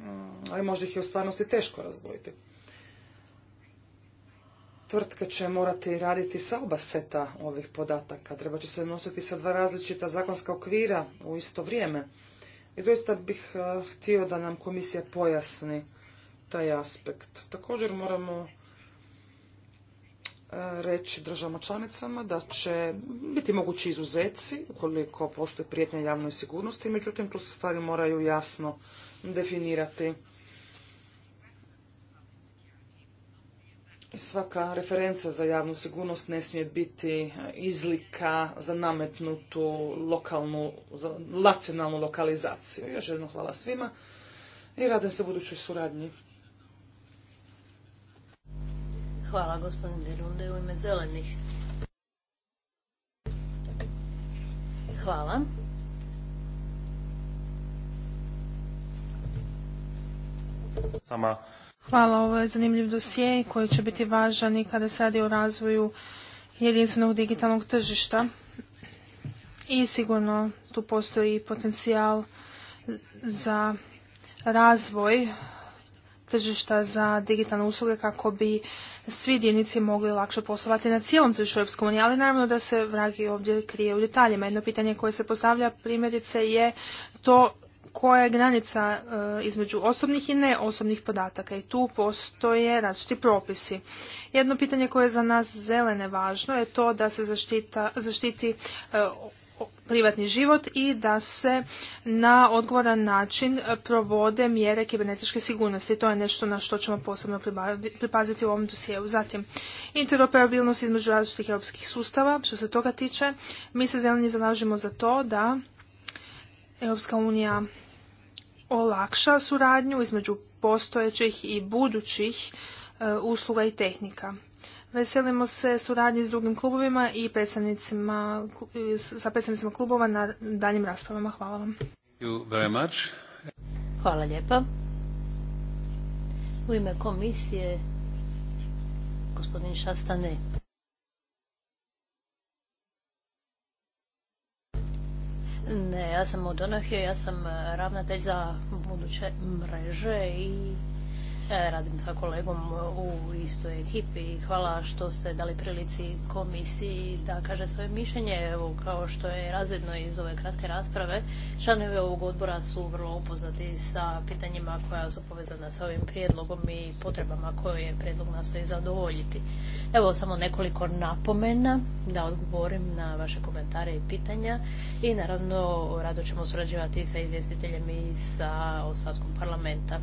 mm, ali možda ih je u stvarnosti teško razdvojiti. Tvrtke će morati raditi sa oba seta ovih podataka. Treba će se nositi sa dva različita zakonska okvira u isto vrijeme. I doista bih eh, htio da nam komisija pojasni taj aspekt. Također moramo e, reći državama članicama da će biti mogući izuzeci ukoliko postoji prijetnja javnoj sigurnosti, međutim tu se stvari moraju jasno definirati. Svaka referenca za javnu sigurnost ne smije biti izlika za nametnutu lokalnu, za nacionalnu lokalizaciju. Još jednom hvala svima i radujem se budućoj suradnji. Hvala gospodin u ime zelenih. Hvala. Sama. Hvala, ovo je zanimljiv dosje koji će biti važan i kada se radi o razvoju jedinstvenog digitalnog tržišta. I sigurno tu postoji potencijal za razvoj tržišta za digitalne usluge kako bi svi dionici mogli lakše poslovati na cijelom tržištu Europske ali naravno da se vragi ovdje krije u detaljima. Jedno pitanje koje se postavlja primjerice je to koja je granica e, između osobnih i neosobnih podataka i tu postoje različiti propisi. Jedno pitanje koje je za nas zelene važno je to da se zaštita, zaštiti e, privatni život i da se na odgovoran način provode mjere kibernetičke sigurnosti. To je nešto na što ćemo posebno pripaziti u ovom dosjeu. Zatim, interoperabilnost između različitih europskih sustava. Što se toga tiče, mi se zeleni zalažemo za to da Europska unija olakša suradnju između postojećih i budućih e, usluga i tehnika. Veselimo se suradnji s drugim klubovima i predstavnicima, sa predstavnicima klubova na daljim raspravama. Hvala vam. Hvala lijepa. U ime komisije gospodin Šastane. Ne, ja sam od Donahije, ja sam ravnatelj za buduće mreže i E, radim sa kolegom u istoj ekipi i hvala što ste dali prilici komisiji da kaže svoje mišljenje. Evo, kao što je razredno iz ove kratke rasprave, članovi ovog odbora su vrlo upoznati sa pitanjima koja su povezana sa ovim prijedlogom i potrebama koje je prijedlog nastoji zadovoljiti. Evo samo nekoliko napomena da odgovorim na vaše komentare i pitanja i naravno rado ćemo surađivati sa izvjestiteljem i sa ostatkom parlamenta.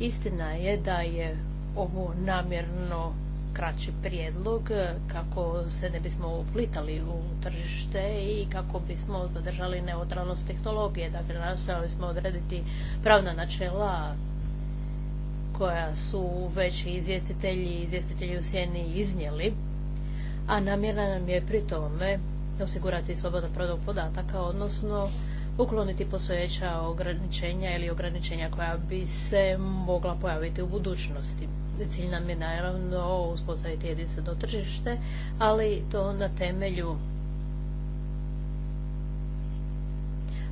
Istina je da je ovo namjerno kraći prijedlog eh, kako se ne bismo uplitali u tržište i kako bismo zadržali neutralnost tehnologije. Dakle, nastavili smo odrediti pravna načela koja su već izvjestitelji i izvjestitelji u sjeni iznijeli, a namjera nam je pri tome osigurati slobodan prodav podataka, odnosno ukloniti postojeća ograničenja ili ograničenja koja bi se mogla pojaviti u budućnosti. Cilj nam je naravno uspostaviti jedinstveno tržište, ali to na temelju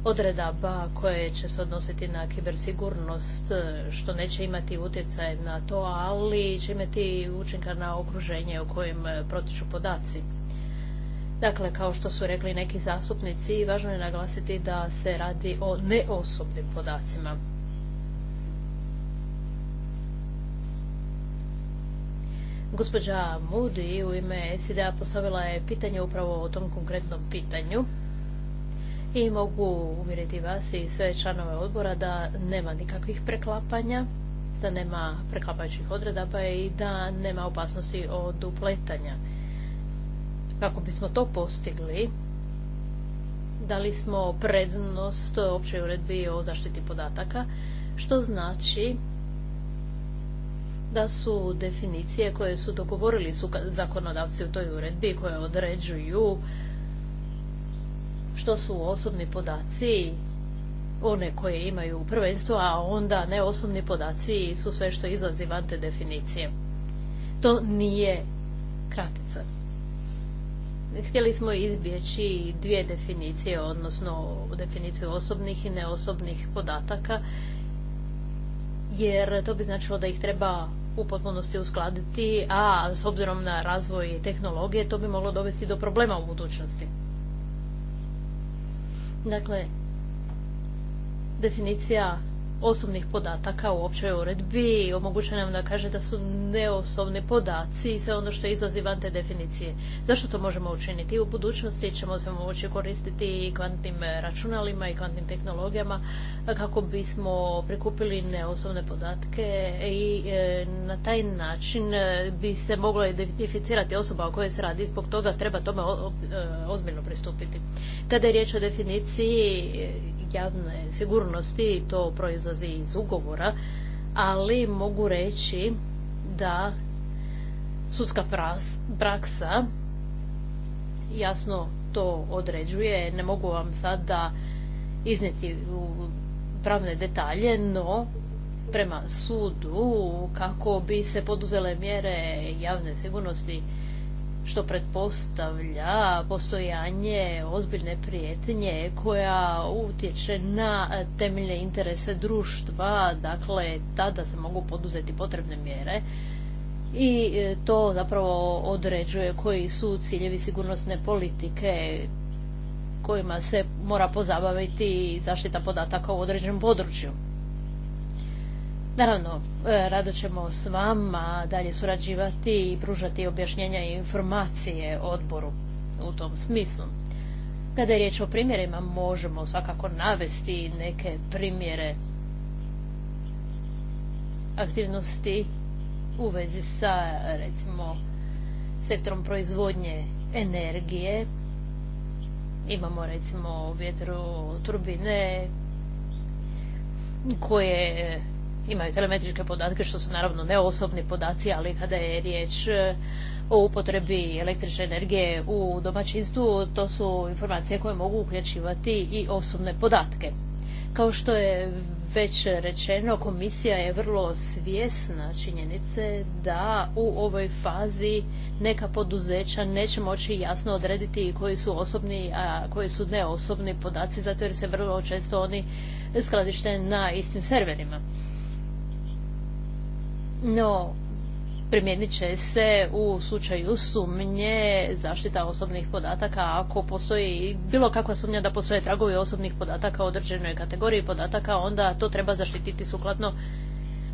odredaba koje će se odnositi na kibersigurnost, što neće imati utjecaj na to, ali će imati učinka na okruženje u kojem protiču podaci. Dakle, kao što su rekli neki zastupnici, važno je naglasiti da se radi o neosobnim podacima. Gospođa Moody u ime sid postavila je pitanje upravo o tom konkretnom pitanju i mogu uvjeriti vas i sve članove odbora da nema nikakvih preklapanja, da nema preklapajućih odredaba i da nema opasnosti od upletanja. Kako bismo to postigli, da li smo prednost općoj uredbi o zaštiti podataka, što znači da su definicije koje su dogovorili su zakonodavci u toj uredbi koje određuju što su osobni podaci one koje imaju prvenstvo, a onda ne osobni podaci su sve što izazivate te definicije. To nije kratica htjeli smo izbjeći dvije definicije, odnosno definiciju osobnih i neosobnih podataka, jer to bi značilo da ih treba u potpunosti uskladiti, a s obzirom na razvoj tehnologije to bi moglo dovesti do problema u budućnosti. Dakle, definicija osobnih podataka u općoj uredbi i omogućeno nam da kaže da su neosobni podaci i sve ono što izlazi van te definicije. Zašto to možemo učiniti? U budućnosti ćemo se moći koristiti i kvantnim računalima i kvantnim tehnologijama kako bismo prikupili neosobne podatke i e, na taj način e, bi se moglo identificirati osoba o kojoj se radi. Zbog toga treba tome e, ozbiljno pristupiti. Kada je riječ o definiciji javne sigurnosti i to proizlazi iz ugovora, ali mogu reći da sudska praksa jasno to određuje. Ne mogu vam sada iznijeti u pravne detalje, no prema sudu kako bi se poduzele mjere javne sigurnosti što pretpostavlja postojanje ozbiljne prijetnje koja utječe na temeljne interese društva, dakle tada se mogu poduzeti potrebne mjere i e, to zapravo određuje koji su ciljevi sigurnosne politike kojima se mora pozabaviti zaštita podataka u određenom području. Naravno, e, rado ćemo s vama dalje surađivati i pružati objašnjenja i informacije odboru u tom smislu. Kada je riječ o primjerima, možemo svakako navesti neke primjere aktivnosti u vezi sa, recimo, sektorom proizvodnje energije. Imamo, recimo, vjetru turbine koje imaju telemetričke podatke, što su naravno ne osobni podaci, ali kada je riječ e, o upotrebi električne energije u domaćinstvu, to su informacije koje mogu uključivati i osobne podatke. Kao što je već rečeno, komisija je vrlo svjesna činjenice da u ovoj fazi neka poduzeća neće moći jasno odrediti koji su osobni, a koji su neosobni podaci, zato jer se vrlo često oni skladište na istim serverima no primijenit će se u slučaju sumnje zaštita osobnih podataka ako postoji bilo kakva sumnja da postoje tragovi osobnih podataka u određenoj kategoriji podataka, onda to treba zaštititi sukladno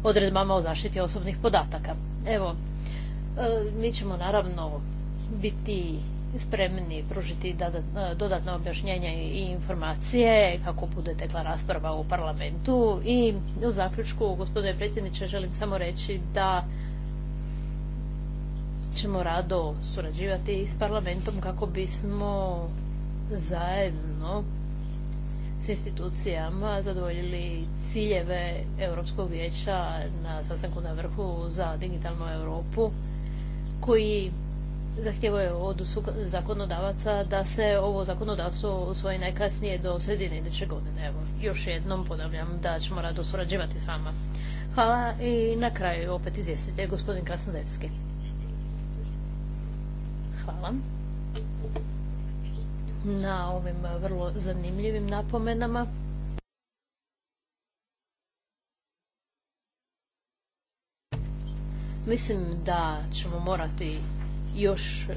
odredbama o zaštiti osobnih podataka. Evo, e, mi ćemo naravno biti spremni pružiti e, dodatno objašnjenje i informacije kako bude tekla rasprava u parlamentu. I u zaključku, gospodine predsjedniče, želim samo reći da ćemo rado surađivati i s parlamentom kako bismo zajedno s institucijama zadovoljili ciljeve Europskog vijeća na sastanku na vrhu za digitalnu Europu koji zahtjevo je od zakonodavaca da se ovo zakonodavstvo usvoji najkasnije do sredine iduće godine. Evo, još jednom ponavljam da ćemo rado surađivati s vama. Hvala i na kraju opet izvjestite gospodin Krasnodevski. Hvala na ovim vrlo zanimljivim napomenama. Mislim da ćemo morati još eh,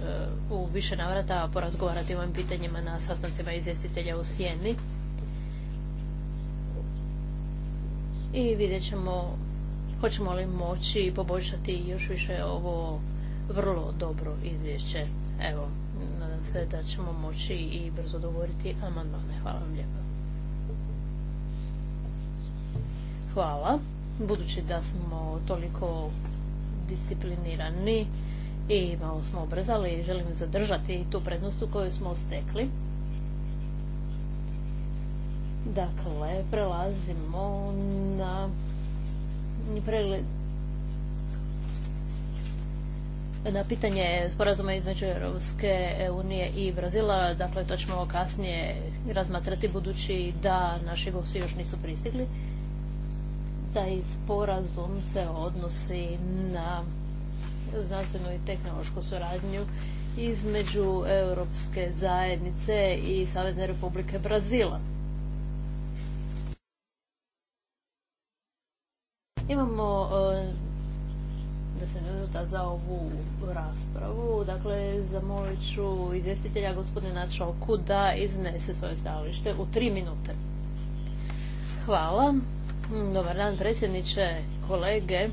u više navrata porazgovarati o ovim pitanjima na sastancima izvjestitelja u Sjeni. I vidjet ćemo hoćemo li moći poboljšati još više ovo vrlo dobro izvješće. Evo, nadam se da ćemo moći i brzo dogovoriti amandmane. Hvala vam lijepo. Hvala. Budući da smo toliko disciplinirani, i malo smo obrzali i želim zadržati tu prednost u koju smo stekli. Dakle, prelazimo na na pitanje sporazuma između Europske unije i Brazila, dakle to ćemo kasnije razmatrati budući da naši gosti još nisu pristigli. Taj sporazum se odnosi na znanstvenu i tehnološku suradnju između Europske zajednice i Savezne Republike Brazila. Imamo e, deset minuta za ovu raspravu. Dakle, zamolit ću izvjestitelja gospodina Čoku da iznese svoje stajalište u tri minute. Hvala. Dobar dan predsjedniče, kolege.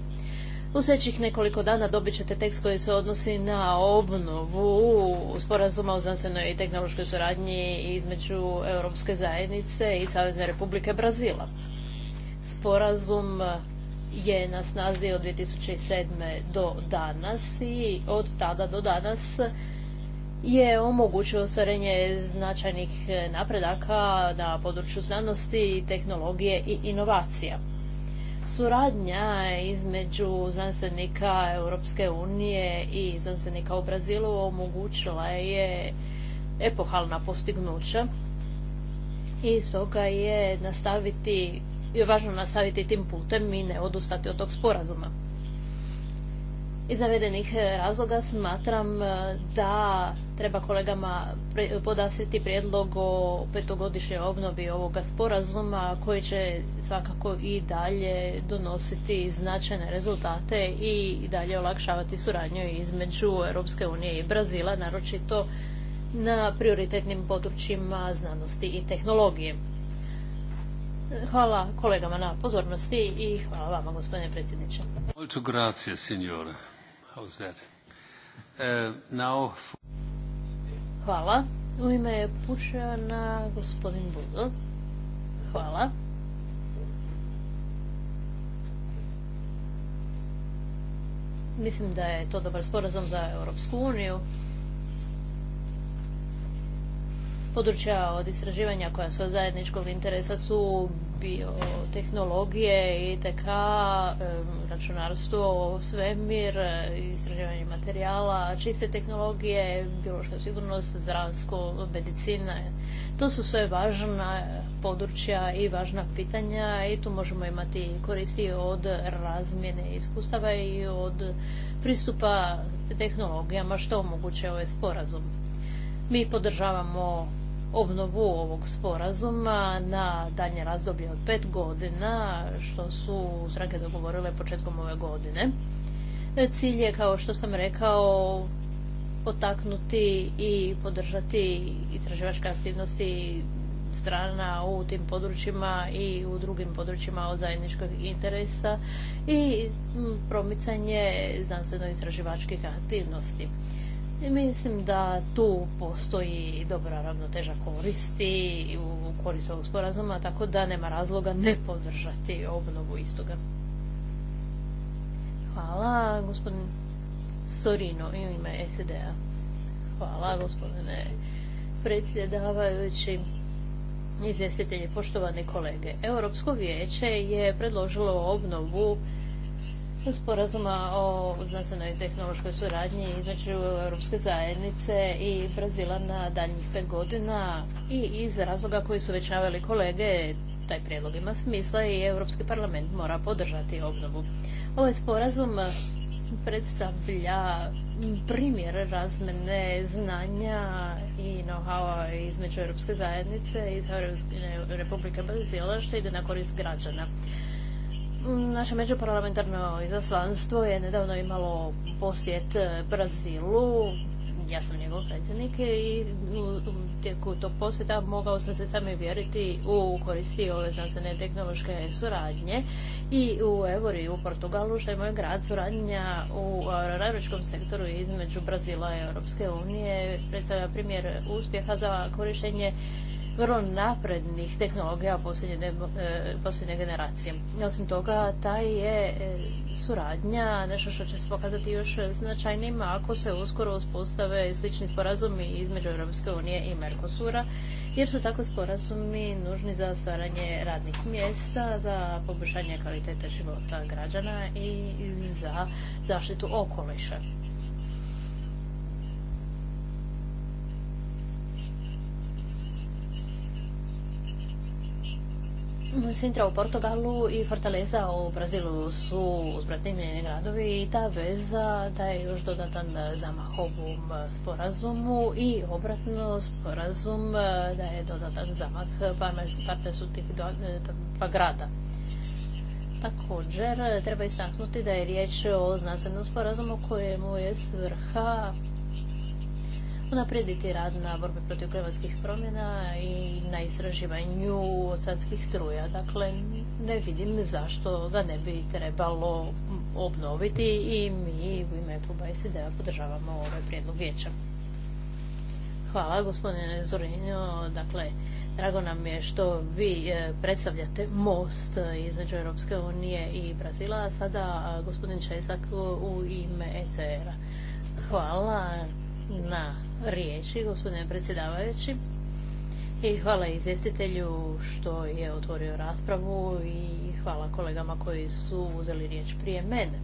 U sljedećih nekoliko dana dobit ćete tekst koji se odnosi na obnovu sporazuma o znanstvenoj i tehnološkoj suradnji između Europske zajednice i Savezne republike Brazila. Sporazum je na snazi od 2007. do danas i od tada do danas je omogućio ostvarenje značajnih napredaka na području znanosti, tehnologije i inovacija. Suradnja između znanstvenika Europske unije i znanstvenika u Brazilu omogućila je epohalna postignuća i stoga je nastaviti je važno nastaviti tim putem i ne odustati od tog sporazuma. Iz navedenih e, razloga smatram e, da treba kolegama podasiti prijedlog o petogodišnjoj obnovi ovoga sporazuma koji će svakako i dalje donositi značajne rezultate i dalje olakšavati suradnju između Europske unije i Brazila, naročito na prioritetnim područjima znanosti i tehnologije. Hvala kolegama na pozornosti i hvala vama gospodine predsjedniče. Molto Uh, Hvala. U ime je na gospodin Budl. Hvala. Mislim da je to dobar sporazum za Europsku uniju. Područja od istraživanja koja su od zajedničkog interesa su biotehnologije, ITK, računarstvo, svemir, istraživanje materijala, čiste tehnologije, biološka sigurnost, zdravstvo, medicina. To su sve važna područja i važna pitanja i tu možemo imati koristi od razmjene iskustava i od pristupa tehnologijama što omogućuje ovaj sporazum. Mi podržavamo obnovu ovog sporazuma na daljnje razdoblje od pet godina, što su stranke dogovorile početkom ove godine. Cilj je, kao što sam rekao, potaknuti i podržati istraživačke aktivnosti strana u tim područjima i u drugim područjima od zajedničkog interesa i promicanje znanstveno-istraživačkih aktivnosti. I mislim da tu postoji dobra ravnoteža koristi u korist ovog sporazuma, tako da nema razloga ne podržati obnovu istoga. Hvala, gospodin Sorino, i ime SED-a. Hvala, gospodine predsjedavajući. Izvjestitelji, poštovani kolege, Europsko vijeće je predložilo obnovu sporazuma o znanstvenoj i tehnološkoj suradnji između Europske zajednice i Brazila na daljnjih pet godina i iz razloga koji su već naveli kolege, taj prijedlog ima smisla i Europski parlament mora podržati obnovu. Ovaj sporazum predstavlja primjer razmene znanja i know-howa između Europske zajednice i Republike Brazila što ide na korist građana. Naše međuparlamentarno izaslanstvo je nedavno imalo posjet e, Brazilu, ja sam njegov predsjednik i tijekom tijeku tog posjeta mogao sam se sami vjeriti u koristi ove znanstvene tehnološke suradnje i u Evori u Portugalu što je moj grad suradnja u e, radničkom sektoru između Brazila i Europske unije predstavlja primjer uspjeha za korištenje vrlo naprednih tehnologija posljednje, e, posljednje generacije. Osim toga, ta je e, suradnja nešto što će se pokazati još značajnim ako se uskoro uspostave slični sporazumi između Europske unije i Mercosura, jer su tako sporazumi nužni za stvaranje radnih mjesta, za poboljšanje kvalitete života građana i za zaštitu okoliša. Sintra u Portugalu i Fortaleza u Brazilu su uzbratimljeni gradovi i ta veza daje još dodatan zamah ovom sporazumu i obratno sporazum e, daje dodatan zamah pa su tih e, dva grada. Također treba istaknuti da je riječ o znanstvenom sporazumu kojemu je svrha unaprijediti rad na borbi protiv klimatskih promjena i na istraživanju oceanskih struja. Dakle, ne vidim zašto ga ne bi trebalo obnoviti i mi u ime kluba sed a podržavamo ovaj prijedlog vijeća. Hvala gospodine Zorinjo. Dakle, drago nam je što vi e, predstavljate most između Europske unije i Brazila, a sada gospodin Česak u ime ECR-a. Hvala na riječi, gospodine predsjedavajući. I hvala izvjestitelju što je otvorio raspravu i hvala kolegama koji su uzeli riječ prije mene.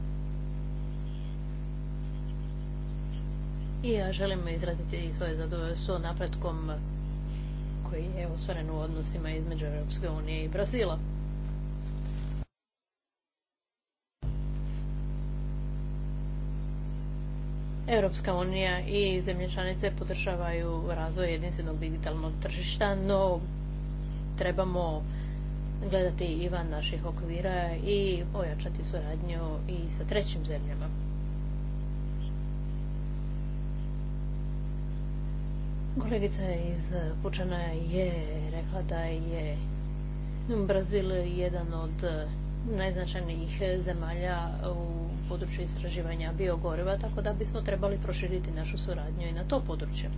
I ja želim izraziti svoje zadovoljstvo napretkom koji je ostvaren u odnosima između Europske unije i Brazila. Europska unija i zemlje članice podržavaju razvoj jedinstvenog digitalnog tržišta, no trebamo gledati i van naših okvira i ojačati suradnju i sa trećim zemljama. Kolegica iz Pučana je rekla da je Brazil jedan od najznačajnijih zemalja u području istraživanja biogoriva, tako da bismo trebali proširiti našu suradnju i na to područje.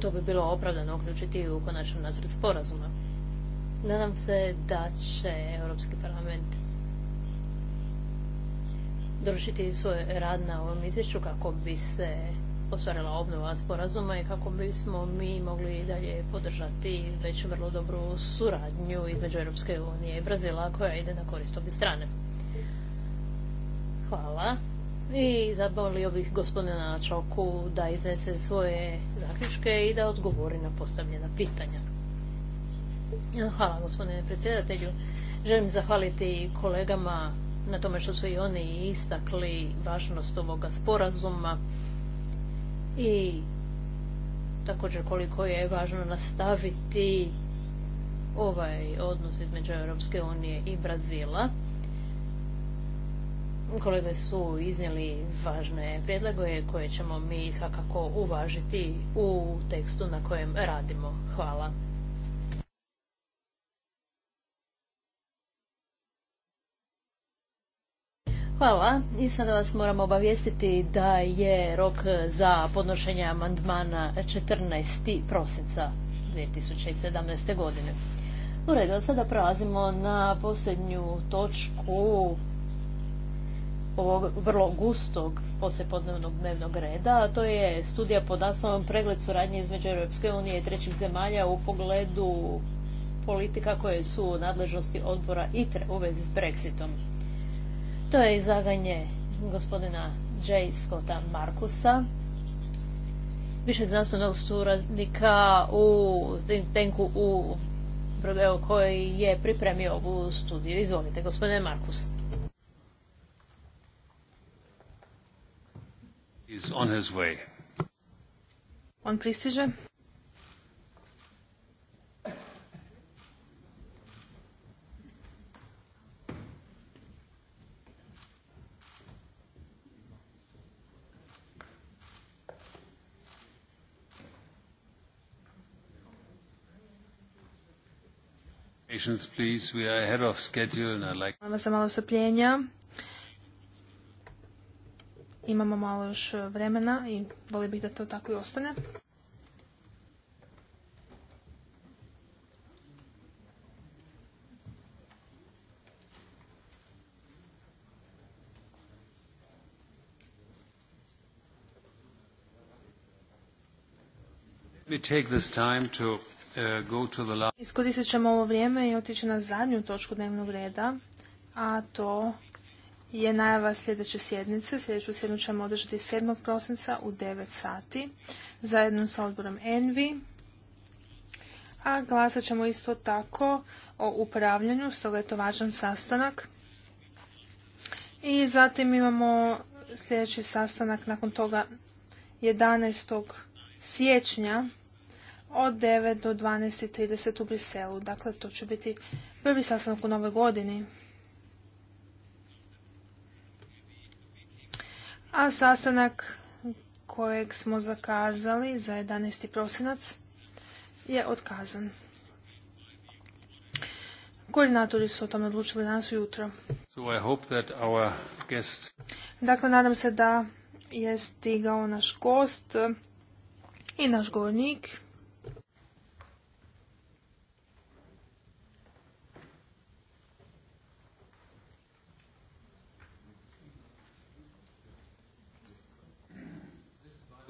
To bi bilo opravdano uključiti u konačan nacrt sporazuma. Nadam se da će Europski parlament dovršiti svoj rad na ovom izvješću kako bi se ostvarila obnova sporazuma i kako bismo mi mogli i dalje podržati već vrlo dobru suradnju između Europske unije i Brazila koja ide na korist obje strane. Hvala. I zabolio bih gospodina Čoku da iznese svoje zaključke i da odgovori na postavljena pitanja. Hvala gospodine predsjedatelju. Želim zahvaliti kolegama na tome što su i oni istakli važnost ovoga sporazuma i također koliko je važno nastaviti ovaj odnos između Europske unije i Brazila. Kolege su iznijeli važne prijedloge koje ćemo mi svakako uvažiti u tekstu na kojem radimo. Hvala. Hvala. I sada vas moram obavijestiti da je rok za podnošenje amandmana 14. prosinca 2017. godine. U redu, sada prelazimo na posljednju točku ovog vrlo gustog poslijepodnevnog dnevnog reda, a to je studija pod naslovom pregled suradnje između Europske unije i trećih zemalja u pogledu politika koje su nadležnosti odbora ITRE u vezi s Brexitom. To je izlaganje gospodina J. Scotta Markusa, više znanstvenog suradnika u think u Brodeo koji je pripremio ovu studiju. Izvolite, gospodine Markus. on his On pristiže. patience, please. We are ahead of schedule and I'd like... Hvala za malo strpljenja. Imamo malo još vremena i volio bih da to tako i ostane. Let me take this time to Uh, Iskoristit ćemo ovo vrijeme i otići na zadnju točku dnevnog reda, a to je najava sljedeće sjednice. Sljedeću sjednicu ćemo održati 7. prosinca u 9 sati zajedno sa odborom Envi. A glasat ćemo isto tako o upravljanju, stoga je to važan sastanak. I zatim imamo sljedeći sastanak nakon toga 11. siječnja od 9 do 12.30 u Briselu. Dakle, to će biti prvi sastanak u nove godini. A sastanak kojeg smo zakazali za 11. prosinac je otkazan. Koordinatori su o tome odlučili danas ujutro. Dakle, nadam se da je stigao naš gost i naš govornik.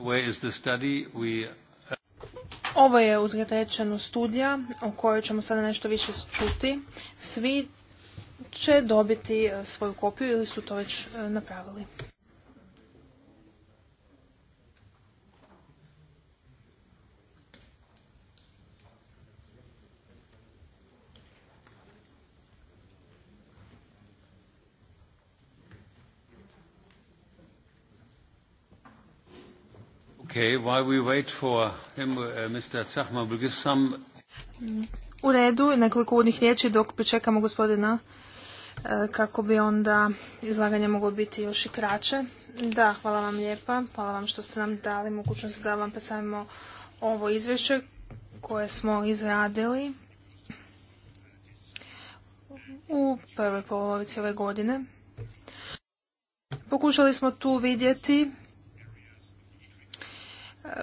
Uh, Ovo je uzgled studija o kojoj ćemo sada nešto više čuti. Svi će dobiti uh, svoju kopiju ili su to već uh, napravili. Uh, u redu, nekoliko uvodnih riječi dok pričekamo gospodina uh, kako bi onda izlaganje moglo biti još i kraće. Da, hvala vam lijepa. Hvala vam što ste nam dali mogućnost da vam predstavimo ovo izvješće koje smo izradili u prvoj polovici ove godine. Pokušali smo tu vidjeti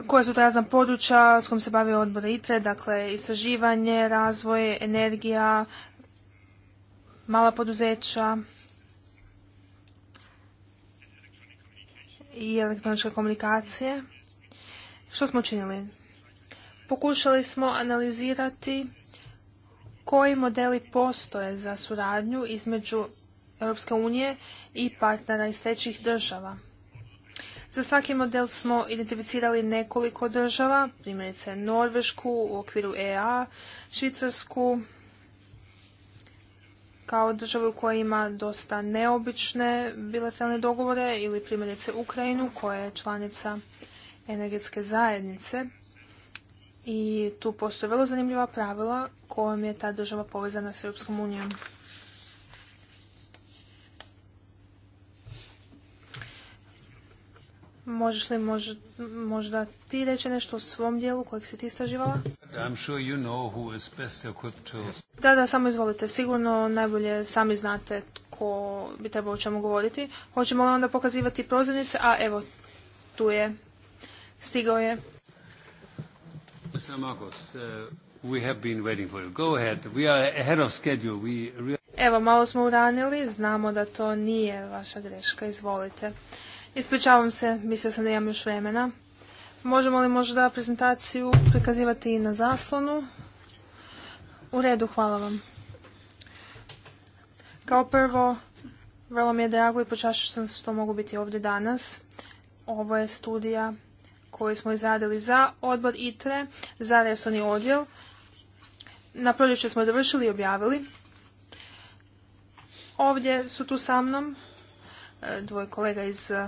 koja su to razna područja s kojom se bavi odbor ITRE, dakle istraživanje, razvoj, energija, mala poduzeća i elektroničke komunikacije. Što smo učinili? Pokušali smo analizirati koji modeli postoje za suradnju između Europske unije i partnera iz trećih država. Za svaki model smo identificirali nekoliko država, primjerice Norvešku u okviru EA, Švicarsku, kao državu koja ima dosta neobične bilateralne dogovore ili primjerice Ukrajinu koja je članica energetske zajednice i tu postoje vrlo zanimljiva pravila kojom je ta država povezana s Europskom unijom. Možeš li možda, ti reći nešto o svom dijelu kojeg si ti istraživala? Da, da, samo izvolite. Sigurno najbolje sami znate tko bi trebao o čemu govoriti. Hoćemo li onda pokazivati prozirnice? A evo, tu je. Stigao je. Evo, malo smo uranili. Znamo da to nije vaša greška. Izvolite. Ispričavam se, mislio sam da imam još vremena. Možemo li možda prezentaciju prikazivati i na zaslonu? U redu, hvala vam. Kao prvo, vrlo mi je drago i počašao sam što mogu biti ovdje danas. Ovo je studija koju smo izradili za odbor ITRE, za resorni odjel. Na proljeće smo je dovršili i objavili. Ovdje su tu sa mnom dvoje kolega iz e,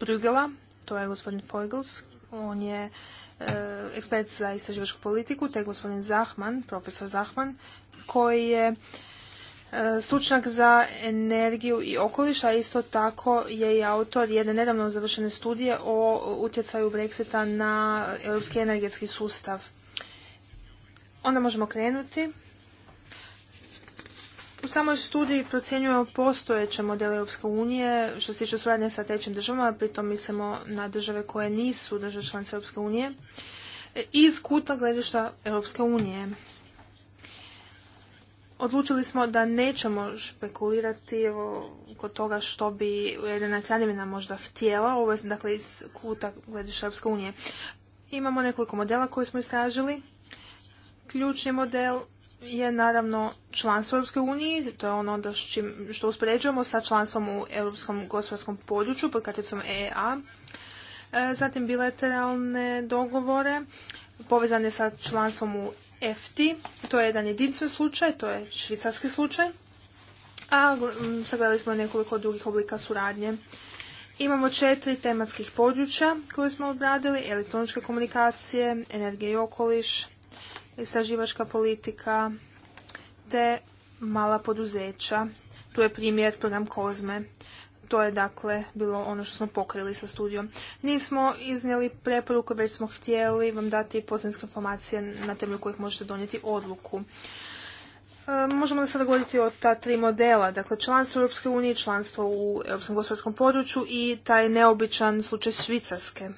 Brugela, to je gospodin Feugels, on je e, ekspert za istraživačku politiku, te gospodin Zahman, profesor Zahman, koji je e, stručnjak za energiju i okoliš, a isto tako je i autor jedne nedavno završene studije o utjecaju Brexita na europski energetski sustav. Onda možemo krenuti u samoj studiji procjenjujemo postojeće modele Europske unije što se tiče suradnje sa trećim državama, pritom mislimo na države koje nisu države članice Europske unije, e, iz kuta gledišta Europske unije. Odlučili smo da nećemo špekulirati kod toga što bi jedna kraljevina možda htjela, ovo je dakle iz kuta gledišta Europske unije. Imamo nekoliko modela koje smo istražili. Ključni model je naravno članstvo Europske unije, to je ono da što uspoređujemo sa članstvom u Europskom gospodarskom području pod karticom EEA, e, zatim bilateralne dogovore povezane sa članstvom u EFTI, to je jedan jedinstven slučaj, to je švicarski slučaj, a sagledali smo nekoliko drugih oblika suradnje. Imamo četiri tematskih područja koje smo obradili, elektroničke komunikacije, energije i okoliš, istraživačka politika te mala poduzeća. Tu je primjer program Kozme. To je dakle bilo ono što smo pokrili sa studijom. Nismo iznijeli preporuku, već smo htjeli vam dati poznanske informacije na temelju kojih možete donijeti odluku. E, možemo da sada govoriti o ta tri modela, dakle članstvo u Europske članstvo u Europskom gospodarskom području i taj neobičan slučaj Švicarske.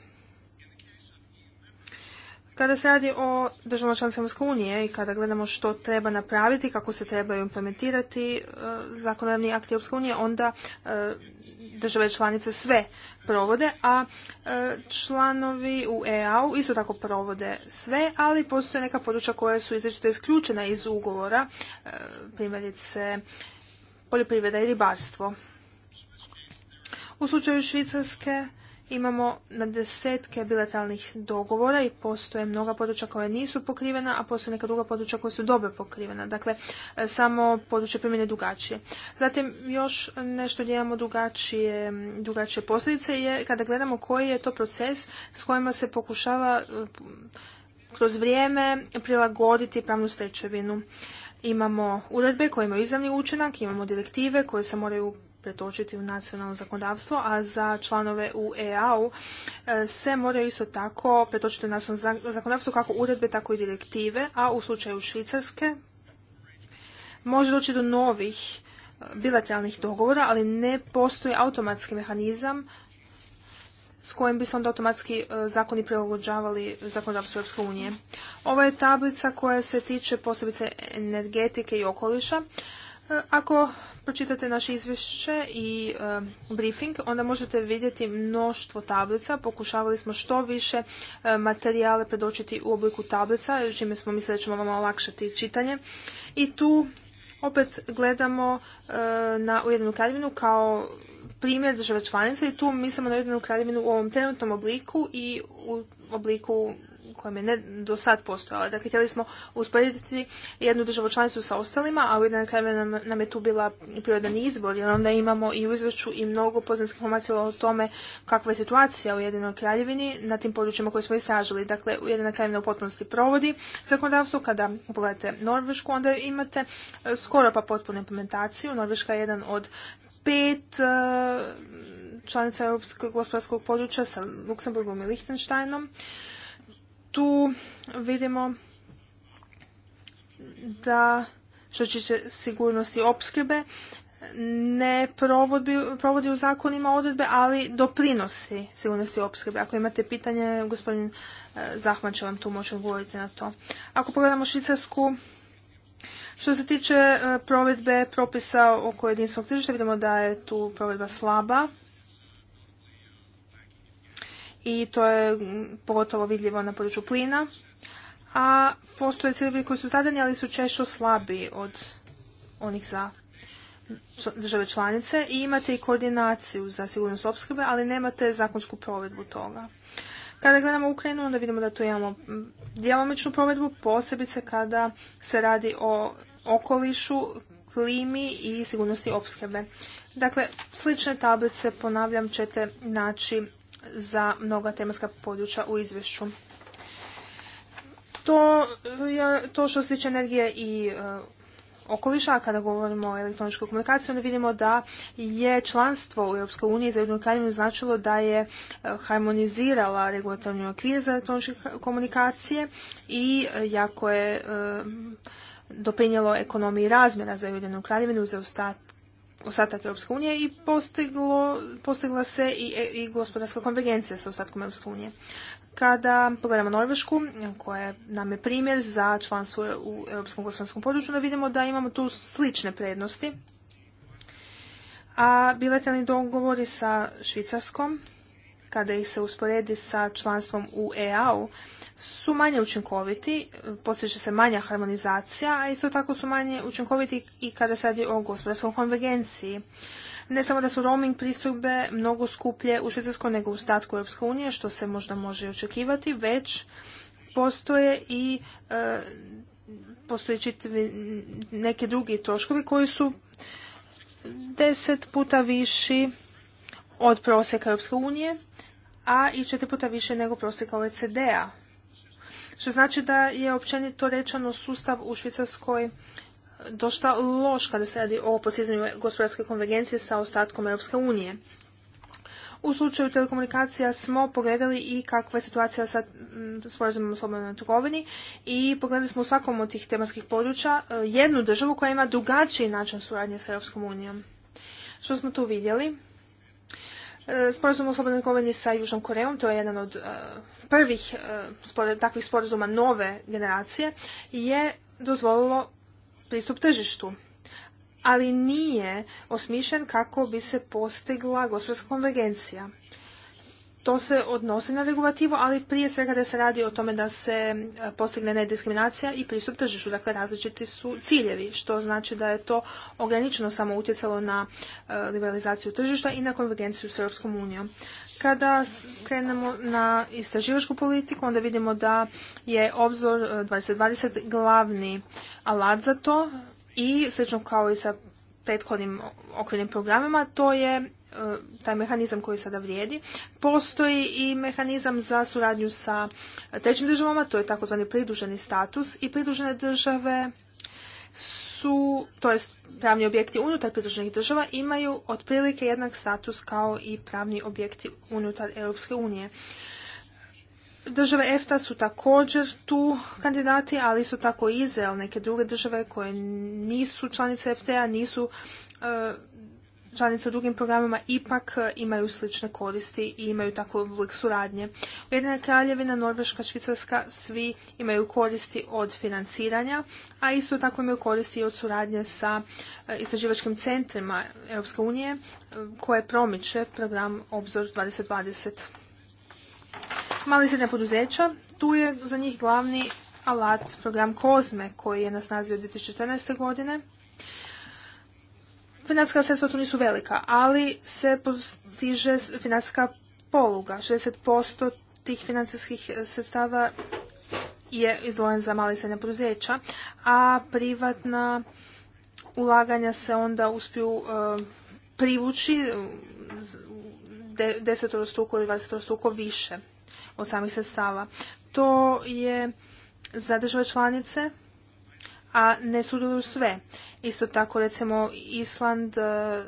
Kada se radi o državama članicama EU unije i kada gledamo što treba napraviti, kako se trebaju implementirati e, zakonodavni akti EU unije, onda e, države članice sve provode, a e, članovi u EAU isto tako provode sve, ali postoje neka područja koja su izrečito isključena iz ugovora, primjerice poljoprivreda i ribarstvo. U slučaju Švicarske imamo na desetke bilateralnih dogovora i postoje mnoga područja koja nisu pokrivena, a postoje neka druga područja koja su dobro pokrivena. Dakle, e, samo područje primjene drugačije. Zatim, još nešto gdje imamo drugačije, drugačije posljedice je kada gledamo koji je to proces s kojima se pokušava e, kroz vrijeme prilagoditi pravnu stečevinu. Imamo uredbe koje imaju izravni učinak, imamo direktive koje se moraju pretočiti u nacionalno zakonodavstvo, a za članove u ea e, se moraju isto tako pretočiti u nacionalno zakonodavstvo kako uredbe, tako i direktive, a u slučaju Švicarske može doći do novih e, bilateralnih dogovora, ali ne postoji automatski mehanizam s kojim bi se onda automatski e, zakoni prilagođavali zakonodavstvu Europske unije. Ovo je tablica koja se tiče posebice energetike i okoliša. E, ako pročitate naše izvješće i e, briefing, onda možete vidjeti mnoštvo tablica. Pokušavali smo što više e, materijale predočiti u obliku tablica, čime smo mislili da ćemo vam olakšati čitanje. I tu opet gledamo na Ujedinu kraljevinu kao primjer države članice i tu mislimo na Ujedinu kraljevinu u ovom trenutnom obliku i u obliku kojem je ne do sad postojala. Dakle, htjeli smo usporediti jednu državu članicu sa ostalima, a u kraju nam, nam je tu bila prirodan izbor, jer onda imamo i u izvješću i mnogo poznanskih informacija o tome kakva je situacija u Jedinoj kraljevini na tim područjima koje smo istražili. Dakle, jedinoj kraljevina u potpunosti provodi zakonodavstvo. Kada pogledate Norvešku, onda imate e, skoro pa potpunu implementaciju. Norveška je jedan od pet e, članica Europskog gospodarskog područja sa Luksemburgom i Lichtensteinom tu vidimo da što će se sigurnosti opskrbe ne provodi, provodi u zakonima odredbe, ali doprinosi sigurnosti opskrbe. Ako imate pitanje, gospodin eh, Zahman će vam tu moći odgovoriti na to. Ako pogledamo Švicarsku, što se tiče eh, provedbe propisa oko jedinstvenog tržišta, vidimo da je tu provedba slaba i to je pogotovo vidljivo na području plina. A postoje ciljevi koji su zadani, ali su češće slabiji od onih za države članice i imate i koordinaciju za sigurnost opskrbe, ali nemate zakonsku provedbu toga. Kada gledamo Ukrajinu, onda vidimo da tu imamo djelomičnu provedbu, posebice kada se radi o okolišu, klimi i sigurnosti opskrbe. Dakle, slične tablice, ponavljam, ćete naći za mnoga tematska područja u izvješću. To, je to što se tiče energije i e, okoliša, kada govorimo o elektroničkoj komunikaciji, onda vidimo da je članstvo u Europskoj uniji za jednu kraljevinu značilo da je e, harmonizirala regulatorni okvir za elektroničke komunikacije i e, jako je doprinijelo ekonomiji razmjera za Ujedinu kraljevinu, za ostatak Europske unije i postiglo, postigla se i, i gospodarska konvergencija sa ostatkom Europske unije. Kada pogledamo Norvešku, koja nam je primjer za članstvo u Europskom gospodarskom području, da vidimo da imamo tu slične prednosti. A bilateralni dogovori sa Švicarskom, kada ih se usporedi sa članstvom u EAU su manje učinkoviti, postiže se manja harmonizacija, a isto tako su manje učinkoviti i kada se radi o gospodarskoj konvergenciji. Ne samo da su roaming pristupbe mnogo skuplje u Švicarskoj nego u statku Europske unije, što se možda može očekivati, već postoje i e, postoje drugi troškovi koji su deset puta viši od prosjeka Europske unije, a i četiri puta više nego prosjeka OECD-a. Što znači da je općenito rečeno sustav u Švicarskoj došta loš kada se radi o postizanju gospodarske konvergencije sa ostatkom Europske unije. U slučaju telekomunikacija smo pogledali i kakva je situacija sa mm, sporazumom o slobodnoj trgovini i pogledali smo u svakom od tih tematskih područja e, jednu državu koja ima drugačiji način suradnje sa Europskom unijom. Što smo tu vidjeli? E, sporazum o slobodnoj trgovini sa Južnom Korejom, to je jedan od e, prvih e, takvih sporazuma nove generacije, je dozvolilo pristup tržištu. Ali nije osmišljen kako bi se postigla gospodarska konvergencija to se odnosi na regulativu, ali prije svega da se radi o tome da se e, postigne nediskriminacija i pristup tržištu. Dakle, različiti su ciljevi, što znači da je to ograničeno samo utjecalo na e, liberalizaciju tržišta i na konvergenciju s Europskom unijom. Kada krenemo na istraživačku politiku, onda vidimo da je obzor 2020 e, glavni alat za to i slično kao i sa prethodnim okvirnim programima, to je E, taj mehanizam koji sada vrijedi. Postoji i mehanizam za suradnju sa trećim državama, to je takozvani pridruženi status i pridružene države su, to jest pravni objekti unutar pridruženih država imaju otprilike jednak status kao i pravni objekti unutar Europske unije. Države EFTA su također tu kandidati, ali su tako i Izrael, neke druge države koje nisu članice EFTA, nisu e, članice u drugim programima ipak e, imaju slične koristi i imaju takvu oblik suradnje. Ujedinjena kraljevina, Norveška, Švicarska, svi imaju koristi od financiranja, a isto tako imaju koristi i od suradnje sa e, istraživačkim centrima Europske unije e, koje promiče program Obzor 2020. Mali srednja poduzeća, tu je za njih glavni alat program COSME koji je na snazi od 2014. godine Financijska sredstva tu nisu velika, ali se postiže financijska poluga. 60% tih financijskih e, sredstava je izdvojen za male i poduzeća, a privatna ulaganja se onda uspiju e, privući 10. E, ili dvadesetorostruko više od samih sredstava. To je za države članice a ne sudjeluju sve. Isto tako, recimo, Island e,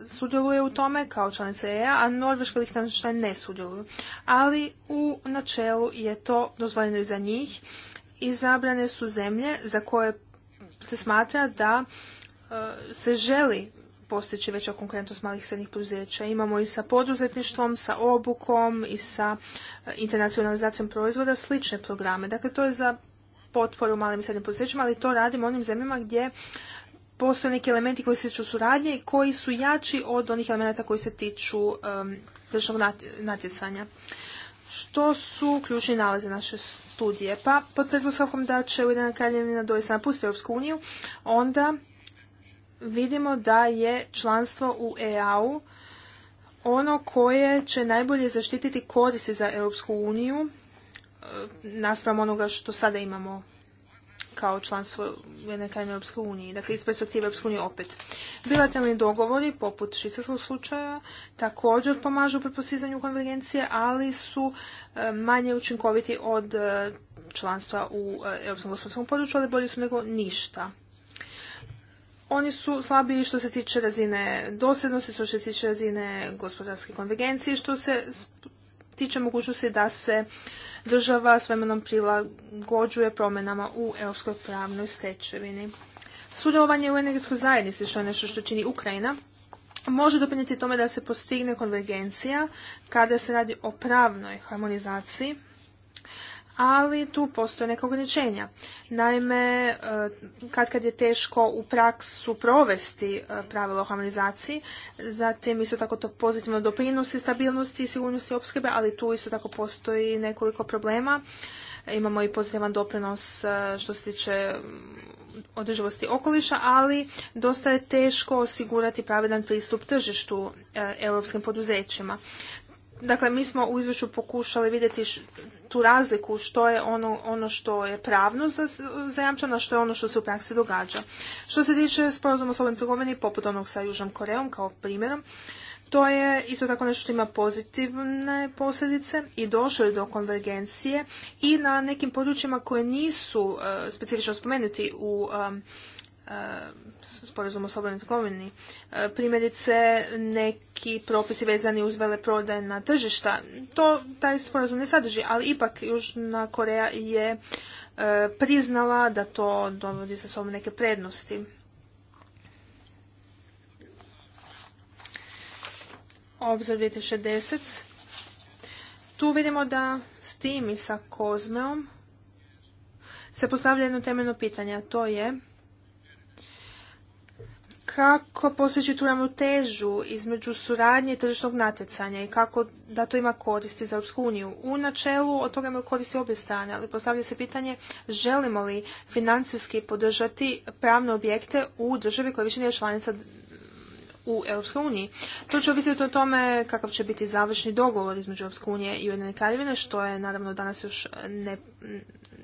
sudjeluje u tome kao članica EA, a Norveška i ne sudjeluju. Ali u načelu je to dozvoljeno i za njih. Izabrane su zemlje za koje se smatra da e, se želi postići veća konkurentnost malih i srednjih poduzeća. Imamo i sa poduzetništvom, sa obukom i sa e, internacionalizacijom proizvoda slične programe. Dakle, to je za potporu malim i srednjim poduzećima, ali to radimo onim zemljama gdje postoje neki elementi koji se tiču suradnje i koji su jači od onih elementa koji se tiču um, tržišnog natjecanja. Što su ključni nalazi naše studije? Pa pod pretpostavkom da će Ujedinjena kraljevina doista napustiti Europsku uniju, onda vidimo da je članstvo u EAU ono koje će najbolje zaštititi koristi za Europsku uniju naspram onoga što sada imamo kao članstvo Ujedinjene Europske unije. Dakle, iz perspektive Europske unije opet. Bilateralni dogovori, poput švicarskog slučaja, također pomažu pri postizanju konvergencije, ali su e, manje učinkoviti od e, članstva u e, Europskom gospodarskom području, ali bolji su nego ništa. Oni su slabiji što se tiče razine dosljednosti, što se tiče razine gospodarske konvergencije, što se tiče mogućnosti da se država s vremenom prilagođuje promjenama u europskoj pravnoj stečevini. Sudjelovanje u energetskoj zajednici, što je nešto što čini Ukrajina, može doprinijeti tome da se postigne konvergencija kada se radi o pravnoj harmonizaciji ali tu postoje neka ograničenja. Naime, e, kad kad je teško u praksu provesti e, pravilo o harmonizaciji, zatim isto tako to pozitivno doprinosi stabilnosti i sigurnosti opskrbe, ali tu isto tako postoji nekoliko problema. Imamo i pozitivan doprinos e, što se tiče mm, održivosti okoliša, ali dosta je teško osigurati pravedan pristup tržištu europskim poduzećima. Dakle, mi smo u izvješću pokušali vidjeti tu razliku što je ono, ono što je pravno zajamčeno, što je ono što se u praksi događa. Što se tiče sporazuma o slobodnoj trgovini, poput onog sa Južnom Koreom kao primjerom, to je isto tako nešto što ima pozitivne posljedice i došlo je do konvergencije i na nekim područjima koje nisu e, specifično spomenuti u sporazum o slobodnoj trgovini. E, primjerice, neki propisi vezani uz veleprodaju na tržišta. To taj sporazum ne sadrži, ali ipak Južna Koreja je e, priznala da to dovodi sa sobom neke prednosti. Obzor 2060. Tu vidimo da s tim i sa Kozmeom se postavlja jedno temeljno pitanje, a to je kako postići tu ravnotežu između suradnje i tržišnog natjecanja i kako da to ima koristi za Europsku uniju. U načelu od toga imaju koristi obje strane, ali postavlja se pitanje želimo li financijski podržati pravne objekte u državi koja više nije članica u Europskoj uniji. To će ovisiti o tome kakav će biti završni dogovor između Europske unije i Ujedinjene kraljevine, što je naravno danas još ne,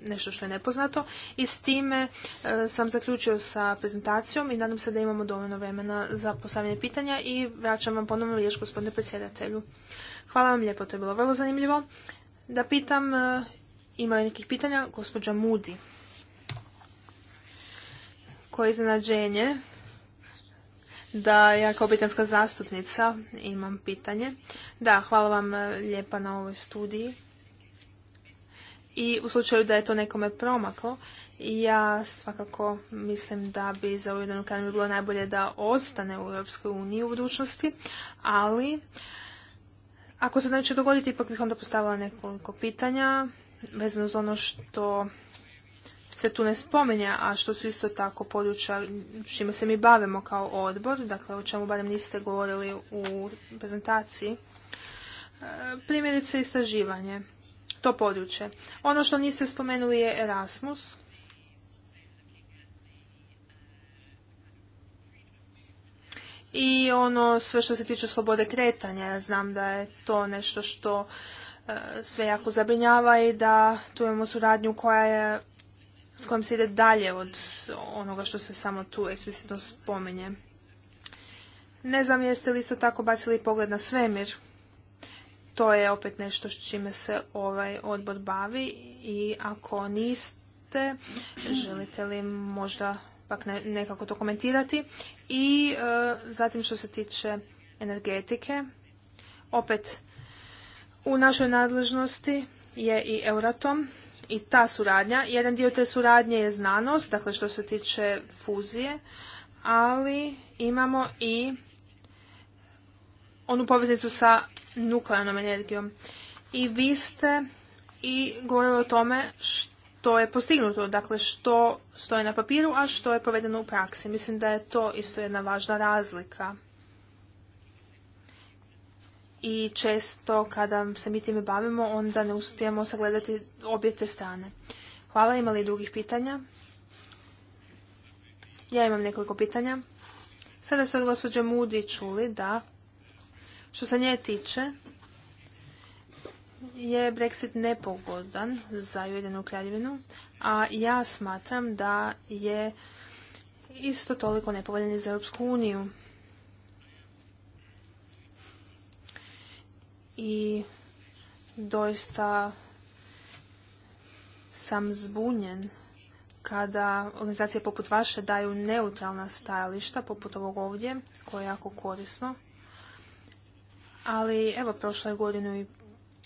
nešto što je nepoznato i s time e, sam zaključio sa prezentacijom i nadam se da imamo dovoljno vremena za postavljanje pitanja i vraćam vam ponovno riječ gospodine predsjedatelju. Hvala vam lijepo, to je bilo vrlo zanimljivo. Da pitam, e, ima li nekih pitanja? Gospođa Mudi. Koje iznenađenje da ja kao britanska zastupnica imam pitanje. Da, hvala vam e, lijepa na ovoj studiji i u slučaju da je to nekome promaklo, ja svakako mislim da bi za Ujedinu Kraljevinu bilo najbolje da ostane u Europskoj uniji u budućnosti, ali ako se neće dogoditi, ipak bih onda postavila nekoliko pitanja vezano za ono što se tu ne spominja, a što su isto tako područja čime se mi bavimo kao odbor, dakle o čemu barem niste govorili u prezentaciji. E, primjerice istraživanje to područje. Ono što niste spomenuli je Erasmus. I ono sve što se tiče slobode kretanja, ja znam da je to nešto što e, sve jako zabrinjava i da tu imamo suradnju koja je, s kojom se ide dalje od onoga što se samo tu eksplicitno spominje. Ne znam jeste li isto tako bacili pogled na svemir. To je opet nešto s čime se ovaj odbor bavi i ako niste, želite li možda pak nekako to komentirati. I e, zatim što se tiče energetike, opet u našoj nadležnosti je i Euratom i ta suradnja. Jedan dio te suradnje je znanost, dakle što se tiče fuzije, ali imamo i onu poveznicu sa nuklearnom energijom. I vi ste i govorili o tome što je postignuto, dakle što stoje na papiru, a što je povedeno u praksi. Mislim da je to isto jedna važna razlika. I često kada se mi time bavimo, onda ne uspijemo sagledati obje te strane. Hvala, ima li drugih pitanja? Ja imam nekoliko pitanja. Sada ste od gospođe Mudi čuli da što se nje tiče, je Brexit nepogodan za Ujedinu kraljevinu, a ja smatram da je isto toliko nepovoljan i za Europsku uniju. I doista sam zbunjen kada organizacije poput vaše daju neutralna stajališta, poput ovog ovdje, koje je jako korisno ali evo prošlo je godinu i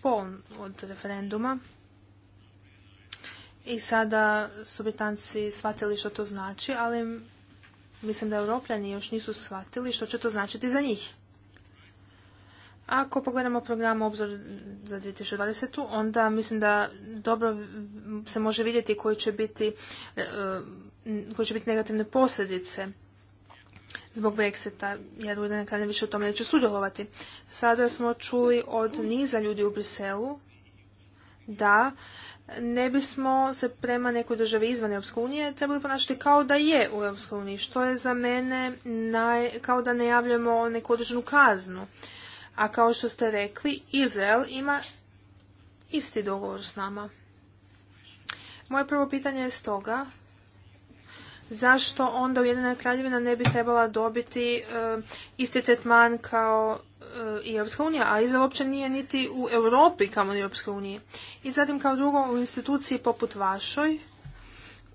pol od referenduma i sada su Britanci shvatili što to znači, ali mislim da Europljani još nisu shvatili što će to značiti za njih. Ako pogledamo program Obzor za 2020. onda mislim da dobro se može vidjeti koji će biti, e, e, koji će biti negativne posljedice zbog Brexita, jer Ujedinjena kraljevina više u tome neće sudjelovati. Sada smo čuli od niza ljudi u Briselu da ne bismo se prema nekoj državi izvan Europske unije trebali ponašati kao da je u Europskoj uniji, što je za mene kao da najavljujemo neku određenu kaznu. A kao što ste rekli, Izrael ima isti dogovor s nama. Moje prvo pitanje je stoga, zašto onda Ujedinjena kraljevina ne bi trebala dobiti e, isti tretman kao e, i Europska unija, a Izrael uopće nije niti u Europi kao ni u Europskoj uniji. I zatim kao drugo u instituciji poput vašoj,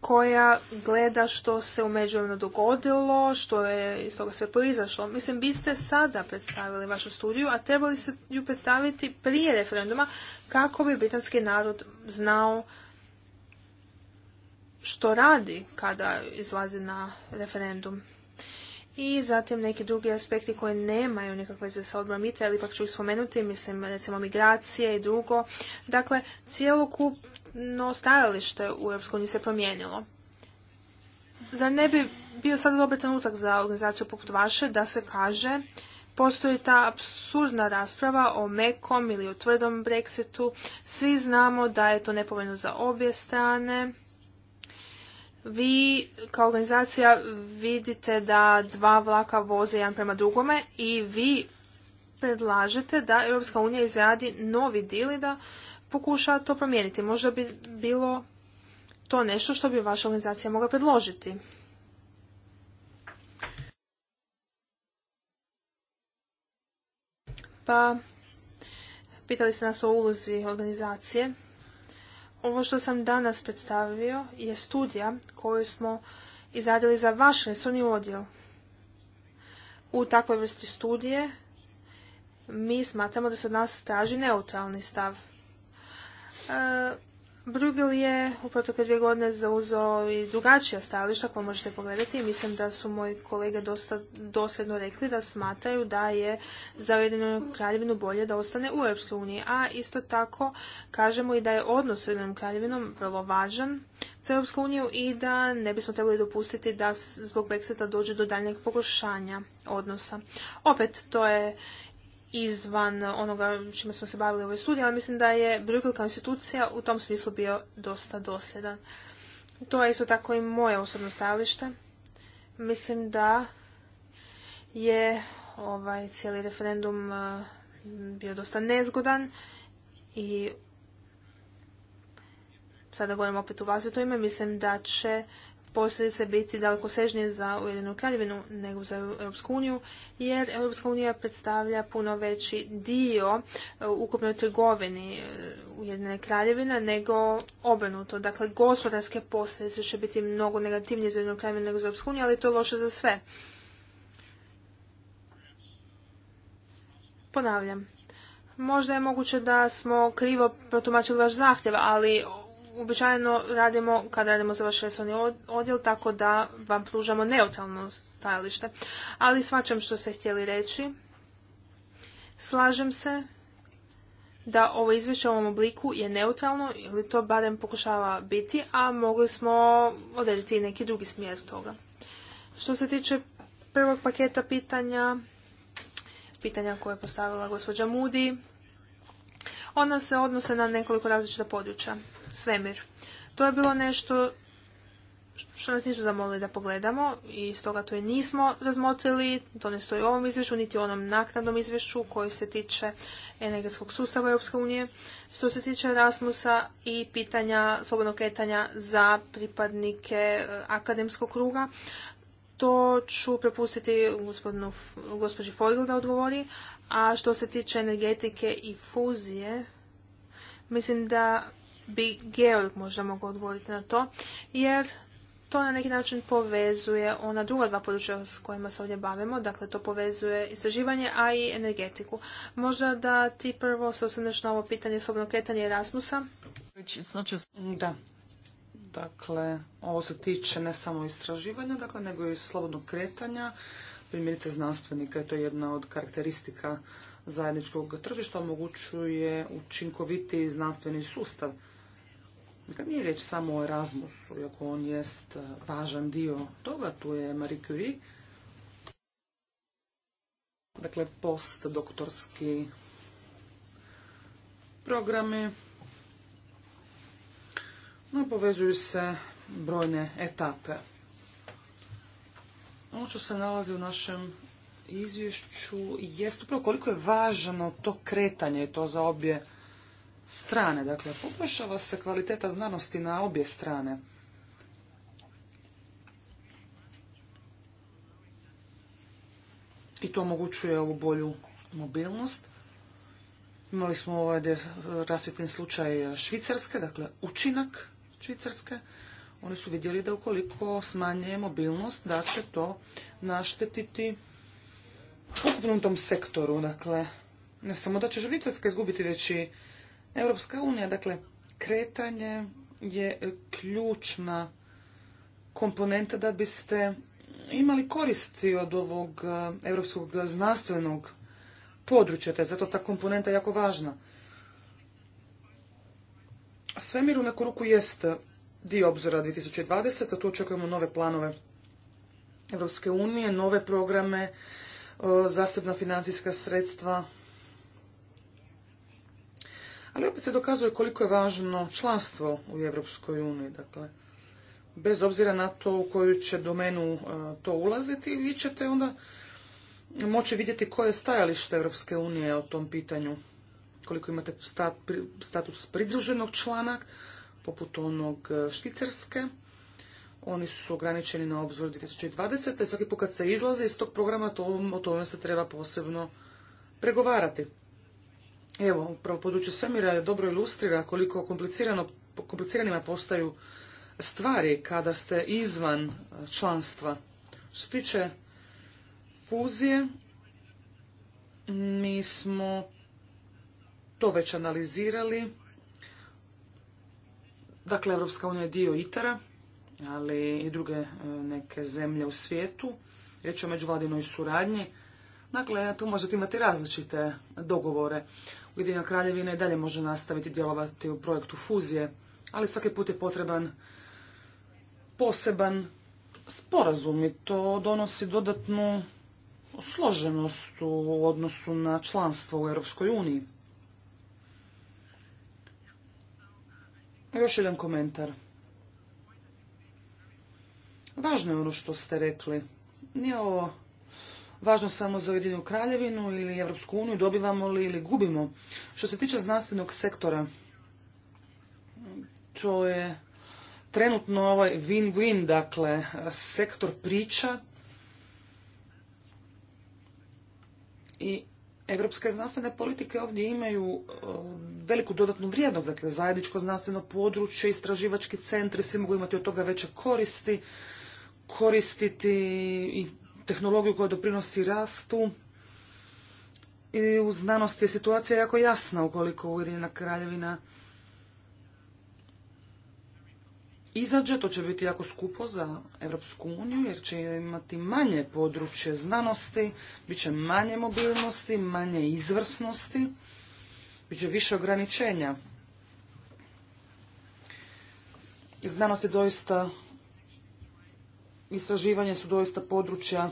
koja gleda što se u međuvremenu dogodilo, što je iz toga sve proizašlo. Mislim, vi ste sada predstavili vašu studiju, a trebali ste ju predstaviti prije referenduma kako bi britanski narod znao što radi kada izlazi na referendum. I zatim neki drugi aspekti koji nemaju nikakve veze sa odborom ali ipak ću ih spomenuti, mislim recimo migracije i drugo. Dakle, cijelokupno stajalište u EU se promijenilo. Zar ne bi bio sad dobar trenutak za organizaciju poput vaše da se kaže postoji ta absurdna rasprava o mekom ili o tvrdom Brexitu. Svi znamo da je to nepovoljno za obje strane vi kao organizacija vidite da dva vlaka voze jedan prema drugome i vi predlažete da Europska unija izradi novi dil i da pokuša to promijeniti. Možda bi bilo to nešto što bi vaša organizacija mogla predložiti. Pa, pitali ste nas o ulozi organizacije. Ovo što sam danas predstavio je studija koju smo izradili za vaš resorni odjel. U takvoj vrsti studije mi smatramo da se od nas traži neutralni stav. E, Brugel je u protekle dvije godine zauzeo i drugačija stajališta pa možete pogledati i mislim da su moji kolege dosta dosljedno rekli da smatraju da je za Ujedinu kraljevinu bolje da ostane u Europskoj uniji. A isto tako kažemo i da je odnos s Ujedinom kraljevinom vrlo važan za Europsku uniju i da ne bismo trebali dopustiti da zbog Brexita dođe do daljnjeg pogoršanja odnosa. Opet, to je izvan onoga čime smo se bavili u ovoj studiji, ali mislim da je Bruegel kao institucija u tom smislu bio dosta dosljedan. To je isto tako i moje osobno stajalište. Mislim da je ovaj cijeli referendum eh, bio dosta nezgodan i sada govorim opet u vas ime, mislim da će posljedice biti daleko sežnije za Ujedinu kraljevinu nego za Europsku uniju, jer Europska unija predstavlja puno veći dio e, ukupnoj trgovini e, Ujedine kraljevina nego obrnuto. Dakle, gospodarske posljedice će biti mnogo negativnije za Ujedinu kraljevinu nego za Europsku uniju, ali to je loše za sve. Ponavljam, možda je moguće da smo krivo protumačili vaš zahtjev, ali uobičajeno radimo kada radimo za vaš resorni odjel, tako da vam pružamo neutralno stajalište. Ali svačam što ste htjeli reći. Slažem se da ovo izvješće u ovom obliku je neutralno ili to barem pokušava biti, a mogli smo odrediti i neki drugi smjer toga. Što se tiče prvog paketa pitanja, pitanja koje je postavila gospođa Mudi, ona se odnose na nekoliko različita područja svemir. To je bilo nešto što nas nisu zamolili da pogledamo i stoga to i nismo razmotrili. To ne stoji u ovom izvješću, niti u onom naknadnom izvješću koji se tiče energetskog sustava Europske unije. Što se tiče Erasmusa i pitanja slobodnog kretanja za pripadnike eh, akademskog kruga, to ću prepustiti gospodinu, gospođi Fogel da odgovori. A što se tiče energetike i fuzije, mislim da bi Georg možda mogao odgovoriti na to, jer to na neki način povezuje ona druga dva područja s kojima se ovdje bavimo, dakle to povezuje istraživanje, a i energetiku. Možda da ti prvo se osvrneš na ovo pitanje slobodnog kretanja Erasmusa? Da. Dakle, ovo se tiče ne samo istraživanja, dakle, nego i slobodnog kretanja. Primjerice znanstvenika je to jedna od karakteristika zajedničkog tržišta, omogućuje učinkoviti znanstveni sustav. Dakle, nije riječ samo o Erasmusu, iako on jest e, važan dio toga, tu je Marie Curie, dakle postdoktorski programi. No, povezuju se brojne etape. Ono što se nalazi u našem izvješću jest upravo koliko je važno to kretanje i to za obje strane. Dakle, poboljšava se kvaliteta znanosti na obje strane. I to omogućuje ovu bolju mobilnost. Imali smo ovaj rasvjetljen slučaj Švicarske, dakle učinak Švicarske. Oni su vidjeli da ukoliko smanje mobilnost, da će to naštetiti ukupnom tom sektoru. Dakle, ne samo da će Švicarska izgubiti već i... Europska unija, dakle, kretanje je ključna komponenta da biste imali koristi od ovog e, europskog znanstvenog područja, te zato ta komponenta je jako važna. Svemir u neku ruku jest dio obzora 2020, a tu očekujemo nove planove Europske unije, nove programe, e, zasebna financijska sredstva, ali opet se dokazuje koliko je važno članstvo u Europskoj uniji, dakle, bez obzira na to u koju će domenu e, to ulaziti, vi ćete onda moći vidjeti koje je stajalište Europske unije o tom pitanju. Koliko imate status pridruženog člana, poput onog e, Švicarske, oni su ograničeni na obzor 2020. Svaki put se izlazi iz tog programa, o tome se treba posebno pregovarati. Evo, upravo područje svemira dobro ilustrira koliko komplicirano, kompliciranima postaju stvari kada ste izvan e, članstva. Što se tiče fuzije, mi smo to već analizirali. Dakle, Evropska unija je dio ITARA, ali i druge e, neke zemlje u svijetu. Riječ je o međuvladinoj suradnji. Dakle, tu možete imati različite dogovore. Ujedinjena kraljevina i dalje može nastaviti djelovati u projektu fuzije, ali svaki put je potreban poseban sporazum i to donosi dodatnu složenost u odnosu na članstvo u Europskoj uniji. Još jedan komentar. Važno je ono što ste rekli. Nije ovo važno samo za Ujedinjenu kraljevinu ili Europsku uniju, dobivamo li ili gubimo. Što se tiče znanstvenog sektora, to je trenutno ovaj win-win, dakle, sektor priča i Europske znanstvene politike ovdje imaju e, veliku dodatnu vrijednost, dakle zajedničko znanstveno područje, istraživački centri, svi mogu imati od toga veće koristi, koristiti i tehnologiju koja doprinosi rastu. I u znanosti je situacija jako jasna ukoliko Ujedinjena kraljevina izađe, to će biti jako skupo za Europsku uniju jer će imati manje područje znanosti, bit će manje mobilnosti, manje izvrsnosti, bit će više ograničenja. Znanost je doista istraživanje su doista područja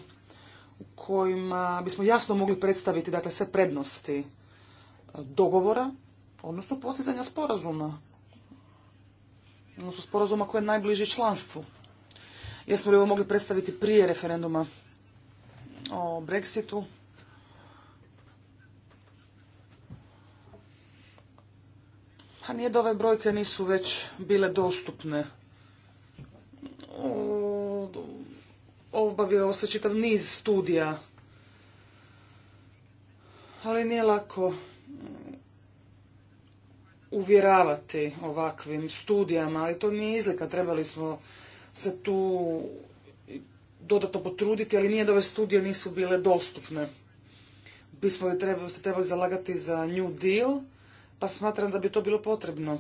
u kojima bismo jasno mogli predstaviti dakle, sve prednosti e, dogovora, odnosno postizanja sporazuma, odnosno sporazuma koje je najbliži članstvu. Jesmo li ovo mogli predstaviti prije referenduma o Brexitu? Pa nije da ove brojke nisu već bile dostupne provjerilo se čitav niz studija. Ali nije lako uvjeravati ovakvim studijama, ali to nije izlika. Trebali smo se tu dodatno potruditi, ali nije da ove studije nisu bile dostupne. Bismo smo se trebali zalagati za New Deal, pa smatram da bi to bilo potrebno.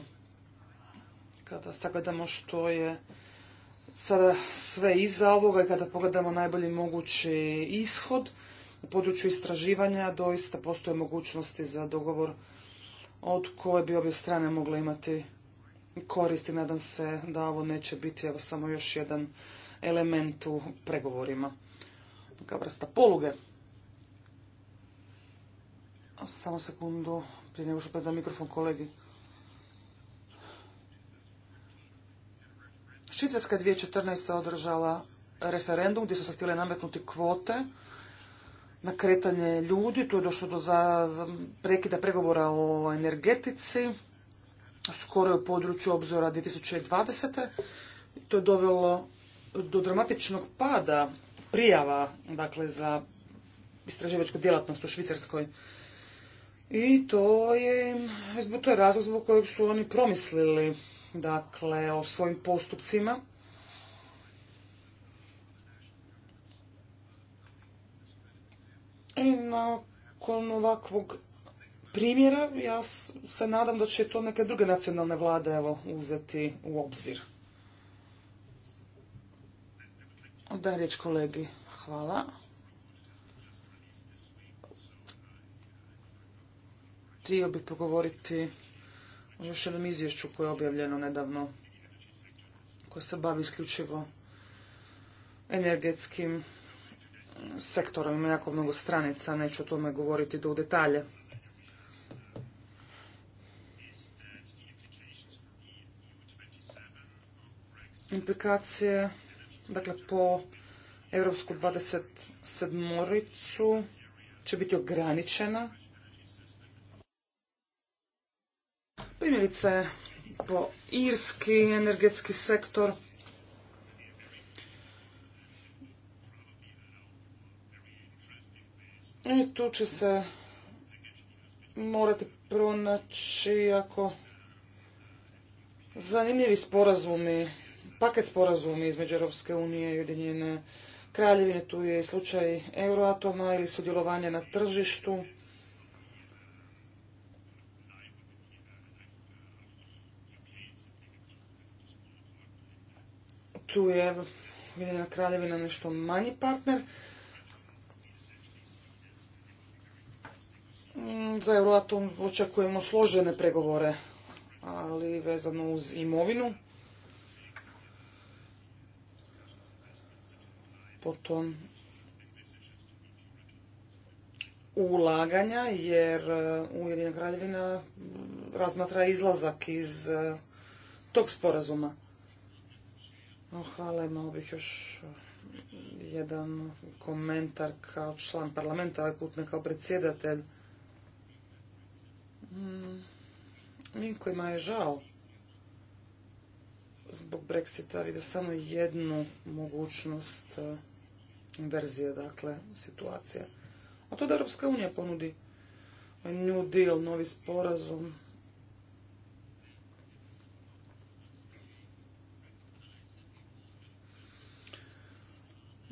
Kada sagledamo što je sada sve iza ovoga i kada pogledamo najbolji mogući ishod u području istraživanja doista postoje mogućnosti za dogovor od koje bi obje strane mogle imati koristi. Nadam se da ovo neće biti evo samo još jedan element u pregovorima. Taka vrsta poluge. Samo sekundu prije nego što predam mikrofon kolegi. Švicarska je 2014. održala referendum gdje su se htjele nametnuti kvote na kretanje ljudi. Tu je došlo do za, prekida pregovora o energetici. Skoro je u području obzora 2020. To je dovelo do dramatičnog pada prijava dakle, za istraživačku djelatnost u Švicarskoj. I to je, to je razlog zbog kojeg su oni promislili dakle o svojim postupcima. I nakon ovakvog primjera ja se nadam da će to neke druge nacionalne vlade evo, uzeti u obzir. Da, riječ kolegi. Hvala. Htio bih pogovoriti još jednom izvješću koje je objavljeno nedavno, koje se bavi isključivo energetskim sektorom. Ima jako mnogo stranica, neću o tome govoriti do detalje. Implikacije, dakle po Europsku 27-oricu će biti ograničena Primjerice, po irski energetski sektor, I tu će se morati pronaći jako zanimljivi sporazumi, paket sporazumi između Europske unije i Ujedinjene kraljevine. Tu je slučaj Euroatoma ili sudjelovanja na tržištu. tu je Ujedinjena kraljevina nešto manji partner. Mm, za Euroatom očekujemo složene pregovore, ali vezano uz imovinu. Potom ulaganja, jer uh, Ujedinjena kraljevina mm, razmatra izlazak iz uh, tog sporazuma. No, hvala, imao bih još eh, jedan komentar kao član parlamenta, akutno kao predsjedatelj. Mm, mi kojima je žao zbog Brexita vidio samo jednu mogućnost eh, verzije, dakle, situacije. A to da Europska unija ponudi eh, New Deal, novi sporazum,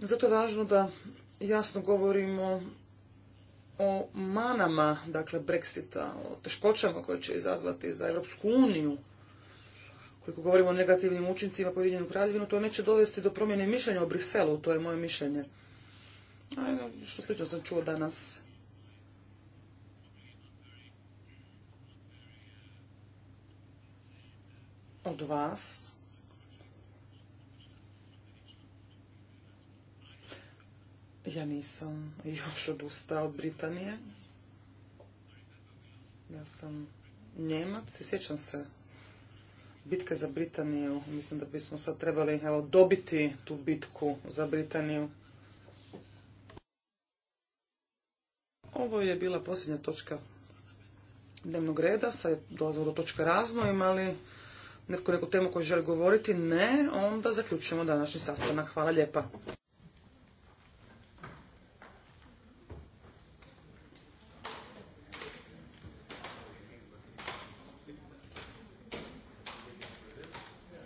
Zato je važno da jasno govorimo o manama, dakle, Brexita, o teškoćama koje će izazvati za Europsku uniju. Koliko govorimo o negativnim učincima po Ujedinjenu kraljevinu, to neće dovesti do promjene mišljenja o Briselu, to je moje mišljenje. što slično sam čuo danas. Od vas. Ja nisam još odustao od Britanije. Ja sam Njemac i sjećam se bitke za Britaniju. Mislim da bismo sad trebali evo, dobiti tu bitku za Britaniju. Ovo je bila posljednja točka dnevnog reda. Sad dolazimo do točka razno. Imali netko neku temu koju želi govoriti? Ne. Onda zaključujemo današnji sastanak. Hvala lijepa.